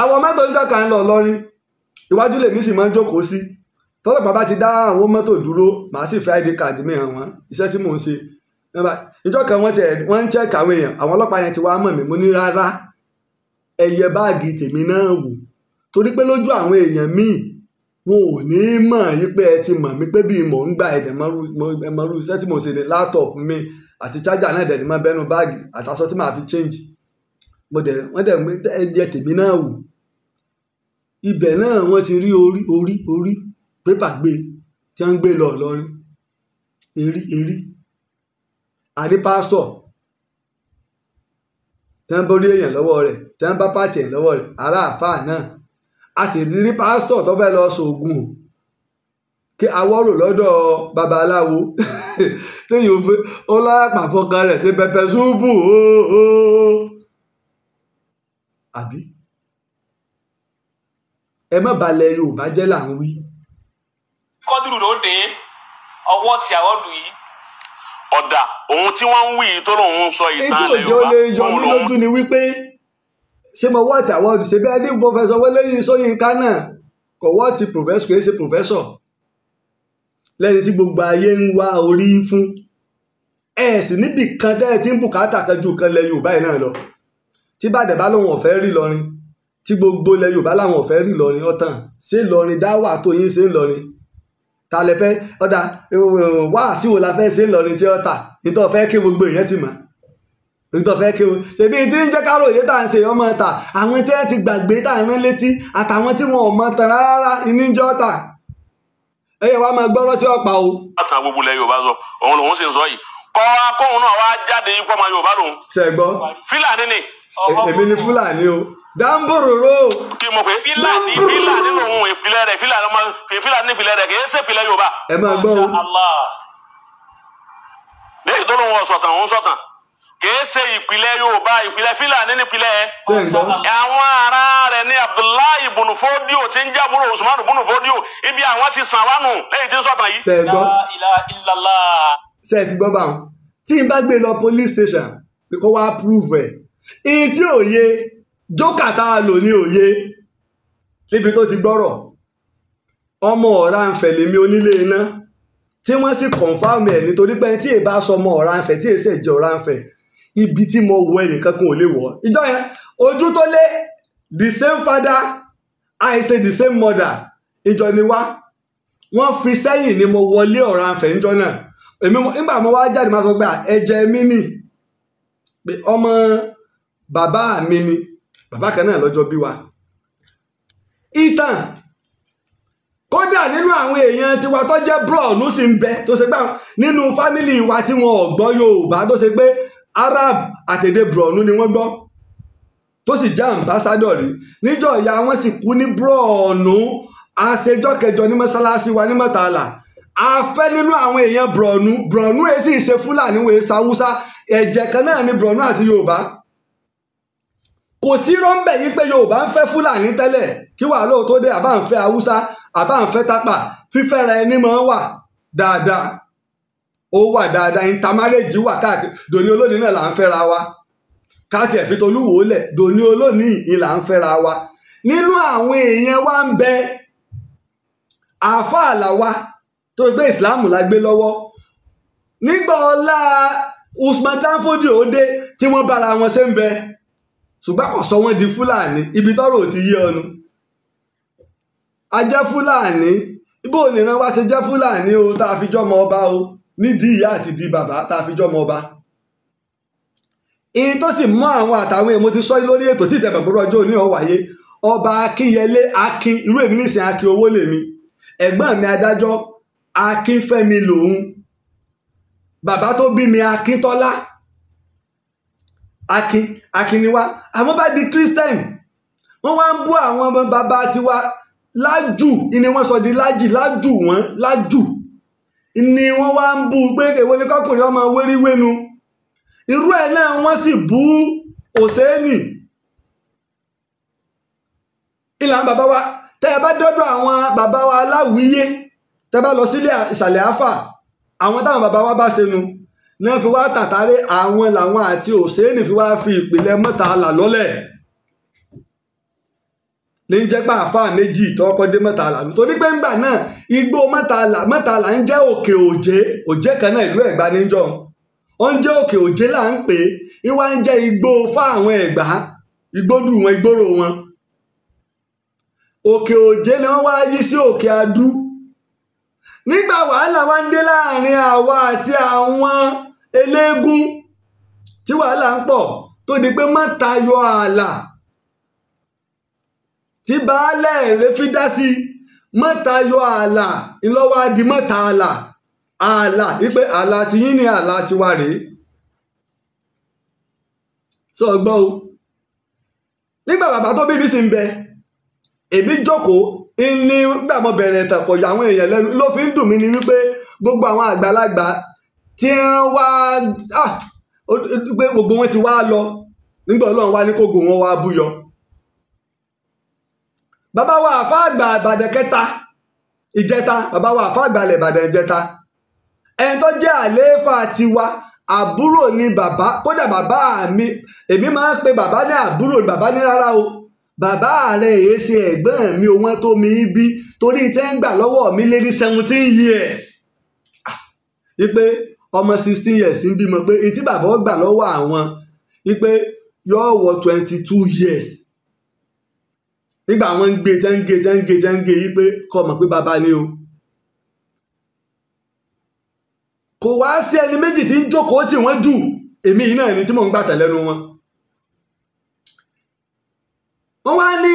àwọn mẹ́tọ̀ọ́jọ́ tọ́lọ́pàá bá ti dá àwọn mọ́tò dúró màá sì fẹ́ id card mi hàn wọ́n iṣẹ́ tí mò ń ṣe ìjọ kan wọ́n ń check àwọn èèyàn àwọn ọlọ́pàá yẹn ti wá mọ̀ mí mo ní rárá ẹyẹ báàgì tèmi náà wò torí pé lójú àwọn èèyàn míì wọn ò ní mọ̀ yí pé ẹ ti mọ̀ mí pé bí mò ń gba ẹ̀dẹ̀ mọ́rú iṣẹ́ tí mo ṣe ní laptop mi àti charger náà dẹ̀ ni mo báàgì àtàṣọ tí màá fi change mo dẹ̀ wọ́n dẹ̀ ẹyẹ tèmi náà wò ibẹ̀ náà wọ́n ti rí orí orí orí pépà gbé tí wọ́n ń gbé lọ Ìlọrin erí erí àní pásọ̀ tí wọ́n bá rí èèyàn lọ́wọ́ rẹ̀ tí wọ́n bá pàtì èèyàn lọ́wọ́ rẹ̀ ará àfáà náà a sì rí pásítọ̀ tó fẹ́ lọ sògùn o kí awọ́rò lọ́dọ̀ babaláwo téèyàn ò fẹ́ ó lápá fọkàn rẹ̀ ṣe pẹpẹ ṣubú ooo àbí ẹ má balẹ̀ Yorùbá jẹ́ là ń wí kọ́dúrú ló dé ọwọ́ tí àwọ́dù yìí. ọ̀dà ohun tí wọ́n ń wí yìí tó lòun ń sọ ìtàn ilẹ̀ yorùbá òun lòun. lójú ni wípé ṣé mo wọ́ọ̀tì àwọ́dù ṣe bẹ́ẹ̀ ní pòfẹ́sọ̀ wọléyìn sóyínká náà kò wọ́ọ̀tì pòfẹ́sọ̀ kìí ṣe pòfẹ́sọ̀ lẹ́yìn tí gbogbo ayé ń wá orí fún ẹ̀ sì níbì kan dẹ́ẹ̀ tí ń bùkátà kan ju kan lẹ yorùbá yìí náà lọ tí bàdẹ̀ bá lòun ọ̀fẹ́ rí lọrin tí gbogbo lẹ yorùbá làwọn ọ̀fẹ́ rí lọrin ọ̀tàn ṣé lọrin dáwà tó yín ṣe ń lọrin ta lẹ fẹ́ ọ̀dà wá sí la fẹ́ ṣe ń lọ ní tí ọ̀tà nítorí fẹ́ kí gbogbo èèyàn ti mọ̀ nítorí fẹ́ kí wọn ṣèbí tí ń jẹ́ káró yìí tá à ń ṣe ọmọ ta àwọn tí wọ́n ti gbàgbé tá à ń rán létí àtàwọn tí wọn ò mọ tán rárá níjọ́ ta ẹyẹ wa máa gbọ́rọ́ tí ó o. látàn gbogbo ilẹ̀ Yorùbá sọ òun lòun sì ń sọ yìí kọ́ wa náà wá jáde yìí ọmọ Yorùbá lòun. ṣẹ̀gbọ́ Fúlàní ni. èmi ni Fúlàní o dáńbòròrò. kí mo pè é Fúlàní Fúlàní ìpìlẹ̀ rẹ̀ fìlà ọmọ fìlà ní ìpìlẹ̀ rẹ̀ kì í ṣe ìpìlẹ̀ yorùbá. ẹ máa gbọ́ o. léyìí tó ló ń wọ sọ̀tàn òun sọ̀tàn kì í ṣe ìpìlẹ̀ yorùbá ìpìlẹ̀ fìlà ní ìpìlẹ̀ ẹ̀. àwọn ará rẹ̀ ní abdullahi ibùnú fódíò tí ń jábúrò usman ibùnú fódíò ibi àwọn ti sàn wánu léyìí tí ń sọ̀tàn yìí. ṣe ti gbọ́ bá wọn tí n bá gbé lọ police station kó wá prove ẹ̀ èyí tí òye jókàtà lò ní òye níbi tó ti gbọ́rọ̀ ọmọ ọ̀ra ń fẹ̀ lèmi onílé iná tí wọ́n sì kọ̀ǹfàmù ẹ̀ nítorí pé tí èbá sọ ọmọ ọ̀ra ń fẹ̀ tí èsì ẹ̀jẹ̀ ọ̀ra ń fẹ̀ ibi tí mo wọ ẹnìkan kan ò lè wọ̀ ìjọ yẹn ojú tó lé the same father I say the same mother ìjọ ni wá wọ́n fi sẹ́yìn ni mo wọlé ọ̀ra ń fẹ̀ níjọ náà èmi nígbà mo wá jáde máa sọ pé ẹ̀jẹ̀ mi ni ọmọ bàbá mi ni bàbá kan náà lọ́jọ́ bí wa ìtàn kódà nínú àwọn èèyàn tiwa tó jẹ́ brọ̀nù sì ń bẹ tó ṣe pé nínú fámìlì wa tí wọn ò gbọ́ Yorùbá tó ṣe pé Arab àtèdè brọ̀nù ni wọ́n gbọ́ tó sì jẹ́ àmbásádọ̀ rí níjọ́ ìyá wọn sì kú ní brọ̀nù àṣejọ́ kẹjọ ní mọ́sálásí wa ní mọ́tàlá afẹ́ nínú àwọn èèyàn brọ̀nù brọ̀nù èyí sì ṣe Fúlàní wòye sáwúsá ẹ̀jẹ̀ kan náà ni brọ̀nù àti Yorùbá kò sí rọ́ńbẹ̀ yìí pé Yorùbá ń fẹ́ Fúlàní tẹ́lẹ̀ kí wàá lóòótọ́ dé àbá ń fẹ́ Haúsá àbáǹfẹ́ tápà fífẹ́ra ẹni máa wà dáadáa ó wà dáadáa intermarriage wà káàkiri dòní olónìí náà là ń fẹ́ra wa káàtì ẹ̀fí tolúwo lẹ̀ dòní olónìí yìí là ń fẹ́ra wa nínú àwọn èèyàn wa ń bẹ àáfàá làwa tó gbé ìsìláàmù la gbé lọ́wọ́ nígbà ọlá Usman Danfodio ó dé tí wọ́n bára wọn ṣe ń bẹ ṣùgbọ́n kò sọ wọ́n di Fúlàní ibi tọ́rọ̀ ò ti yé ọnu a jẹ́ fúlàní ibo nìran wa ṣe jẹ́ fúlàní o tá a fi jọmọ ọba o nídìí ìyá àti di bàbá tá a fi jọmọ ọba ìyìn tó sì mọ àwọn àtàwọn èèmọ ti sọ lórí ètò tí ìtẹ̀gbàgbọ́rọ̀ ọjọ́ òní ọ̀ wáyé ọba akínyẹlé akin irú èmi nìsín akin owó lèmi ẹ̀gbọ́n mi adájọ́ akínfẹ́mi lòun bàbá tó bí mi akíntọ́lá akin akin ni wá àwọn bá di christian wọ́n wá ń bú àwọn ọmọ bàbá tiwa lájù ni wọ́n sọ di lájì lájù wọ́n lájù ni wọ́n wá ń bú pé èwo ni kọkùnrin ọmọ wéríwénu irú ẹ̀ náà wọ́n sì bú òsèénì ìlànà bàbá wa tẹ́ ẹ bá dọ́dọ̀ àwọn bàbá wa aláwíyé tẹ́ bá lọ sílé ìsàlẹ̀ áfà àwọn táwọn bàbá wa bá ṣenu náà fi wá tàtàrí àwọn làwọn àti òsèénì fi wá fi ìpìlẹ̀ mọ́ta là lọ́lẹ̀. ní jẹ́ pé àáfàá méjì ìtọ́kọ́ dé mọ́tàlá torí pé ńgbà náà igbó mọ́tàlá mọ́tàlá ń jẹ́ òkè òjé òjé kan náà ìlú ẹ̀gbá níjọ́ ó ń jẹ́ òkè òjé là ń pè é ìwà ń igbó ni wọ́n wá yí sí òkè adú nígbà wàhálà wá ń dé láàrin àwa àti àwọn eléégún tí wàhálà ń tí baálẹ̀ rẹ̀ fi dá sí mọ́ta yọ ààlà ńlọ́wọ́ adi mọ́ta ààlà ààlà wípé ààlà ti yín ni ààlà ti wà rèé sọ gbọ́ o nígbà bàbá tó bíbí sí ń bẹ èmi jókòó ní nígbà mo bẹ̀rẹ̀ ìtàkọ̀ yọ àwọn èèyàn lẹ́nu ló fi ń dùn mí ni wípé gbogbo àwọn àgbàlagbà tí wọ́n wá ah, pé gbogbo wọn ti wá lọ nígbà Ọlọ́run wá ní kó gbogbo wọn wá búyọ bàbá wa àfa àgbà ìbàdàn kẹta ìjẹta bàbá wa àfa àgbà ìbàdàn ìjẹta ẹni tó jẹ́ àlééfà tiwa àbúrò ni bàbá kódà bàbá mi èmi máa ń pe bàbá ní àbúrò bàbá ní rárá o bàbá rẹ̀ èyí ṣe ẹ̀gbọ́n mi òun tó mi bí torí tẹ́ ń gbà lọ́wọ́ mi lé ní seventeen years ipe ah, ọmọ sixteen years ń bímọ pé etí bàbá ó gbà lọ́wọ́ àwọn ipe yóò wọ twenty two years nígbà wọn ń gbé tẹ́ ń gé yí pé kọ́ mọ̀ pé bàbá ni o kò wá sí ẹni méjì tí ń jókòó tí wọ́n jù èmi yìí náà ni tí mò ń gbà tẹ̀lẹ́nu wọn wọ́n wá ní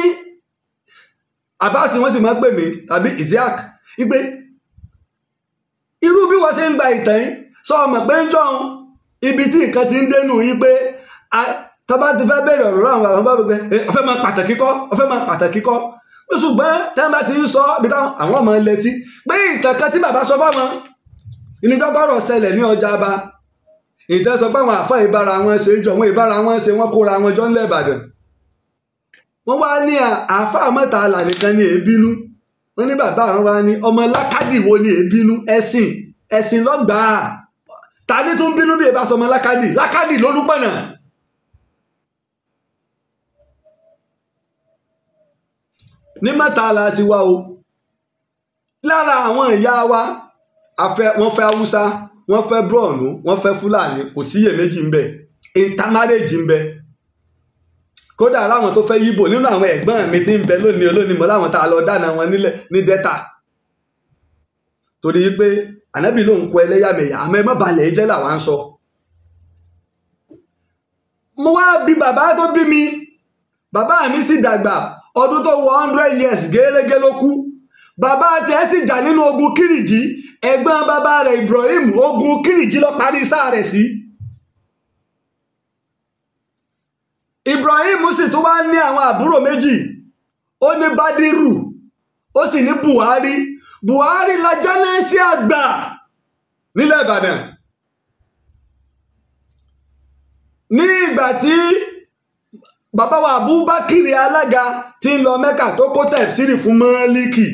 Abbas wọ́n sì máa ń pè mí tàbí Isiaq wípé irú bí wọ́n ṣe ń gba ìtàn yìí sọ ọmọ pé ń jọun ibi tí nǹkan ti ń dénú yìí pé tọ́ba ti fẹ́ bẹ̀rẹ̀ ọ̀rọ̀ àwọn àwọn bá gbẹ eh, ọ̀fẹ́ máa pàtàkì kọ́ ọ̀fẹ́ máa pàtàkì kọ́ ṣùgbọ́n tẹ́ bá ti ń sọ bí àwọn ọmọ ilẹ̀ tí pé ìtàn kan tí bàbá sọ fáwọn ìnitọ́tọ́rọ̀ ṣẹlẹ̀ ní ọjà bá ìtẹ́ sọ pé àwọn àfa ìbára wọn ṣe jọ wọn ìbára wọn ṣe wọn kóra wọn jọ ńlẹ̀ Ìbàdàn wọ́n wá ní àfa mẹ́ta àlà nìkan ní èébínú wọ́n ní bàbá àwọn wá ní ọmọ lákàdì wo ní èébínú ẹ̀sìn ẹ̀sìn lọ́gbàá ta ni tún bínú bí ìbá sọ ọmọ lákàdì lákàdì lólúpọ̀nà ní mẹ́ta la ti wá o lára àwọn ìyá wa wọ́n fẹ́ haúsá wọ́n fẹ́ búrọ̀nù wọ́n fẹ́ fúlàní kò síyèméjì ń bẹ intermarriage ń bẹ kódà láwọn tó fẹ́ yíbò nínú àwọn ẹ̀gbọ́n mi ti ń bẹ lónìí olónìí mọ́ láwọn tá a lọ dáná wọn nílẹ̀ ní dẹ́ta torí pé ànábì ló ń kọ ẹlẹ́yàmẹ̀yà àmọ́ ẹ má balẹ̀ jẹ́ làwọn sọ mo wá bí bàbá tó bí mi bàbá mi sì dàgbà ọdụtọ 100 years gẹ́gẹ́ lọ kú bàbá àti sì jà nínú ogun kìrìjì ẹ̀gbọ́n bàbá rẹ̀ Ibrahim ogun kìrìjì ló parí sáà rẹ̀ sí. Ibrahim si tó wá ní àwọn àbúrò méjì ó ní Badiru ó sì ní Buhari Buhari la jánẹ́sì àgbà nílẹ̀ Ìbàdàn ní ìgbà tí. bàbá wa abubakiri alága tí ń lọ mẹ́kà tó kó tẹ̀síìrì fún mọ́líkì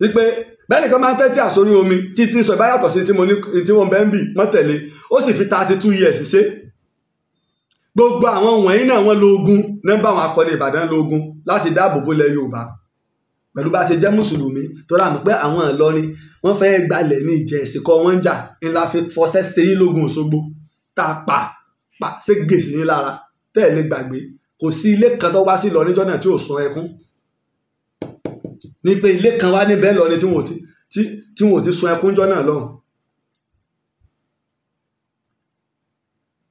wípé bẹ́ẹ̀ni kan máa ń tẹ́tí àsórí omi títí sọ ìbáyàtọ̀ sí tí wọ́n bẹ́ẹ̀ ń bì mọ́tẹ̀lé ó sì fi thirty two years ṣe gbogbo àwọn wọ̀nyí náà wọ́n lo ogun náà bá àwọn akọni ìbàdàn lo ogun láti dáàbò bó lẹ̀ yorùbá pẹ̀lú bá a ṣe jẹ́ mùsùlùmí tó rà mí pé àwọn ìlọrin wọ́n fẹ́ gbalẹ̀ ní ìjẹ́ ìsìnkọ́ wọn ń jà ńlá fi fọṣẹ́ ṣe yí òṣogbo tá pa pa ségè sí yín lára tẹ́ ẹ̀ lè gbàgbé kò sí ilé kan tó wá sí lọ níjọ́ náà tí ò sun ẹkún ní pé ilé kan wá níbẹ̀ lọ ni tí wọn ò ti sun ẹkún jọ́ náà lọ́hùn.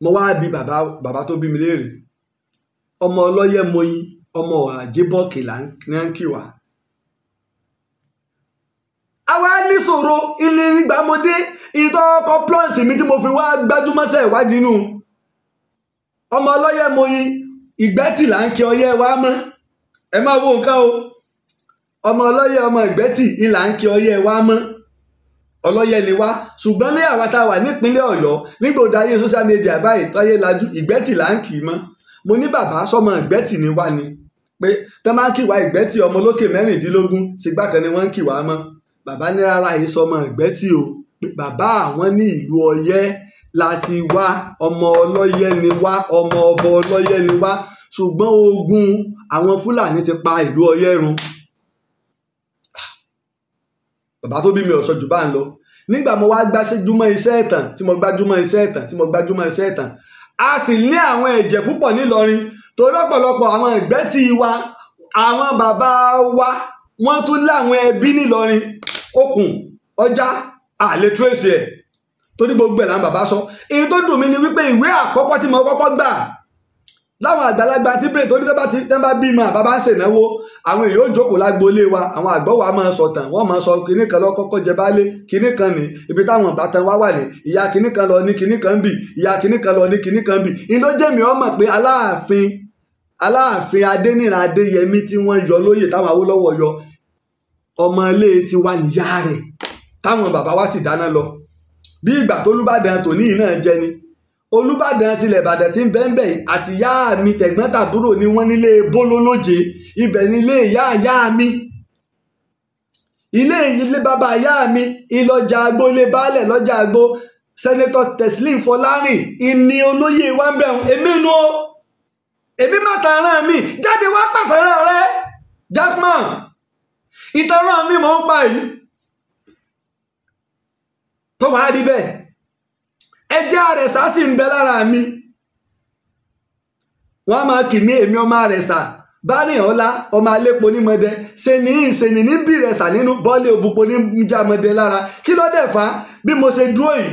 mo wá bí bàbá bàbá tó bí mi léèrè ọmọ ọlọ́yẹ mọyì ọmọ àjẹbọ́ọ̀kì là ń kí wa àwa níṣòro ilé ìgbàmọdé ìtọ́ ọkọ̀ plọ́ǹtì mi tí mo fi wá gbájúmọ́sẹ̀ ìwádìí nù ọmọ ọlọ́yẹ̀ mo yin ìgbẹ́tì là ń kí ọyẹ́ wa mọ́ ẹ má wo nǹkan o ọmọ ọlọ́yẹ̀ ọmọ ìgbẹ́tì ìlà ń kí ọyẹ́ wa mọ́ ọlọ́yẹ̀ ni wá ṣùgbọ́n ní àwa tá a wà nípínlẹ̀ ọ̀yọ́ nígbòdà social media báyìí tọ́yé lajú ìgbẹ́tì là ń kì mo ni baba somo ìgbẹ́tì ni wá ni pé tọ́ máa ń kì wá ìgbẹ́tì ọmọ olókè mẹ́rìndínlógún sígbà kan ni wọ́n ń kì wá bàbá ní rárá yìí sọmọ ìgbẹ́tì o bàbá àwọn ní ìlú ọyẹ́ láti wá ọmọ ọlọ́yẹ́ ni wá ọmọ ọba ọlọ́yẹ́ ni wá ṣùgbọ́n ogun àwọn fúlàní ti pa ìlú ọyẹ́ run bàbá tó bí mi ọ̀ṣọ́ jù bá ń lọ nígbà mo wá gbá sí júmọ́ iṣẹ́ ẹ̀tàn tí mo gbájúmọ́ iṣẹ́ ẹ̀tàn tí mo gbájúmọ́ iṣẹ́ ẹ̀tàn a sì lé àwọn ẹ̀jẹ̀ púpọ̀ nílọrin torí ọ̀pọ̀lọpọ̀ àwọn ìgbẹ́ ti wa àwọn bàbá wa wọ́n tún láwọn ẹbí nìlọrin okùn ọjà àlè tírèsì ẹ̀ torí gbogbo ẹ̀ làwọn bàbá sọ èyí tó dùn mí ni wípé ìwé àkọ́kọ́ tí mo kọ́kọ́ gbà láwọn àgbàlagbà tí bèrè tó ní tẹ́ bá bímọ bàbá ń ṣènáwó àwọn èèyàn ò jókòó lágboolé wa àwọn àgbọ̀ wa máa sọ tàn wọ́n máa sọ kinní kan lọ́kọ́kọ́ jẹ baálé kinní kan ní ibi táwọn ìbátan wa wà ní ìyá kinní kan lọ ní kinní kan bì ìyá kinní kan lọ ní kinní kan bì ìlójẹ́mi ọmọ pé aláàfin aláàfin adẹ́nira adéyẹmí tí wọ́n yọ lóyè táwọn awólọ́wọ̀ yọ ọmọ ilé ti wá níyá rẹ̀ táwọn bàbá wa sì dáná lọ bí ìgbà tó olúbàdàn tòní yìí náà jẹ ni olúbàdàn tilẹ̀ ìbàdàn ti ń bẹ́ńbẹ́ àti yáà mi tẹ̀gbọ́n ni wọ́n nílé bólólóje ibẹ̀ nílé ìyá ìyá mi ilé ilé bàbá ìyá mi ìlọjà àgbo ilé baálẹ̀ lọ́jà àgbo sẹ́nẹ́tọ̀ Teslim Fọlárìn ìní olóyè wa ń bẹ̀rùn emenu o. èmi má tààràn mi jáde wá pàtàràn rẹ Jackman ìtàràn mi mò ń pa yìí tó wàá rí bẹ́ẹ̀ ẹjẹ́ àrẹ̀sà sì ń bẹ lára mi wọ́n á máa kì mí èmi ọmọ àrẹ̀sà ọlá ọmọ alépo ní mọdẹ ṣe ní bìrẹ̀sà nínú bọ́ọ̀lì lára kí ló dẹ̀ fà bí mo ṣe dúró yìí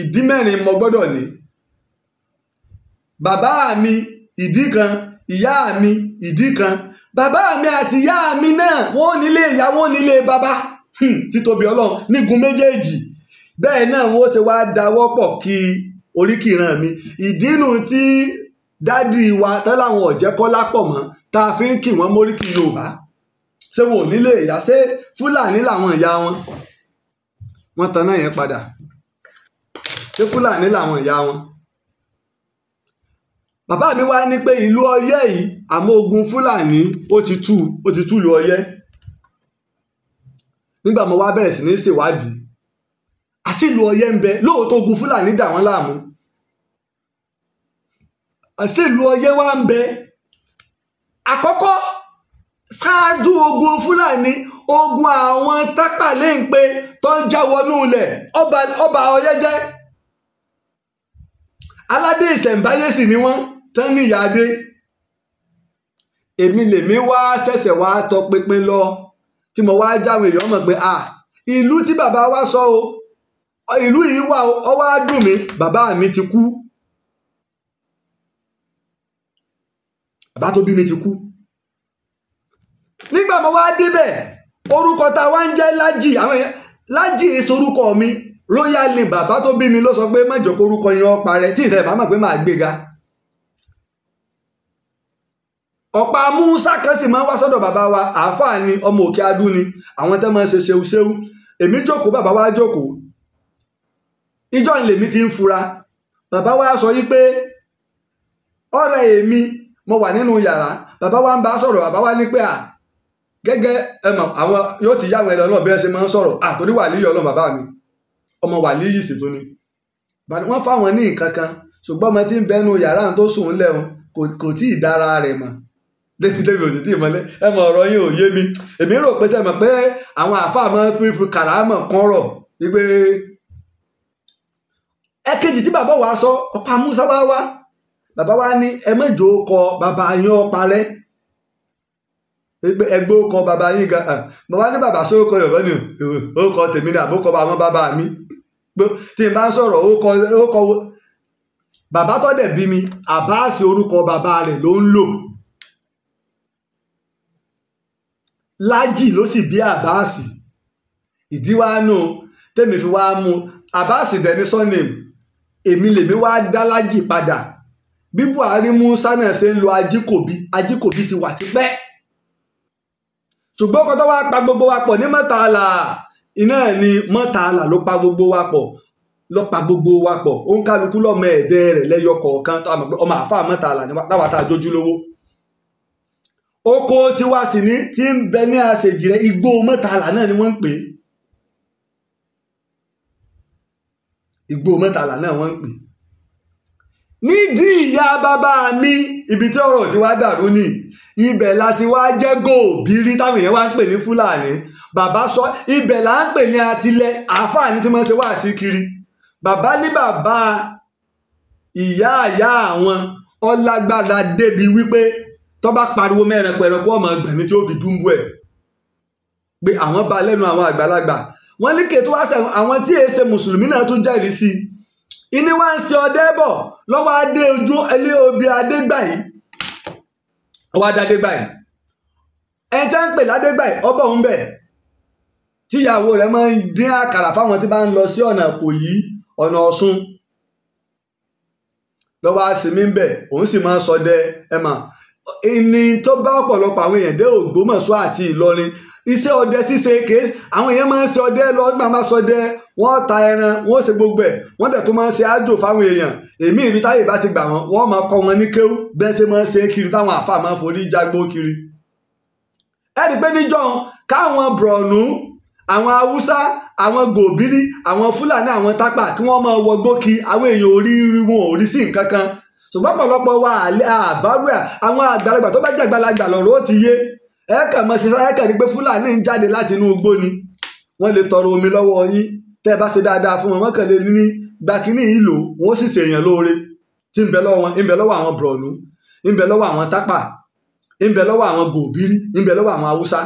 ìdí mẹ́rin mo gbọ́dọ̀ ní bàbá mi ìdí kan ìyá mi ìdí kan bàbá mi àti ìyá mi náà wọn ò nílé ìyá wọn ò nílé bàbá hmm, títóbi ọlọ́run nígun méjèèjì bẹ́ẹ̀ náà wọ́n ṣe wá dáwọ́ pọ̀ kí oríkìran mi ìdínú tí dádì wa tán láwọn ọ̀jẹ́ kọ́ lápọ̀ mọ́ tá a fi ń kì wọ́n móríkì yorùbá ṣé wọn ò nílé ìyá ṣé fúlàní làwọn ìyá wọn wọ́n tan náà yẹn padà ṣé fúlàní làwọn ìyá wọn bàbá mi wá ní pé ìlú ọyẹ yìí àmọ ogun fúlàní ó ti tú ó ìlú ọyẹ nígbà mo bẹ̀rẹ̀ sí ní ṣèwádìí àṣìlú ọyẹ ń bẹ lóòótọ́ ogun fúlàní dà láàmú aládé ìṣẹ̀ǹbáyé sì ni wọ́n tán níyà adé èmi lèmi wá ṣẹ̀ṣẹ̀ wá tọpinpin lọ tí mo wá jáwé èèyàn mọ̀ pé ah ìlú tí bàbá wa sọ o ìlú yìí wà ó wá dùn mí bàbá mi ti kú bàbá tó bí mi ti kú nígbà mo wá débẹ̀ orúkọ tá a wá ń jẹ́ Lájì àwọn èèyàn Lájì èso orúkọ mi royally bàbá tó bí mi ló sọ pé má jẹ́ kórúkọ yẹn ọ̀pá rẹ tí ìfẹ́ bá mọ pé màá gbéga ọ̀pá musa kan sì máa ń wá sọ́dọ̀ bàbá wa àáfàá ni ọmọ òkè adú ni àwọn tẹ máa ń ṣe ṣeúṣeú èmi jókòó bàbá wa jókòó ìjọ ni lèmi ti ń fura bàbá wa sọ yí pé ọrẹ èmi mo wà nínú yàrá bàbá wa ń bá sọrọ bàbá wa ní pé à gẹ́gẹ́ ẹ àwọn yóò ti yá àwọn ẹ lọ́lọ́ bí ẹ ṣe máa ń sọ̀rọ̀ àtòrí wà líyọ̀ bàbá mi ọmọ wàlí yìí sì tó ni wọ́n fáwọn ní nǹkan kan ṣùgbọ́n ọmọ tí ń bẹnu yàrá tó sùn ń lẹ́hùn kò tí ì dára rẹ̀ mọ̀ débìdébì òsì tí ì mọ́lẹ̀ ẹ mọ̀ ọ̀rọ̀ yín ò yé mi èmi rò pé sẹ́mọ̀ pé àwọn àáfàá máa ń tún fi kàràmọ̀ kan rọ̀ wípé ẹ̀kejì tí bàbá wa sọ ọ̀pá musa wá wá bàbá wa ní ẹ mẹ́jọ kọ bàbá yín ọ̀pá rẹ̀ ẹgbẹ́ ó bàbá yín gan bàbá ní bàbá sọ ó yorùbá ni ó tèmi ní àbókọ bàbá mi pé tí n bá sọ̀rọ̀ ó kọ ó kọ bàbá tó dẹ̀ bí mi àbáàsì orúkọ bàbá rẹ̀ ló ń lò lájì ló sì bí àbáàsì ìdí wá nù tèmi fi wá mú àbáàsì dẹni surname èmi lèmi wá dá lájì padà bí Buhari mú sánà ṣe ń lo ajíkòbí ajíkòbí ti wà tipẹ́ ṣùgbọ́n kọ́tọ́ wá pa gbogbo wa pọ̀ ní mọ́tàlá iná ẹ̀ ni mọ́tàlá ló pa gbogbo wa pọ̀ ló pa gbogbo wa pọ̀ ó ń kálukú lọ́mọ ẹ̀dẹ́ rẹ̀ lẹ́yọ kọ̀ọ̀kan tá a mọ̀ pé ọmọ àáfàá mọ́tàlá láwa tá a jójú lówó oko tiwa sì ní tí ń bẹ ní àṣejì rẹ igbó mọ́tàlá náà ni wọ́n ń pè é igbó mọ́tàlá náà wọ́n ń pè é nídìí ìyá bàbá mi ibi tí ọ̀rọ̀ ti wá dàrú ni ibẹ̀ láti wá jẹ́ gòbí rí táwọn èèyàn wá ń pè ní fúlàní bàbá sọ ibẹ̀ là ń pè ní atilẹ̀ àfààní tí wọ́n ṣe wá sí kiri bàbá ní bàbá ìyá àyá àwọn ọlágbára débi wípé tó bá pariwo mẹ́rin pẹ̀rẹ̀ kó ọmọ gbẹ̀mí tí ó fi dúnbú ẹ̀ pé àwọn ba lẹ́nu àwọn àgbàlagbà wọ́n ní kètò wáṣẹ àwọn tí èé ṣe mùsùlùmí náà tún jẹ́rìí sí i ìní wá ń ṣe ọdẹ bọ̀ lọ́wọ́ adé ojú ilé obì adégbàyí ọwọ́ adé adégbàyí ẹ̀ ń tẹ́ ń pè ládégbàyí ọbọ̀ ń bẹ̀ tíyàwó rẹ̀ máa ń dín àkàrà fáwọn tí bá ń lọ sí ọ̀nà Ìkòyí ọ̀nà Ọ̀ṣun lọ́wọ́ àsìmí ń bẹ̀ òun sì máa ń ṣọdẹ ẹ̀ mà ìní tó bá ọ̀pọ̀lọpọ̀ àwọn èèyàn dé Ògbómọ̀ṣọ́ àti Ìlọrin iṣẹ́ ọdẹ ṣíṣe ké àwọn èèyàn máa ń ṣe ọdẹ lọ máa máa ṣọdẹ wọ́n ta ẹran wọ́n ṣe gbogbo ẹ̀ wọ́n dẹ̀ tó máa ń ṣe àjò fáwọn èèyàn èmi ìbí táyè bá ti gbà wọ́n wọ́n máa kọ́ wọn ní kéwú bẹ́ẹ̀ ṣe máa ń ṣe kiri táwọn àáfàá máa ń forí jágbó kiri. ẹ rí i pé níjọ́ káwọn bùrọ̀nù àwọn haúsá àwọn gòbírí àwọn fúlàní àwọn tápà kí wọ́n máa wọgbó kí àwọn èèyàn orí wọn ò rí sí nǹkan kan ṣùgbọ́n pọ̀lọpọ̀ wa àbáwẹ̀ àwọn àgbàlagbà tó bá jẹ́ àgbàlagbà lọ́rọ̀ ó ti yé ẹ kàn mọ́ ṣiṣẹ́ ẹ kàn rí pé fúlàní ń jáde láti inú igbó ni wọ́n lè tọrọ omi lọ́wọ́ yín tẹ́ ẹ bá ṣe dáadáa fún wọn wọ́n kàn lè ní gbakínní yìí lò wọ́n sì ṣèyàn lóore tí ń bẹ lọ́wọ́ ń bẹ lọ́wọ́ àwọn bùrọ̀nù ń bẹ lọ́wọ́ àwọn tápà ń lọ́wọ́ àwọn gòbírí ń lọ́wọ́ àwọn haúsá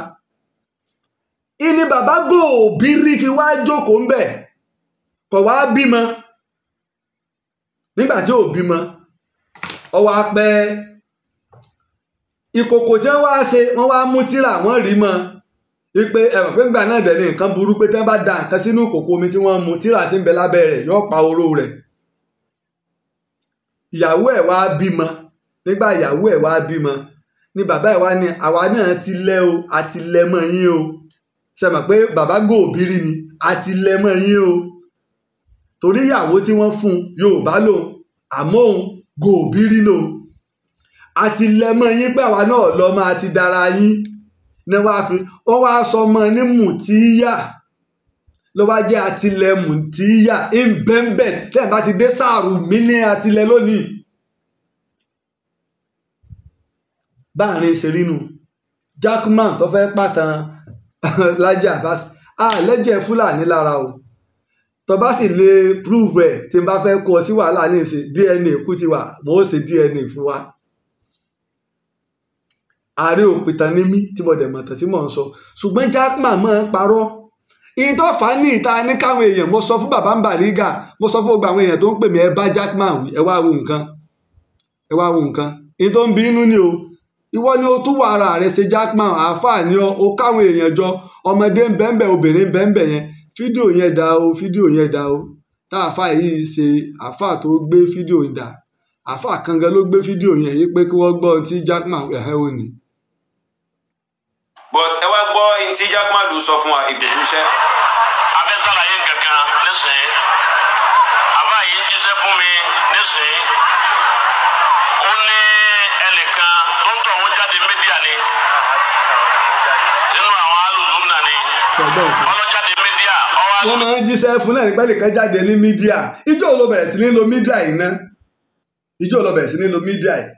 ìní bàbá gòbìrì fi wá jókòó ńbẹ̀ kọ̀ wá bímọ nígbà tí ò bímọ ọwọ́ apẹ́ ìkòkò tí wọ́n wá ṣe wọ́n wá mú tíra wọ́n rí mọ́ ipe ẹ̀rọ pé nígbà náà dẹ̀ni nǹkan burú pé tẹ́ bá da nǹkan sínú ìkòkò omi tí wọ́n mu tíra ti ń bẹ lábẹ́ rẹ̀ yóò pa oró rẹ̀ ìyàwó ẹ̀ wá bímọ nígbà ìyàwó ẹ̀ wá bímọ ni bàbá ẹ̀ wá ní àwa náà ti lẹ́ o àti lẹ́ mọ́ yín o sẹ́mọ̀ pé bàbá gòbìrì ni àti lẹ́mọ̀ yín o torí ìyàwó tí wọ́n fún Yorùbá lòun àmọ́ òun gòbìrì lòun àti lẹ́mọ̀ yín gbàwá náà lọ́mọ àti dára yín ni wàá fi ó wàá sọ ọmọ ní mùtíyà ló wá jẹ́ àtìlẹ̀ mùtíyà ìbẹ́ńbẹ́ lẹ́yìn bá ti dé sáàrù mí ní àtìlẹ̀ lónìí. báàrin ṣe rínu Jackman tó fẹ́ pàtàn Laji Abbas a ah, lẹ́jẹ̀ fúlàní lára o tó bá sì lè prove ẹ̀ tí n bá fẹ́ kọ sí wàhálà ní ìsìn DNA kú ti wà mo ó ṣe DNA fún wa ààrẹ òpìtàn ní mí tí mo dẹ̀ mọ̀tàn tí mò ń sọ ṣùgbọ́n Jaqmal máa ń parọ́ ìyẹn tó fà á ní ìta ní káwọn èèyàn mo sọ fún bàbá ń Bariga mo sọ fún gbogbo àwọn èèyàn tó ń pè mí ẹ bá Jaqmal wí ẹ wá wo nǹkan ẹ wá wo nǹkan ìyẹn tó ń bi inú ni o ìwọ ni o tún wà ara rẹ ṣe jackman àáfàá ni ọ o káwọn èèyàn jọ ọmọdé ń bẹ́ńbẹ́ obìnrin ń bẹ́ńbẹ́ yẹn fídíò yẹn dá o fídíò yẹn dá o tá àáfàá yìí ṣe àáfàá tó gbé fídíò yẹn dá àáfàá kangan ló gbé fídíò yẹn yìí pé kí wọ́n gbọ́ ohun tí jackman ẹ̀hẹ́ ò ní. but ẹ wá gbọ́ ohun tí jackman ló sọ fún wa ìbùkún iṣẹ́. bẹ́ẹ̀ fún. ọlọ́jáde mídíà. wọ́n máa ń jíṣẹ́ fún náà nípa nìkan jáde ní mídíà ìjọ́ ló bẹ̀rẹ̀ sí ní lo mídíà yìí ná ìjọ́ ló bẹ̀rẹ̀ sí ní lo mídíà yìí.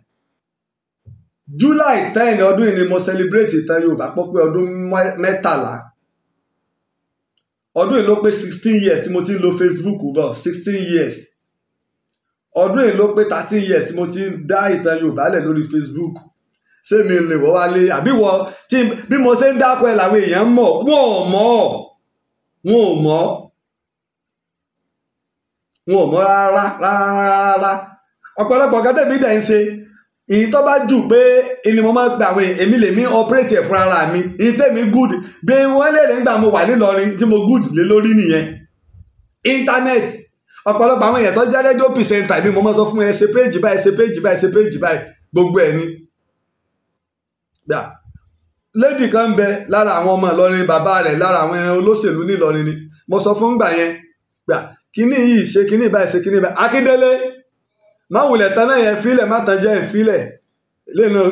July ten ọdún yìí ni mo celebrate ìtàn Yorùbá pọ̀ pé ọdún mẹ́tàlá ọdún yìí ló pé sixteen years tí mo ti ń lo Facebook bọ̀ sixteen years ọdún yìí ló pé thirteen years tí mo ti ń dá ìtàn Yorùbá lẹ̀ lórí Facebook sẹ́mi lè wọ́ wálé àbí wọ tí bí mo ṣe ń se ẹ̀ làwọn èèyàn mọ̀ wọn ò mọ̀ wọn ò mọ̀ wọn ò mọ̀ rárá rárá ọ̀pọ̀lọpọ̀ kan tẹ̀mí dẹ̀ ń ṣe ìyí tó bá jù pé ni mo máa ń àwọn èmi lèmi ẹ̀ fúnra mi ìyí mí good bí wọ́n lè rìn gbà mo wà nílọrin tí mo good lé lórí nìyẹn ọ̀pọ̀lọpọ̀ àwọn èèyàn tó jẹ́ rẹ́díò gbà lady kan bẹ lára àwọn ọmọ ìlọrin bàbá rẹ lára àwọn olóṣèlú nílọrin ni mo sọ fún gbà yẹn gbà kíní yìí ṣe kíní báyìí ṣe kíní báyìí akíndélé má wulẹ̀ tán náà yẹn fílẹ̀ má tán jẹ́ ìfílẹ̀ lẹ́nu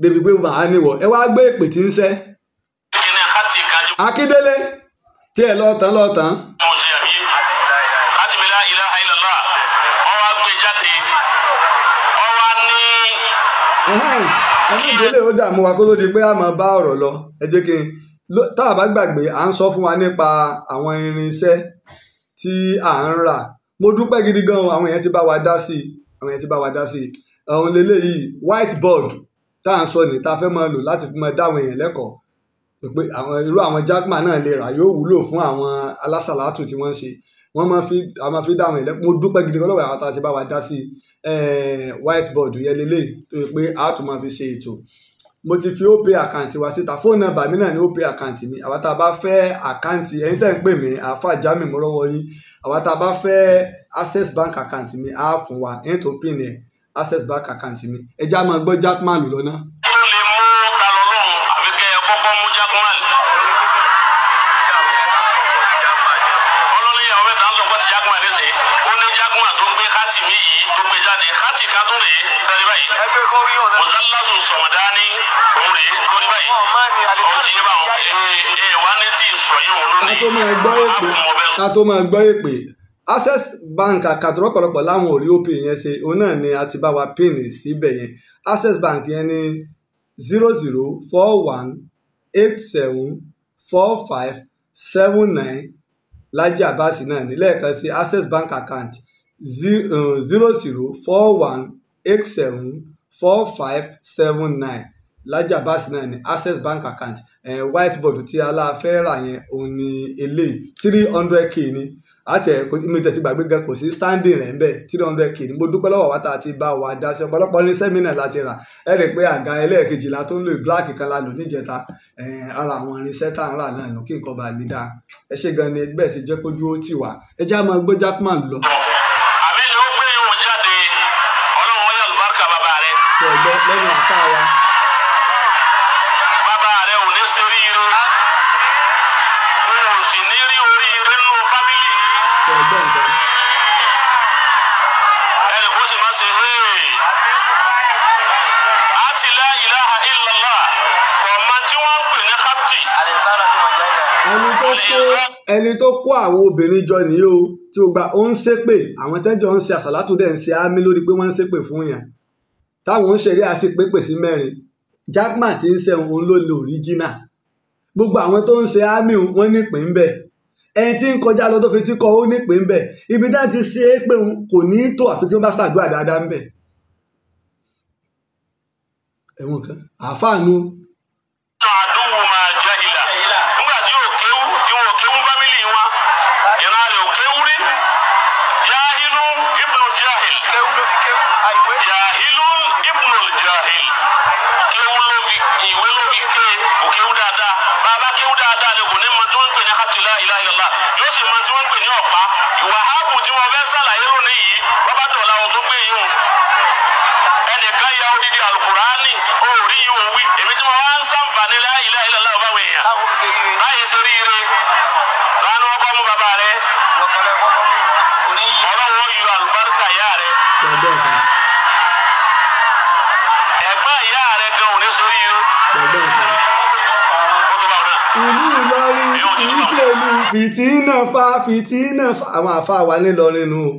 débi pé màá níwọ̀ ẹ wá gbé ẹnìdílé ó dààmú wa kó tó di pé a máa bá ọ̀rọ̀ lọ ẹ jẹ́ kí n tá a bá gbàgbé à ń sọ fún wa nípa àwọn irinṣẹ́ tí à ń rà mo dúpẹ́ gidi gan àwọn èèyàn ti bá wa dá sí i àwọn èèyàn ti bá wa dá sí i àwọn leléyìí white board tá à ń sọ ní ta fẹ́ máa lò láti fi máa dá àwọn èèyàn lẹ́kọ̀ọ́ pé àwọn irú àwọn jákmà náà lè rà yóò wúlò fún àwọn alásàlátù tí wọ́n ń ṣe wọ́n máa fi a máa fi dá àwọn ẹ̀lẹ́ mo dúpẹ́ gidi ọlọ́wọ́ àwọn àti bá wa dá sí whiteboard yẹn lélẹ̀ tó yẹ pé a tún máa fi ṣe ètò mo ti fi opay àkáǹtì wa síta fóònù nàbà mi náà ní opay àkáǹtì mi àwa tá a bá fẹ́ àkáǹtì ẹ̀yin tẹ́ ń pè mí àáfà jámì mo rọ́wọ́ yín àwa tá a bá fẹ́ access bank àkáǹtì mi á fún wa ẹ̀yin tó pin ẹ̀ access bank àkáǹtì mi ẹ já máa gbọ́ man lù lọ́nà. ká tó máa gbọ́ èpè access bank àkàtúrọ̀ ọ̀pọ̀lọpọ̀ láwọn òrí opay yẹn ṣe òun náà ni a ti bá wa pin síbẹ̀ yẹn access bank yẹn ni zero zero four one eight seven four five seven nine Laji Abbas náà ní lẹ́ẹ̀kan sí access bank account eh, zero zero four one eight seven four five seven nine Laji Abbas náà ní Access Bank account eh, whiteboard tí aláfẹ́ rà yẹn òun ni eléyìí three hundred k ni àti ẹ̀kọ́ ìmìtẹ̀ ti gbàgbé gan kò sí standing rẹ̀ ń bẹ̀ three hundred k ní mo dúpẹ́ lọ́wọ́ wa tá a ti bá wa dá sí ọ̀pọ̀lọpọ̀ ní sẹ́mínà láti rà ẹ rí i pé àga ẹlẹ́ẹ̀kejìlá tó ń lò black kan la lò níjẹta ara àwọn irinṣẹ́ tá à ń rà náà nù kí nǹkan bá lè dáa ẹ ṣe gan ni bẹ́ẹ̀ sì jẹ́ kójú ó tì wá ẹ já máa gbé Jackman lọ. àmì ni ó gbé ìwọ̀n jáde ọlọ́run wọ́n yà lùbáríkà bàbá rẹ̀. ṣe ẹgbẹ́ lẹ́nu àfáà wa ní sẹ́rí ire wọn ò sì ní rí oríire nínú fámìlì yìí. ẹnì kó sì máa ṣe hee àti la ilaha illallah ọmọ tí wọ́n ń pè ní hapti. ẹni tó kó ẹni tó kó àwọn obìnrin jọ nìyí o tí o gba ó ń ṣépè àwọn tẹ́jọ́ ń ṣe àṣàlátù dẹ̀ ń ṣe ámì lórí pé wọ́n ń ṣépè fún yẹn táwọn ń ṣeré àṣepépè sí mẹ́rin. Jaqmal tí ń ṣe òun ló lo original gbogbo àwọn tó ń ṣe army wọn nípìn ń bẹ ẹni tí ń kọjá lọ tó fi tí kọ ó nípìn ń bẹ ibi tá ti ṣe é pé kò ní tó àfi tí wọn bá ṣàdúrà dáadáa ń bẹ ẹ̀wọ̀n kan àfáànù. àdúgbò máa fìtínà fa fìtínà fa àwọn àáfàá wa nílọrin nu o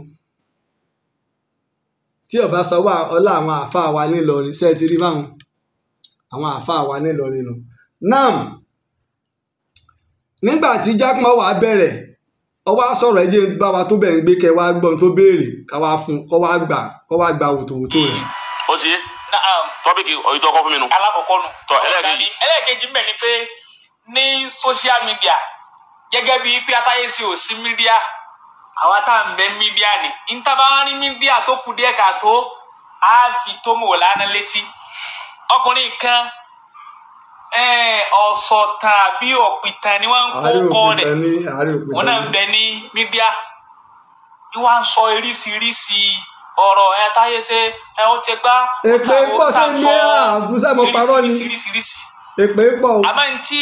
tí ọba sọ wà ọlá àwọn àáfàá wa nílọrin ṣe ti rí báwọn àwọn àáfàá wa nílọrin nu nam nígbà tí jákùmọ̀ wà bẹ̀rẹ̀ ọwọ́ sọ̀rọ̀ ẹ̀jẹ̀ bá wa tó bẹ̀ ń gbé kẹ́ wá gbọ́n tó béèrè ká wá fún kọ́ wá gbà kọ́ wá gba wòtòwòtò rẹ̀. ó ti yé tọ́pìkì ọ̀yìn tó kọ́ fún mi nù. alákọ̀ọ́kọ́ nù. tọ́ ẹlẹ́ẹ̀kejì. ẹlẹ́ẹ̀kejì ń bẹ ni pé ní social media gẹ́gẹ́ bíi pé atáyèsí ò sí mídíà àwa tá à ń bẹ mídíà ni ntaba rí mídíà tó kù díẹ̀ ká tó á fi tó mò lánàá létí ọkùnrin kan ọ̀sọ̀ tàbí ọ̀pìtàn ni wọ́n ń kó kọ́ rẹ̀ wọ́n náà ń bẹ ní mídíà wọ́n ń sọ oríṣiríṣi ọ̀rọ̀ ẹ táyé ṣe ẹ ó ti gbá ó ta ó ta sọ oríṣiríṣi èpè pọ̀ o àmọ́ ní tí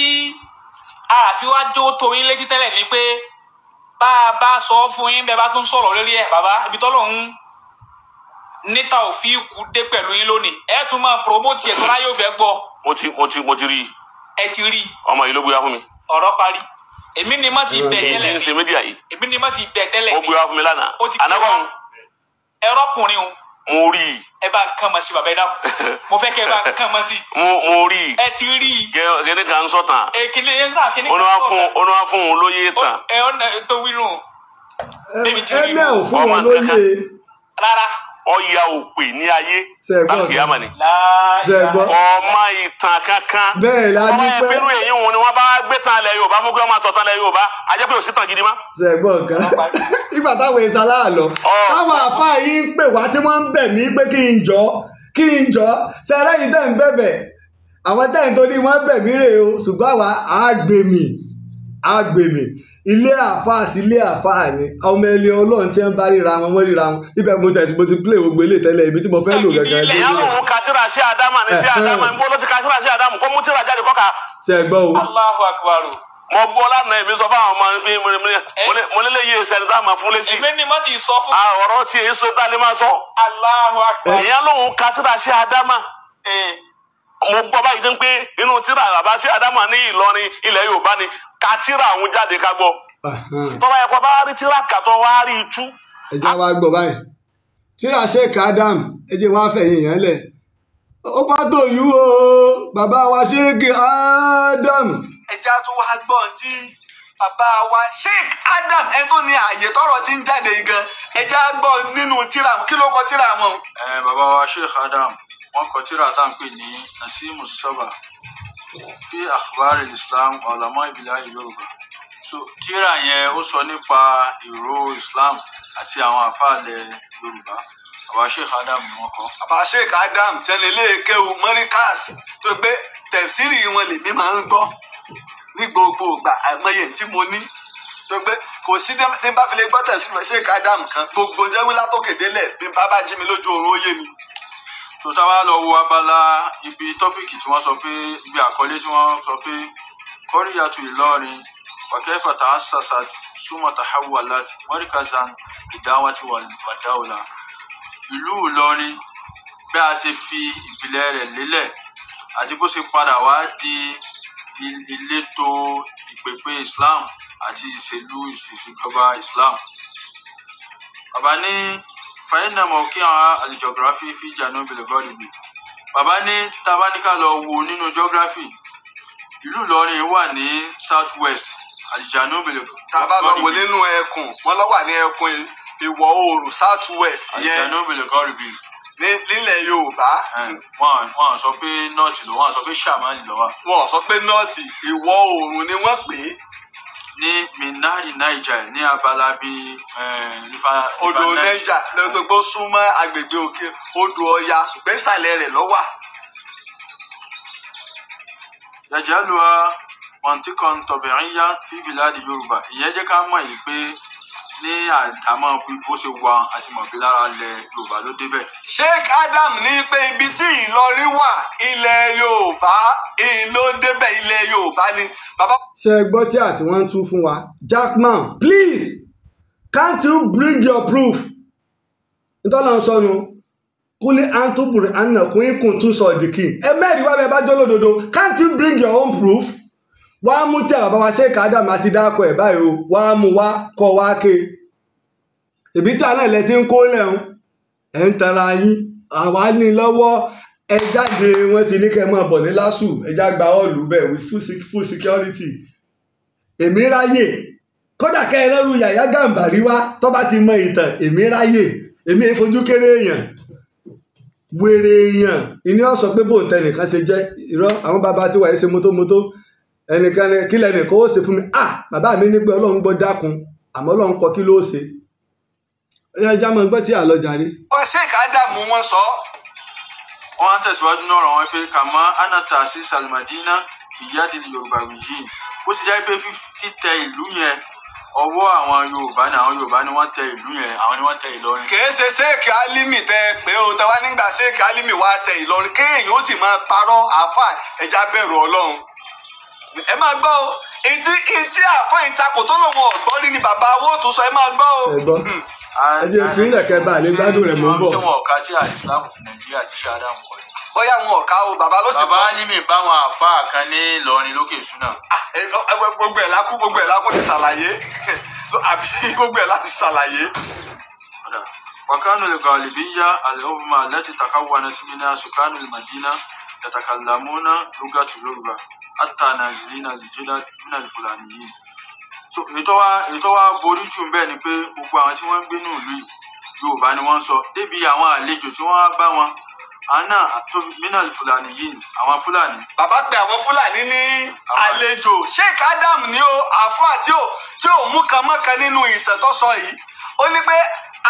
àfi wá jówó tó yín létí tẹ́lẹ̀ ni pé bá a bá sọ fún yín bẹ́ẹ̀ bá tún sọ̀rọ̀ lórí ẹ̀ bàbá ibi tọ́lọ́hún níta ò fi kú dé pẹ̀lú yín lónìí ẹ tún máa promote ẹ̀ tó láyé ò fẹ́ gbọ́. mo ti mo ti mo ti rí i. ẹ ti rí i. ọmọ yìí ló gbéra fún mi. ọ̀rọ̀ parí èmi ni má ti bẹ̀ tẹ́lẹ̀ èyí ti ń ṣe èmi ni má ti bẹ̀ tẹ́lẹ̀ ó gbéra fún mi lánàá. ó ti gbéra o mo rí i. ẹ bá ń kàn mọ́ sí bàbá ẹ dákun mo fẹ́ kẹ́ ẹ bá ń kàn mọ́ sí. mo mo rí i. ẹ ti rí i. kẹ́ni kan sọ tán. èkìlẹ̀ yẹn sà kẹ́ni kan sọ tán. ó ní wàá fún un lóye tán. ẹ ẹ tó wí nù. ẹ náà fún wọn lóye. rárá ọya òpè ní ayé láti yá màní. ọmọ ìtàn kankan ọmọ ìpẹ́rù èyí wọn ni wọ́n bá gbé tan ilẹ̀ Yorùbá fún kí wọ́n máa tọ̀ tan ilẹ̀ Yorùbá ajẹ́ pé òsì tàn gidi má. ṣẹ̀gbọ́n kan nígbà táwọn èsà láàlọ́ táwọn àfa yìí ń pè wá tí wọ́n ń bẹ̀ mí pé kí n jọ kí n jọ sẹ́rẹ́ yìí dẹ̀ ń bẹ̀bẹ̀ àwọn tẹ̀ ń torí wọ́n bẹ̀ mí rè o ṣùgbọ́n àwa àgbèmí àgbèmí ilé àáfàá sí ilé àáfàá ni ọmọ ẹni ọlọ́run tí ń bá ríra wọn wọ́n ríra wọn ibẹ̀ mo tẹ̀sí mo ti play gbogbo ilé tẹ́lẹ̀ ibi tí mo fẹ́ lò gẹ́gẹ́ lé. ẹ̀yin ọ̀hún ka tíra ṣé adama ni ṣé adama ń bọ́ ló ti ka tíra ṣé adama kó mú tíra jáde kọ́ka. sẹ́gbọ́n o. Allahu Akbar o mo gbọ́ lánàá èmi sọ fún àwọn ọmọ mi mo ní mo ní lè yí ẹsẹ̀ nígbà máa fún létí. èmi ni má ti sọ fún. ọ̀rọ̀ tí èyí so tá a lè máa sọ. Allahu Akbar. èèyàn lòun ka tíra ṣé adama eh. mo gbọ́ báyìí tó ń pé inú tíra àbá ṣé adama ní Ìlọrin ilẹ̀ Yorùbá ni ka tíra àwọn jáde ka gbọ́ tọ́ba ẹ̀kọ́ bá rí tíra kà tó wá rí itú. ẹ jẹ́ gbọ́ báyìí tíra sheik adam ẹ jẹ́ wá fẹ̀yìn yẹn lẹ̀ ó bá tó yú o bàbá wa sheik adam. ẹ jẹ́ tó wá gbọ́ tí bàbá wa sheik adam ẹ tó ní ààyè tọrọ tí ń jáde yìí gan ẹ jẹ́ gbọ́ nínú tíra kí ló kọ tíra wọn. ẹ bàbá wa sheik adam wọn kọ tíra tá à ń pè ní nasimu saba fi akhbar islam ọ̀làmọ́ ìbílẹ̀ yorùbá so tíra yẹn ó sọ nípa ìró islam àti àwọn àfáàlẹ̀ yorùbá àwa sheikh adam ni wọ́n kọ. àbá sheikh adam tẹ́lẹ̀ lè kéwu mọ́ríkàs tó gbé tẹ̀síìrì wọn lèmi máa ń gbọ́ ní gbogbo ìgbà àìmọye tí mo ní tó gbé kò sí ní bá fi lè gbọ́ tẹ̀síìrì sheikh adam kan gbogbo jẹ́wí látòkèdélẹ̀ bí bàbá jí mi lójú oorun ó yé mi so tá a bá lọ wo abala ibi tọ́pìkì tí wọ́n sọ pé ibi àkọlé tí wọ́n sọ pé kọ́ríyàtù Ìlọrin wàkẹ́fà tá a sàṣàt súnmọ́ tá a wà láti mọ́ríkàzán ìdáwà ti wà dáwòlà ìlú Ìlọrin bí a ṣe fi ìpìlẹ̀ rẹ̀ lélẹ̀ àti bó ṣe padà wá di ìletò ìpèpè Islam àti ìṣèlú ìṣèjọba Islam bàbá ní fàyínà mọ̀kíhàn alìjọ̀gráfì fi jànúbì lọ́gọ́rìbì bàbá ní tabaníkà lọ wo nínú jọ́gráfì ìlú Ìlọrin wà ní south west alìjànúbì lọ́gọ́rìbì. tàbá lọ wò nínú ẹkùn wọn lọ wà ní ẹkùn ìwọ oòrùn south west yẹn alìjànúbì lọ́gọ́rìbì nílẹ̀ yorùbá. wọn à sọ pé nọ́ọ̀tì lọ wọn à sọ pé sàmánì lọ wa. wọn sọ pé nọ́ọ̀tì ìwọ oòrùn ni wọ́n pè é ní minari niger ní abala bíi eh, odò niger lọ́tọ̀gbọ́ súnmọ́ agbègbè òkè odò ọya ṣùgbọ́n ìsàlẹ̀ rẹ̀ lọ́wà. yàjẹ́ lu ọ mọ̀ntìkan tọ̀bẹ̀rín yá fíbílà di yorùbá ìyẹn jẹ́ ká mọ̀ yìí pé ní àdámọ́ bó ṣe wà àti mọ̀bí lára ilẹ̀ yorùbá ló débẹ̀. sheikh adam ní pé ibi tí ìlọrin wà ilẹ̀ yorùbá ló débẹ̀ ilẹ̀ yorùbá ni. ṣe é gbọ́ tí àti wọ́n ń tú fún wa jackman please can't you bring your proof ntọ́nà sọnù kúlẹ̀ àǹtúbùrẹ̀ àná kún ikùn tún sọ̀dìkì ẹ mẹ́rin wá bẹ́ẹ̀ bá jọ́ lódodo can't you bring your own proof wá mú tí àwọn bàbá ṣe kádà máa ti dákọ̀ ẹ̀ báyìí o wá mú wá kọ́ wá ké ìbí tí àná ilẹ̀ ti ń kó lẹ́hún ẹ̀ ń tara yín àwa ní lọ́wọ́ ẹ jáde wọn ti ní kẹ́ ẹ máa bọ̀ ní lásù ẹ já gba ọ̀ọ́lù bẹ́ẹ̀ fún security èmi ráyè kódà kẹ́ ẹ lẹ́rù yàyà gàǹbàrí wá tó bá ti mọ ìtàn èmi ráyè èmi ẹ fojú kéré èèyàn wèrè èèyàn ìní ọ̀sọ̀ pé bóun tẹnìkan ṣe jẹ́ irọ́ àwọn bàbá tiwa ẹ ṣe mọ́tómọ́tó ẹnìkan ni kí lẹnìkan ó ṣe fún mi ah bàbá mi ní pé ọlọ́run gbọ́ dákun àmọ́ ọlọ́run kọ kí ló ṣe ẹ já mọ gbọ́ tí àlọ́ jàre. wọ́n Sheikh Adamu wọ́n sọ. wọ́n tẹ̀síwájú náà rọ̀ wọ́n pé kàmá anata sí salmadina ìyáàdìlì yorùbá wìjìn ó sì jẹ́ pé títẹ ìlú yẹn ọwọ́ àwọn yorùbá ni àwọn yorùbá ni wọ́n tẹ ìlú yẹn àwọn ni wọ́n tẹ ìlọrin. kìí ṣe Sheikh Alimi tẹ pé o tẹ wá nígbà Sheikh Alimi wá tẹ ìlọrin kéèyàn ó sì máa parọ́ àáfà ẹja bẹ̀rù ọlọ́run ẹ máa gbọ́ o ìtí ìtí àfọ̀n ìtakò tó lòun ọ̀gbọ́n rí ni bàbá owó tó sọ ẹ máa gbọ́ o. ẹ gbọ́ hmm. ẹ jẹ́ fi ilẹ̀ kẹba àlẹ́ gbádùn rẹ̀ mọ́ bọ̀. ṣé wọn ọ̀ka tí àìsílámù fún nàìjíríà ti ṣe àdàmú kọ́ ni. bóyá wọn ọ̀ka o bàbá ló sì. bàbá ní mi báwọn àfáà kan ní Ìlọrin lókè ṣúná. Ah, gbogbo ẹ̀ lákú gbogbo ẹ̀ lákú ti ṣàlàyé àbí gbogbo ẹ̀ láti ṣàlàyé. وكانوا الغالبية العظمى التي تكونت منها سكان المدينة يتكلمون لغة لغة Ata nàìjíríà nàìjíríà fúlàní yìí so ètò wa ètò wa borí jù bẹ́ẹ̀ ni pé gbogbo àwọn tí wọ́n ń gbé ní ìlú yìí yorùbá ni wọ́n ń sọ débi àwọn àlejò tí wọ́n wá bá wọn àwọn náà àtò mínà fúlàní yìí àwọn fúlàní. bàbá pé àwọn fúlàní ní àlejò sheik adam ni ó àfọ àti ó tí ó mú kan mọ́kan nínú ìtàn tó sọ yìí ó ní pé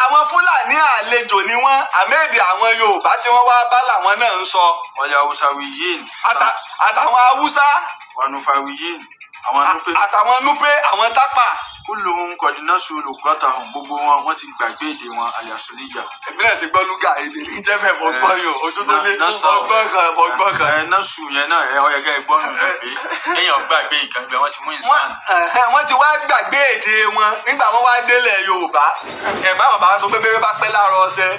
àwọn fúlàní àlejò ni wọn ahmed àwọn yorùbá tí wọn wá bá làwọn náà ń sọ. ọ̀yà haúsá wiyín. àtàwọn haúsá. wọnúfà wiyín. àtàwọn nupe àwọn tápà kulluhum qad nasu lughatahum gbogbo wọn wọ́n ti gbàgbé èdè wọn al-asliya. èmi náà ti gbọ́ lúgà èdè ní jẹ́fẹ̀ mọ́ yòó eh, ojú tó lé ọgbọ́n kan ọgbọ́n kan. ẹ eh, nasu yẹn náà ẹ ọyẹ ká ẹ gbọ́ nù gbàgbé eh, èèyàn gbàgbé nǹkan gbẹ ti mú ìsàn. wọ́n ti wá gbàgbé èdè wọn nígbà wọn wá délẹ̀ Yorùbá ẹ̀gbá bàbá sọ pé bẹ́ẹ̀ bá pẹ́ láàárọ̀ ọ̀sẹ̀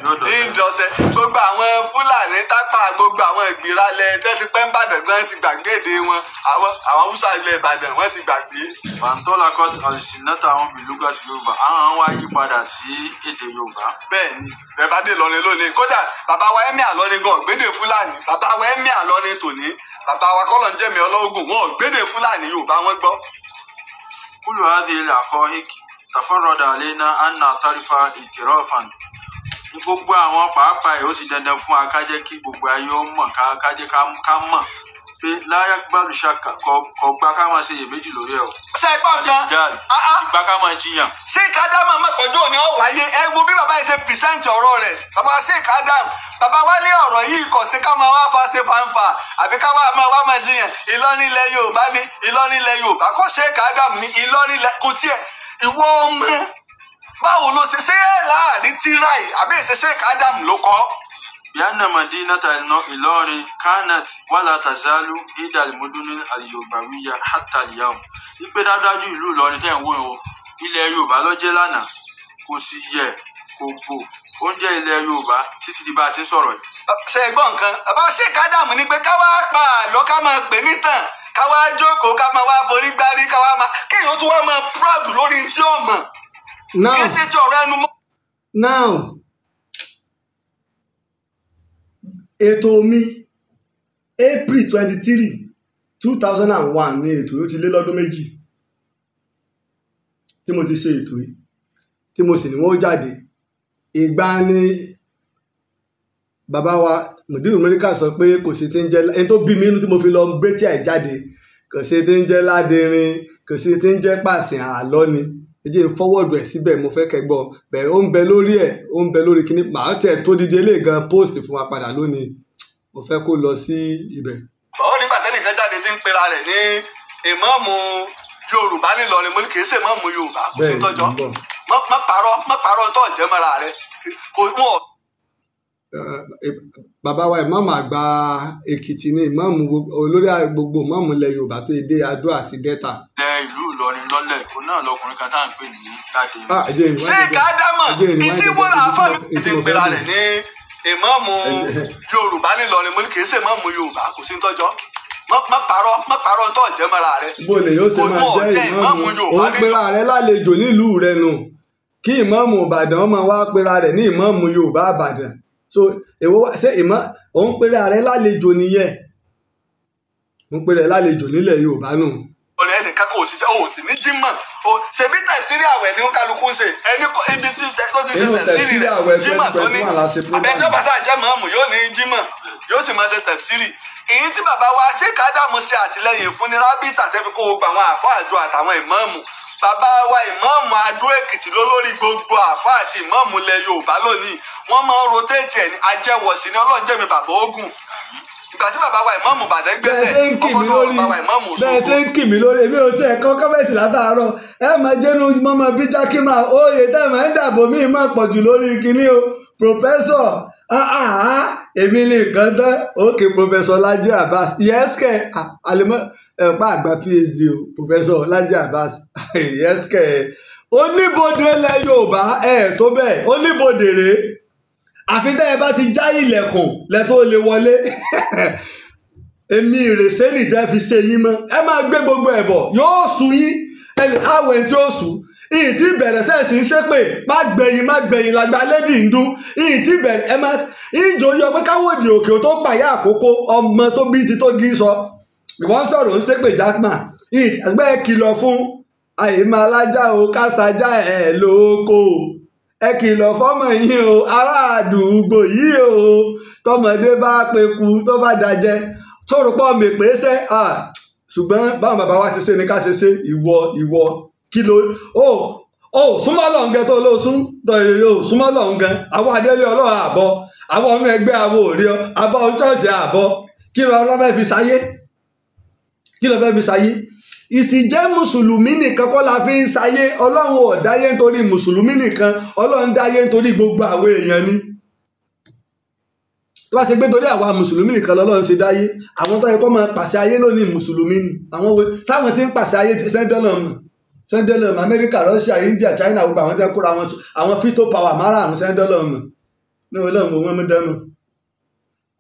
táwọn bìlúgà sí yorùbá àwọn wá yí padà sí èdè yorùbá. bẹ́ẹ̀ni bẹẹba dé lọrin lónìí kódà bàbá wa ẹmí àlọni gan gbédè fúlàní bàbá wa ẹmí àlọni tòní bàbá wa kọlọ ń jẹmí ọlọgùn wọn gbédè fúlàní yorùbá wọn gbọ́. kúlù àdé làkọ híkì tàfọ̀rọ̀dà lẹ́nà anna tarifa ìtìrọ̀fàn gbogbo àwọn pàápàá yìí ó ti dandan fún akájẹ́ kí gbogbo ayé ó mọ̀ kájẹ́ pé láyà gbàlù ṣàkà kọ gba ká máa ṣe iyèméjì lórí ẹ o. ṣe ìpá kan ìgbà ká máa jiyàn. ṣé ìkádàmà mọ̀pọ̀jọ́ ni ó wáyé ẹ wo bí bàbá yìí ṣe pìsẹ́ǹtì ọ̀rọ̀ rẹ̀ bàbá ṣé ìkádàm bàbá wa ní ọ̀rọ̀ yìí kò sí ká máa wá fa ṣe fanfa àbí ká wá máa wá máa jiyàn Ìlọrin ilẹ̀ Yorùbá ní Ìlọrin ilẹ̀ Yorùbá kò ṣe ìkádàm ní Ìlọrin ilẹ̀ kò tiẹ̀ ìwọ ọmọ báwo ló ṣe ṣe é láàrin tíráì àbí ìṣeṣe ìkádàm ló kọ́ bianna madinata Ìlọrin kanat wàlá tazalu ida almuduni alyobawiya hatta aliyam ipe dájúdájú ìlú Ìlọrin tẹ̀ ń wò ó ilẹ̀ Yorùbá ló jẹ́ lánàá kò sì yẹ kò bò oúnjẹ ilẹ̀ a ti ń sọ̀rọ̀ yìí. ṣe gbọ́ nǹkan bàbá ṣe kádàmù ni pé ká wá pa àlọ́ ká máa pè nítàn ká wá jókòó ká máa wá forí gbárí ká wá máa kéèyàn tún wá máa proud lórí tí ó mọ̀ kí ṣe ti ọ̀rọ̀ ẹnu mọ́. now ètò mi april twenty three two thousand and one ni ètò yìí ti lé lọ́dún méjì tí mo ti ṣe ètò yìí tí mo sì ní wọ́n jáde ìgbà ni bàbá wa mùdírù mẹ́ríkà sọ pé kò sí ti ń jẹ́ ẹni tó bí mi inú tí mo fi lọ gbé tí àìjáde kò sí ti ń jẹ́ ládẹrin kò sí ti ń jẹ́ pàṣẹ àlọ́ ni ẹjẹ fọwọ́dù ẹ̀ síbẹ̀ mo fẹ́ kẹgbọ́ bẹ̀ ó ń bẹ lórí ẹ̀ ó ń bẹ lórí kíní màá tẹ̀ tó dídí eléyìí gan post fún wa padà lónìí mo fẹ́ kó lọ sí ibẹ̀. ó nígbà tẹ́lẹ̀ kan jáde tí ń pera rẹ̀ ní ìmáàmù yorùbá nílọrin mo ní kì í ṣe ìmáàmù yorùbá kò sí tọ́jọ́ má parọ́ má parọ́ tó ọ̀jẹ́ mọ́ra rẹ̀ kò mú ọ babawa wa ìmáàmù àgbà èkìtì ni ìmáàmù olórí gbogbo ìmáàmù ilẹ̀ yorùbá tó èdè adó àti delta. ẹ ìlú ìlọrin lọ́lẹ̀ òun náà lọkùnrin kan tá à ń pè ní ládé. Ah, ṣé kàdámà ìtí wọn àáfà mi ti pera rẹ̀ ní ìmáàmù yorùbá nílọrin mo ní kì í ṣe ìmáàmù yorùbá kò sí tọ́jọ́ má parọ́ má parọ́ tó ọ̀jẹ́ mọ́ra rẹ̀. bó lè yóò ṣe máa jẹ́ ìmáàmù yorùbá nílùú rẹ̀ nù kí ìmáàmù ìbàdàn máa wá pera rẹ̀ ní ìmáàmù yorùbá ìbàdàn so èwo ṣé ìmọ̀ òun péré ààrẹ lálejò nìyẹn òun péré lálejò nílẹ̀ Yorùbá nù. ọ̀rẹ́ ẹnìkan kò sí ò sí ní jímọ̀ o ṣèbí tẹ̀sírí àwẹ̀ ni kálukú ṣe ẹni ibi tí ó ti ṣe tẹ̀sírí rẹ̀ jímọ̀ tó ní àbẹ̀tẹ̀ pàṣẹ àjẹmọ́ọ̀mù yóò ní jímọ̀ yóò sì máa ṣe tẹ̀sírí èyí tí bàbá wa ṣé kádàmú ṣe àtìlẹyìn fún ni rábìtà tẹ́fi kó gbogbo àwọn àfáàjọ àtàwọn ìmáàmù bàbá wa ìmáàmù adó èkìtì lólórí gbogbo àfa àti ìmáàmù lẹ yorùbá lónìí wọ́n máa ń rotéètì ẹ̀ ní ajẹ́wọ̀sí ní ọlọ́njẹ́mi bàbá ogun ìgbà tí bàbá wa ìmáàmù bàdẹ́ gbẹ́sẹ̀ bẹ́ẹ̀ ṣe ń kì mí lórí ò kọ́ látàárọ̀ ẹ máa jẹ́nu mọ́mọ́ bí oyè tẹ́ ẹ̀pá àgbà phd o professor Laji Abbas yẹ́sìkẹ̀ oníbodè ilẹ̀ Yorùbá ẹ̀ tó bẹ́ẹ̀ oníbodè rèé àfi tẹ́ ẹ bá ti já ilẹ̀kùn lẹ́ tó lè wọlé èmi ìrèsé nìtẹ́ fi ṣe yín mọ́ ẹ máa gbé gbogbo ẹ̀bọ̀ yóò sú yín ẹni àwẹ̀ tí ó sú ìyìn tí bẹ̀rẹ̀ sẹ́ẹ̀sì ń ṣépè má gbẹ̀yìn má gbẹ̀yìn làgbà lẹ́dì ń dún ìyìn tí bẹ̀rẹ̀ ẹ má ìjòyè ọgbẹ́ káwọ́dì òkè tó pàyà àkókò ọmọ tó bí ti tó gí sọ wọ́n sọ̀rọ̀ ń ṣépè Jaqmal ìgbẹ́ kìlọ̀ fún àyèmọ alájà o kásajá ẹ̀ lóko ẹ kìlọ̀ fọ́mọ yín o ará àdúgbò yìí o tọmọdé bá peku tó bá dajẹ sọ̀rọ̀ pọ̀ mèpè sẹ́ ṣùgbọ́n báwọn bàbá wa ṣe ṣe ni ká ṣe ṣe ìwọ ìwọ kìlọ̀ o o súnmọ́ lọ́ngẹ tó lóṣù o súnmọ́ lọ́ngẹ àwọn adélé ọlọ́run àbọ̀ àwọn ọmọ ẹgbẹ́ àwọn òrí ọ àbọ̀ ọjọ́ ìṣẹ́ àbọ̀ kí lọ́ọ́ lọ́fẹ́ fi sáyé kí ló fẹ́ fi ṣayé ìsìnjẹ́ mùsùlùmí nìkan kọ́ la fi ń ṣayé ọlọ́run ò dáyé nítorí mùsùlùmí nìkan ọlọ́run dáyé nítorí gbogbo àwọn èèyàn ni tó bá ṣe gbé torí àwa mùsùlùmí nìkan lọ́lọ́run ṣe dáyé àwọn tó yẹ kó máa pàṣẹ ayé lónìí mùsùlùmí ni àwọn wo sáwọn tí ń pàṣẹ ayé sẹ́ńdọ́lọ̀ mọ̀ sẹ́ńdọ́lọ̀ mọ̀ amẹ́ríkà russia india china gbogbo àwọn tó yẹ kóra wọn àwọn fito power márààrún sẹ́ńdọ́lọ̀ mọ̀ ní ọlọ́run wọn mú dánù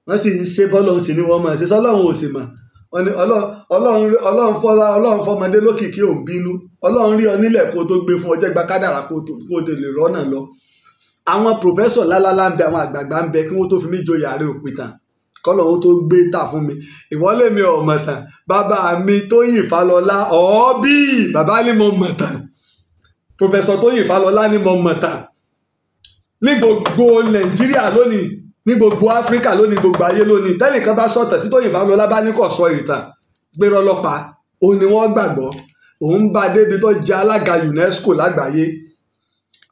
wọ́n sì ń ṣe bọ́lọ̀ òsì ni wọ́n mọ̀ ṣe sọ́lọ́run òsì mọ̀ wọ́n ní ọlọ́run fọ́lá ọlọ́run fọmọdé lókìkí òun bínú ọlọ́run rí ọ nílẹ̀ kó tó gbé fún ọjọ́ ìgbà kádàrà kó tó lè rọ́nà lọ àwọn pòfẹ́sọ̀ lálálá ń bẹ àwọn àgbààgbà ń bẹ kí wọ́n tó fi mí joyè ààrẹ òpìtàn kọ́lọ́hún tó gbé tà fún mi ìwọ́lé mi ò mọ̀tàn bàbá mi Tóyìn Fálọlá ọ̀ọ́bí bàbá ni mo mọ̀tàn pòfẹ́sọ̀ Tóyìn Fálọlá ni mo mọ̀tàn ní gbogbo Nàìjíríà lónìí ní gbogbo áfíríkà lónìí gbogbo ayé lónìí tẹ́nìkan bá sọ̀tàn títọ́ ìbálòlá bá ní kò sọ ìtàn gbérọ ọlọ́pàá òun ni wọ́n gbàgbọ́ òun bá débi tó jẹ́ alága UNESCO lágbàáyé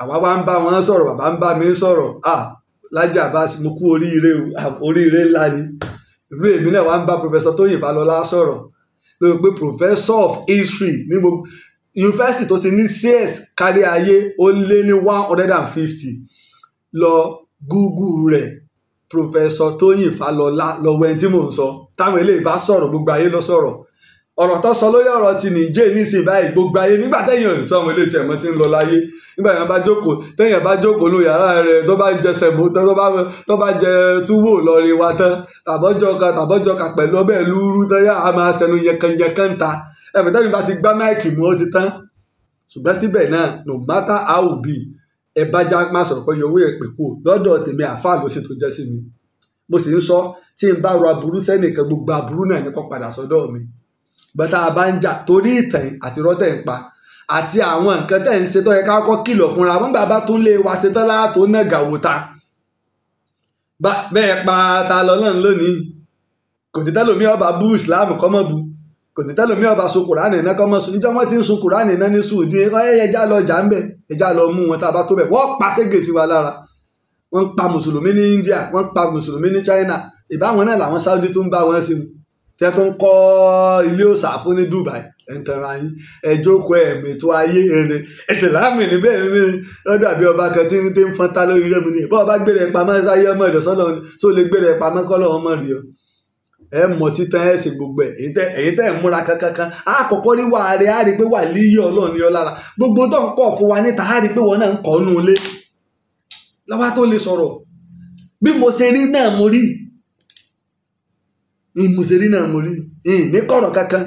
àwa wá ń bá wọn sọ̀rọ̀ bàbá ń bá mi sọ̀rọ̀ à Lájì Abbas mo kú oríire oríire ńlá ni ìlú èmi náà wá ń bá pòfẹsọ Tóyìn Ìbálọlá sọ̀rọ̀ lórí pé professor of history ní gbogbo yunifásitì tó ti ní CS kárí ayé ó lé ní one hundred and fifty lọ Google rẹ̀ pòfẹsọ tóyìn falọlá lọ́wọ́ ẹni tí mò ń sọ táwọn eléyìí bá sọ̀rọ̀ gbogbo ayé ló sọ̀rọ̀ ọ̀rọ̀ tó sọ lórí ọ̀rọ̀ ti nìjẹ́ nísìnyí báyìí gbogbo ayé nígbà téèyàn ò sọmọ ilé tiẹ̀ mọ́ ti ń lọ láyé nígbà téèyàn bá jókòó téèyàn bá jókòó nù yàrá rẹ̀ tó bá jẹ sẹ̀mó tó bá jẹ túwò lọ́ọ̀rẹ́ wa tán tàbọ́jọ́ kan tàbọ́jọ́ kan pẹ̀lú ọbẹ̀ lúrú tẹ́yà á máa sẹnu yẹkanyẹkan ta ẹ̀mí tẹ́mi bá ti gbá máìkì mú ó ti tán ṣùgbọ́n síbẹ̀ náà no matter how be ẹ bá jákmá sọ̀rọ̀ kọ́ yọ owó èpè kù lọ́dọ̀ tèmi àáfàá ló sì tó jẹ́ sí mi mo sì ń sọ tí n bá ro aburú sẹ́nìkan gbogbo aburú náà ní kó padà sọ́dọ̀ mi bàtà bá ń jà torí ìtàn àti rọ́tẹ̀ ń pa àti àwọn nǹkan tẹ̀ ń ṣe tó yẹ ká kọ́ kìlọ̀ fúnra wọn bàbá tó ń lé wa ṣe tán láàtó náà gàwó ta bẹ́ẹ̀ pa ta lọ náà lónìí kò ní tẹ́lómi ọba bú ìsìláàmù kọ́mọ́ bu kò ní tẹ́lẹ̀ mi ọba sun kùránì náà kọ́mọ sun níjọ́ wọ́n ti ń sun kùránì náà ní sùn dín ẹ ẹja lọ jà ń bẹ̀ ẹja lọ mú wọn tá a bá tó bẹ̀ wọ́n pa ségè sí wa lára wọ́n pa mùsùlùmí ní India wọ́n pa mùsùlùmí ní China ìbáwọn náà làwọn Saudi tó ń bá wọn sí mu tẹ́ tó ń kọ́ ilé òòsà fún ní Dubai ẹ̀ǹtẹ̀ra yín ẹ̀jókòó ẹ̀mí tó ayé ẹ̀rẹ̀ ẹ̀tẹ̀láàmì níbẹ̀ ní lọ́dọ̀ àbí ọba kan tí ń tẹ́ ń fọ́n ta lórí rẹ̀ mu ni bọ́ọ̀ bá gbére pamọ́ sáyé ọmọ ẹ mọ títán gbogbo ẹ èyí tẹ ẹ múra kankankan àkọ́kọ́ rí á rí pé wà ní ọ gbogbo tó ń kọ fún wa níta á pé wọn náà ń kọ nù ilé lọ́wọ́ tó lè mo ṣe rí náà mo rí mo ṣe rí náà mo rí ní kankan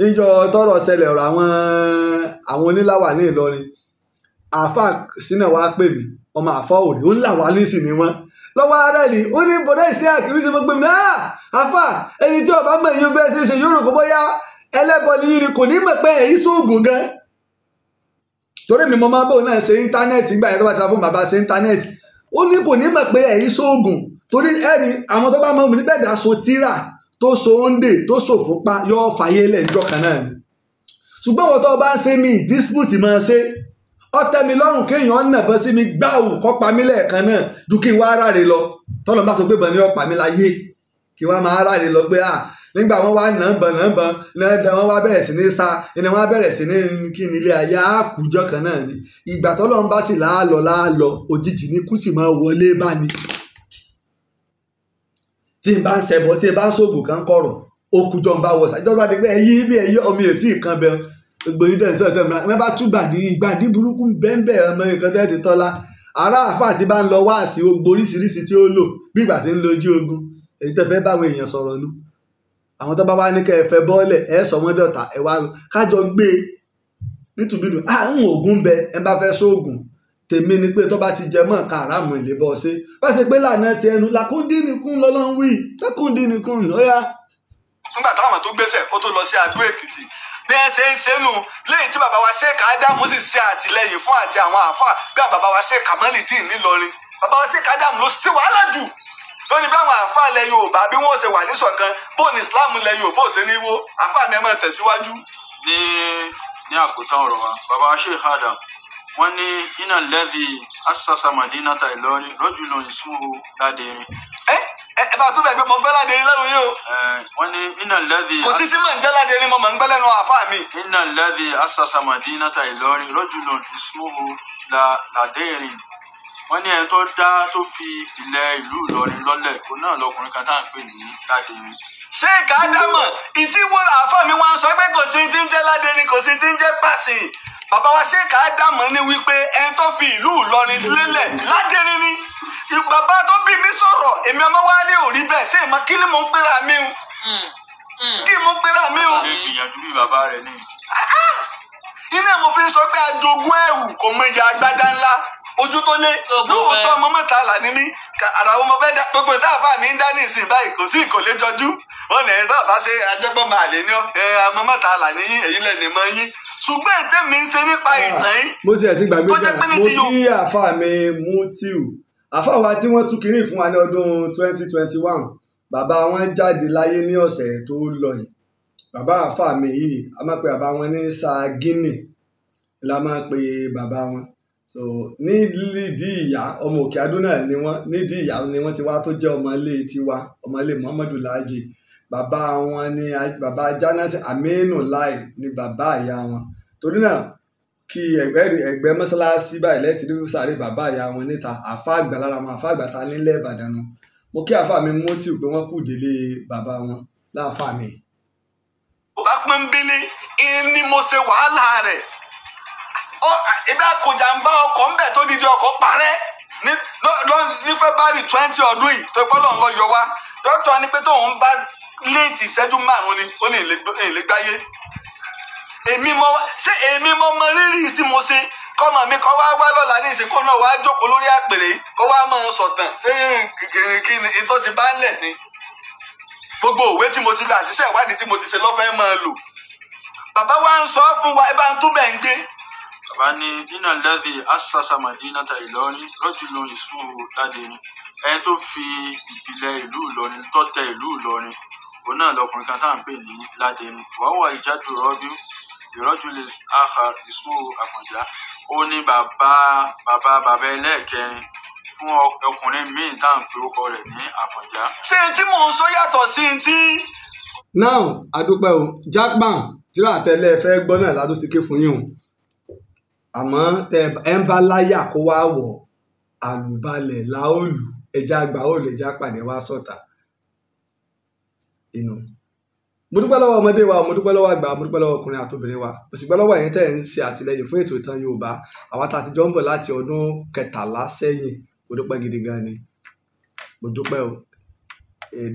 níjọ tọrọ àwọn àwọn oníláwà ní Ìlọrin àáfàá sínú pè mí ọmọ ó lọ́wọ́ ara ni ó ní bọ̀dá ìṣe àkìrí ṣe gbogbo mi náà ah! àfà ẹni tí ọba mọ̀ yín bẹ́ẹ̀ ṣe ṣe yóò rò kó bóyá ẹlẹ́bọ ni yín ni kò ní mọ̀ pé ẹ̀yìn sóògùn gan torí mi mo máa bọ̀ náà ṣe íńtánẹ́ẹ̀tì nígbà yẹn tó bá ti ra fún bàbá ṣe íńtánẹ́ẹ̀tì ó ní kò ní mọ̀ pé ẹ̀yìn sóògùn torí ẹ̀rí àwọn tó bá mọ̀ mí níbẹ̀ dá so tíra tó so óńdè tó so fúnpa yọ fàyẹ́lẹ̀ ìjọ kan náà ṣùgbọ́n wọ́n tó dispute máa ọtẹ mi lọ́rùn kéèyàn nàbọ sí mi gbáwù kọ pa mí lẹ́ẹ̀kan náà ju kí n wá ara rè lọ tọlọ bá sọ pé bọ ni ọpa mi láyé kí wá máa ara rè lọ pé ah nígbà wọn wá nàbọ nàbọ nàbọ wọn wá bẹ̀rẹ̀ sí ní sa ẹni wọn bẹ̀rẹ̀ sí ní kí ni ilé ayé àkùjọ kan náà ni ìgbà tọlọ ń bá sì láàlọ láàlọ òjijì ni kùsì máa wọlé bá ni tí n bá ń ṣẹbọ tí n bá ń ṣoògùn kan kọrọ okùjọ ń bá wọ sàjọba ni pé ẹyí bí ẹyí ọmọ ètí kan bẹ gbogbo yìí tẹ̀sán tẹ̀ mìíràn mẹ́bà tún gbàdí ìgbàdí burúkú bẹ́ẹ̀ ọmọ nǹkan tẹ́ ti tọ́lá ará àfà tí bá ń lọ wá sí gbogbo oríṣiríṣi tí ó lò bí ìgbà tí ń lo ojú ogun èyí tẹ́ fẹ́ báwọn èèyàn sọ̀rọ̀ nu àwọn tó bá wá ní kẹ́ ẹ fẹ́ bọ́ọ̀lẹ̀ ẹ sọ wọ́n dọ̀tà ẹ wá kájọ gbé e. nítùbídùn à ń ògùn bẹ ẹ bá fẹ́ sóògùn tèmi ni pé tó bá ti jẹ mọ́ nǹkan àràmù ìlé bọ́ ṣe bá ṣe pé lànà ti ẹnu làkúndínníkún lọ́lọ́run wí làkúndínníkún lọ́yà. nígbà táwọn tó gbéṣẹ́ ó tó lọ sí adó èkìtì bí ẹ ṣe ń ṣẹnu lẹ́yìn tí bàbá wa Sheikh Adamu sì ṣe àtìlẹ́yìn fún àti àwọn àáfà bí bàbá wa Sheikh Kamaldeen nílọrin bàbá wa Sheikh Adamu ló ṣe wàhálà jù lórí bí àwọn àáfà ilẹ̀ Yorùbá bí wọ́n ṣe wà níṣọ̀kan bó ní Islam ilẹ̀ Yorùbá ò ṣe ní wo àáfà mi máa tẹ̀síwájú. ní ní àkótán ọ̀rọ̀ wa bàbá wa Sheikh Adamu wọ́n ní iná lẹ́vì asasa madinata Ìlọrin rọ́jùlọ ìsúnwó ládẹ́rin. ẹ́ ẹ bá tún bẹ̀ pé mo fẹ́ láde ní lẹ́nu yìí o. wọ́n ní iná lẹ́vi. kò sí sí mọ̀ ń jẹ́ láde ní mo mọ̀ ń gbẹ́ lẹ́nu àfa mi. iná lẹ́vi asasamadi nata Ìlọrin rọ́jùlọ ismuhu ladẹ́rìn wọ́n ní ẹni tó dá tó fi ilẹ̀ ìlú Ìlọrin lọ́lẹ̀ òun náà lọkùnrin kan tá à ń pè ní ládẹ́rìn ṣé kàádámọ̀ ìtí wọn àfa mi wọn sọ pé kò sí ti ń jẹ́ ládẹ́rìn kò sí ti ń jẹ́ pàṣẹ bàbá wa ṣèkà ádámù ní wípé ẹni tó fi ìlú ìlọrin lélẹ̀ ládẹ́rín ni bàbá tó bí mi sọ̀rọ̀ èmi ọmọ wa ní òrí bẹ́ẹ̀ ṣé ìmọ̀ kí ni mo ń pera mi o kí mo ń pera mi o. ìgbìyànjú bí bàbá rẹ ní. iná mo fi sọ pé ajogún ẹ̀wù kò mọ ìyá agbádá ńlá ojú tó lé lóòótọ́ ọmọ gbogbo mi ń dá ní ìsìn ṣùgbọ́n ètè mi ń ṣe nípa ah, ìtàn yìí. mo ti ẹ̀sìn gbàgbé bẹ́ẹ̀ mo kí àfa mi Mutiu àfa wa tí wọ́n tún kiri fún wa ní ọdún 2021 bàbá wọn jáde láyé ní ọ̀sẹ̀ tó lọ yìí bàbá àfa mi yìí a máa pe bàbá wọn ní sagini la máa pe bàbá wọn so nídìí ìyá ọmọ òkè adúnà ni wọn nídìí ìyá ni wọn ti wá tó jẹ́ ọmọ ilé tiwa ọmọ ilé Muhammadu Laji bàbá wọn ni bàbá jánásì aminu láì ni bàbá ìyá wọn torí náà kí ẹgbẹ́ ẹgbẹ́ mọ́sálásí báyìí lẹ́tì ní sáré bàbá ìyá wọn níta àfa àgbà lára wọn àfa àgbà ta nílẹ̀ ìbàdàn nu mo kí àfa mi mọ́tì pé wọ́n kù délé bàbá wọn láàfa mi. bá pọ́nbélé ni mo ṣe wàhálà rẹ̀ ìbá kọjá ń bá ọkọ̀ ńbẹ̀ tó dídí ọkọ̀ parẹ́ ní February twenty ọdún yìí tó gbọ́dọ̀ ń lọ yọ wá dókítà ni pé tóun bá léètì ìṣẹ́jú márùn-ún ni ó ní ìlégbáyé èmi mọ ṣé èmi mọ mọ rírì tí mo ṣe kọ́mọ mi kọ́ wá wá lọ́la ní ìsìnkú náà wá jókòó lórí àpèrè kó wá mọ sọ̀tàn ṣé kìkìrì kí ni ètò ti bá ń lẹ̀ ni gbogbo òwe tí mo ti lò àti ìwádìí tí mo ti ṣe lọ́fẹ̀ẹ́ máa lò bàbá wa ń sọ fún wa ẹ bá ń túbẹ̀ ń gbé bàbá ní iná lẹ́dí asasa madinata ìlọrin lọ́jùlọ ìṣúwò ládẹni ẹni tó fi ìpìlẹ̀ ìlú ìlọrin tó ìlú ìlọrin òun náà lọkùnrin kan tá à ń pè ní ládẹnu wàhùwà ìjádù rọbí ìrọjúlẹ àhà ìsúwò àfọ̀njá ó ní bàbá bàbá bàbá ẹlẹ́ẹ̀kẹrin fún ọkùnrin míì tá à ń pe orúkọ rẹ̀ ní àfọ̀njá. ṣé n tí mò ń sọ yàtọ̀ sí n tí. now adúpẹ́ o jackman tíra àtẹlẹ́ fẹ́ gbọ́ náà ládùn ti ké fún yín o àmọ́ tẹ ẹ ń bá láyà kó wá wọ̀ àlùbalẹ̀ láòlù ẹja gbà ó lè pàdé wá sọ̀tà. So inú mo dúpẹ́ lọ́wọ́ ọmọdé wa mo dúpẹ́ lọ́wọ́ àgbà mo dúpẹ́ lọ́wọ́ ọkùnrin àtobìnrin wa mo sì gbọ́ lọ́wọ́ ẹ̀yin tẹ́ ẹ̀ ń ṣe àtìlẹyìn fún ètò ìtàn Yorùbá àwa tá a ti jọ ń bọ̀ láti ọdún kẹtàlá sẹ́yìn mo gidi gan ni mo dúpẹ́ o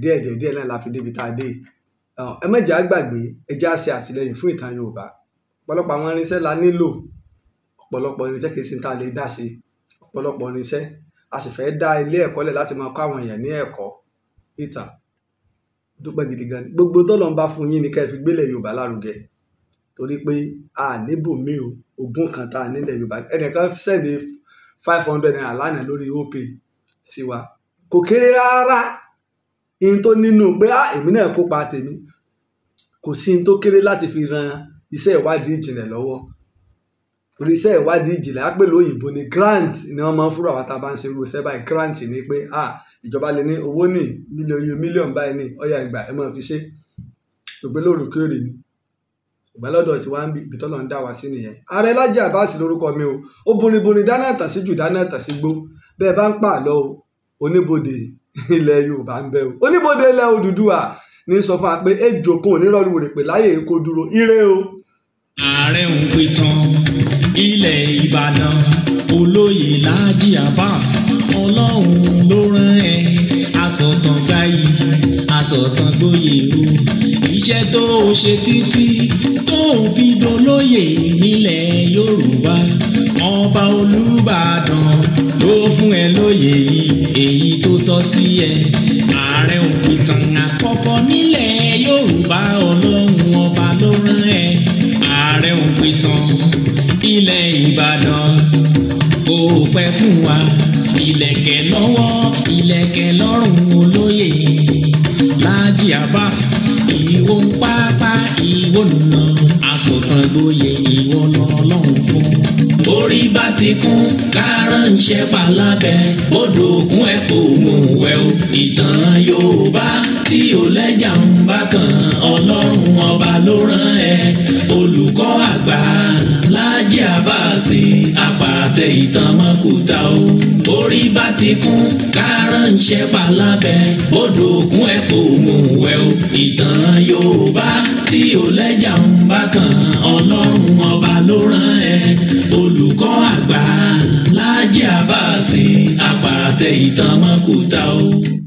díẹ̀ díẹ̀ díẹ̀ náà la fi débi tá a dé ẹ mẹ́jẹ̀ á gbàgbé ẹ jẹ́ á ṣe àtìlẹyìn fún ìtàn Yorùbá ọ̀pọ̀lọpọ̀ àwọn irinṣẹ́ la nílò ọ̀pọ̀lọpọ̀ irinṣẹ́ kì í ṣe tá a lè dá dúpẹ́ gidi gan ni gbogbo tọ́lọ́run bá fún yín ni ká ẹ fi gbélé yorùbá lárugẹ torí pé a níbòmí o ogún kan tá a nílẹ̀ yorùbá ẹnìkan sẹ́ni five hundred naira lánàá lórí opay sí wa kò kéré rárá ihun tó nínú pé a ah, èmi náà kópa tèmi kò sí ihun tó kéré láti fi ran iṣẹ́ ìwádìí ìjìnlẹ̀ lọ́wọ́ orí iṣẹ́ ìwádìí ìjìnlẹ̀ á pè ni grant ni wọ́n máa ń fúra wa tá a bá ń ṣe irú iṣẹ́ báyìí grant ni pé a. Ah, ìjọba lè ní owó ní mílíọ̀nù mílíọ̀nù báyìí ní ọ̀yà ìgbà ẹ̀ máa fi ṣe gbogbo lóòrèkóòrè ni ṣùgbọ́n lọ́dọ̀ tí wàá ń bí ìbítọ́lọ̀ ń dá wa sí nìyẹn ààrẹ Lájì Abbas lórúkọ mi o ó borinborin dáná àtàn sí jù dáná àtàn sí gbó bẹ́ẹ̀ bá ń pààlọ́ o oníbodè ilẹ̀ Yorùbá ń bẹ o oníbodè ilẹ̀ Odùduwà ní sọ fún wa pé ejò kan ò ní rọrùn rè pé láyè kó dúró ire o. ààrẹ òun pe tán ilẹ̀ Ìbàdàn olóyè Láàjì Abbas ọlọ́run ló rán ẹ asọ̀tàn gbáyé asọ̀tàn gbóyè o iṣẹ́ tó o ṣe títí tó o fi dolóyè nílẹ̀ Yorùbá ọba Olúbàdàn ló fún ẹ lóyè yìí èyí tó tọ́ sí ẹ ààrẹ òpìtàn àkọ́kọ́ nílẹ̀ Yorùbá ọlọ́run ọba ló rán ẹ ààrẹ òpìtàn ilẹ̀ Ìbàdàn kó o pẹ́ fún wa ìlẹ̀kẹ̀ lọ́wọ́ ìlẹ̀kẹ̀ lọ́rùn olóyè Láàjì Abbas ìwọ ń pápá ìwọ nùnà àsọtàn gboyè ìwọ lọ́lọ́run fún. orí bá ti kún kárán ń ṣẹ́pà lábẹ́ bódò òkun ẹ̀ kò mú wẹ̀ o ìtàn Yorùbá tí ò lẹ́jà ń bá kan ọlọ́run ọba ló rán ẹ olùkọ́ àgbà láàbù. Alhaji Abbas apàtẹ ìtàn o. orí bá ti kún kárán ń ṣẹ́pà lábẹ́ odò òkun ẹ̀ kò mú wẹ̀ o. ìtàn Yorùbá tí ò lẹ́jà ń bá kan ọlọ́run ọba ló rán ẹ olùkọ́ àgbà Alhaji Abbas apàtẹ ìtàn o.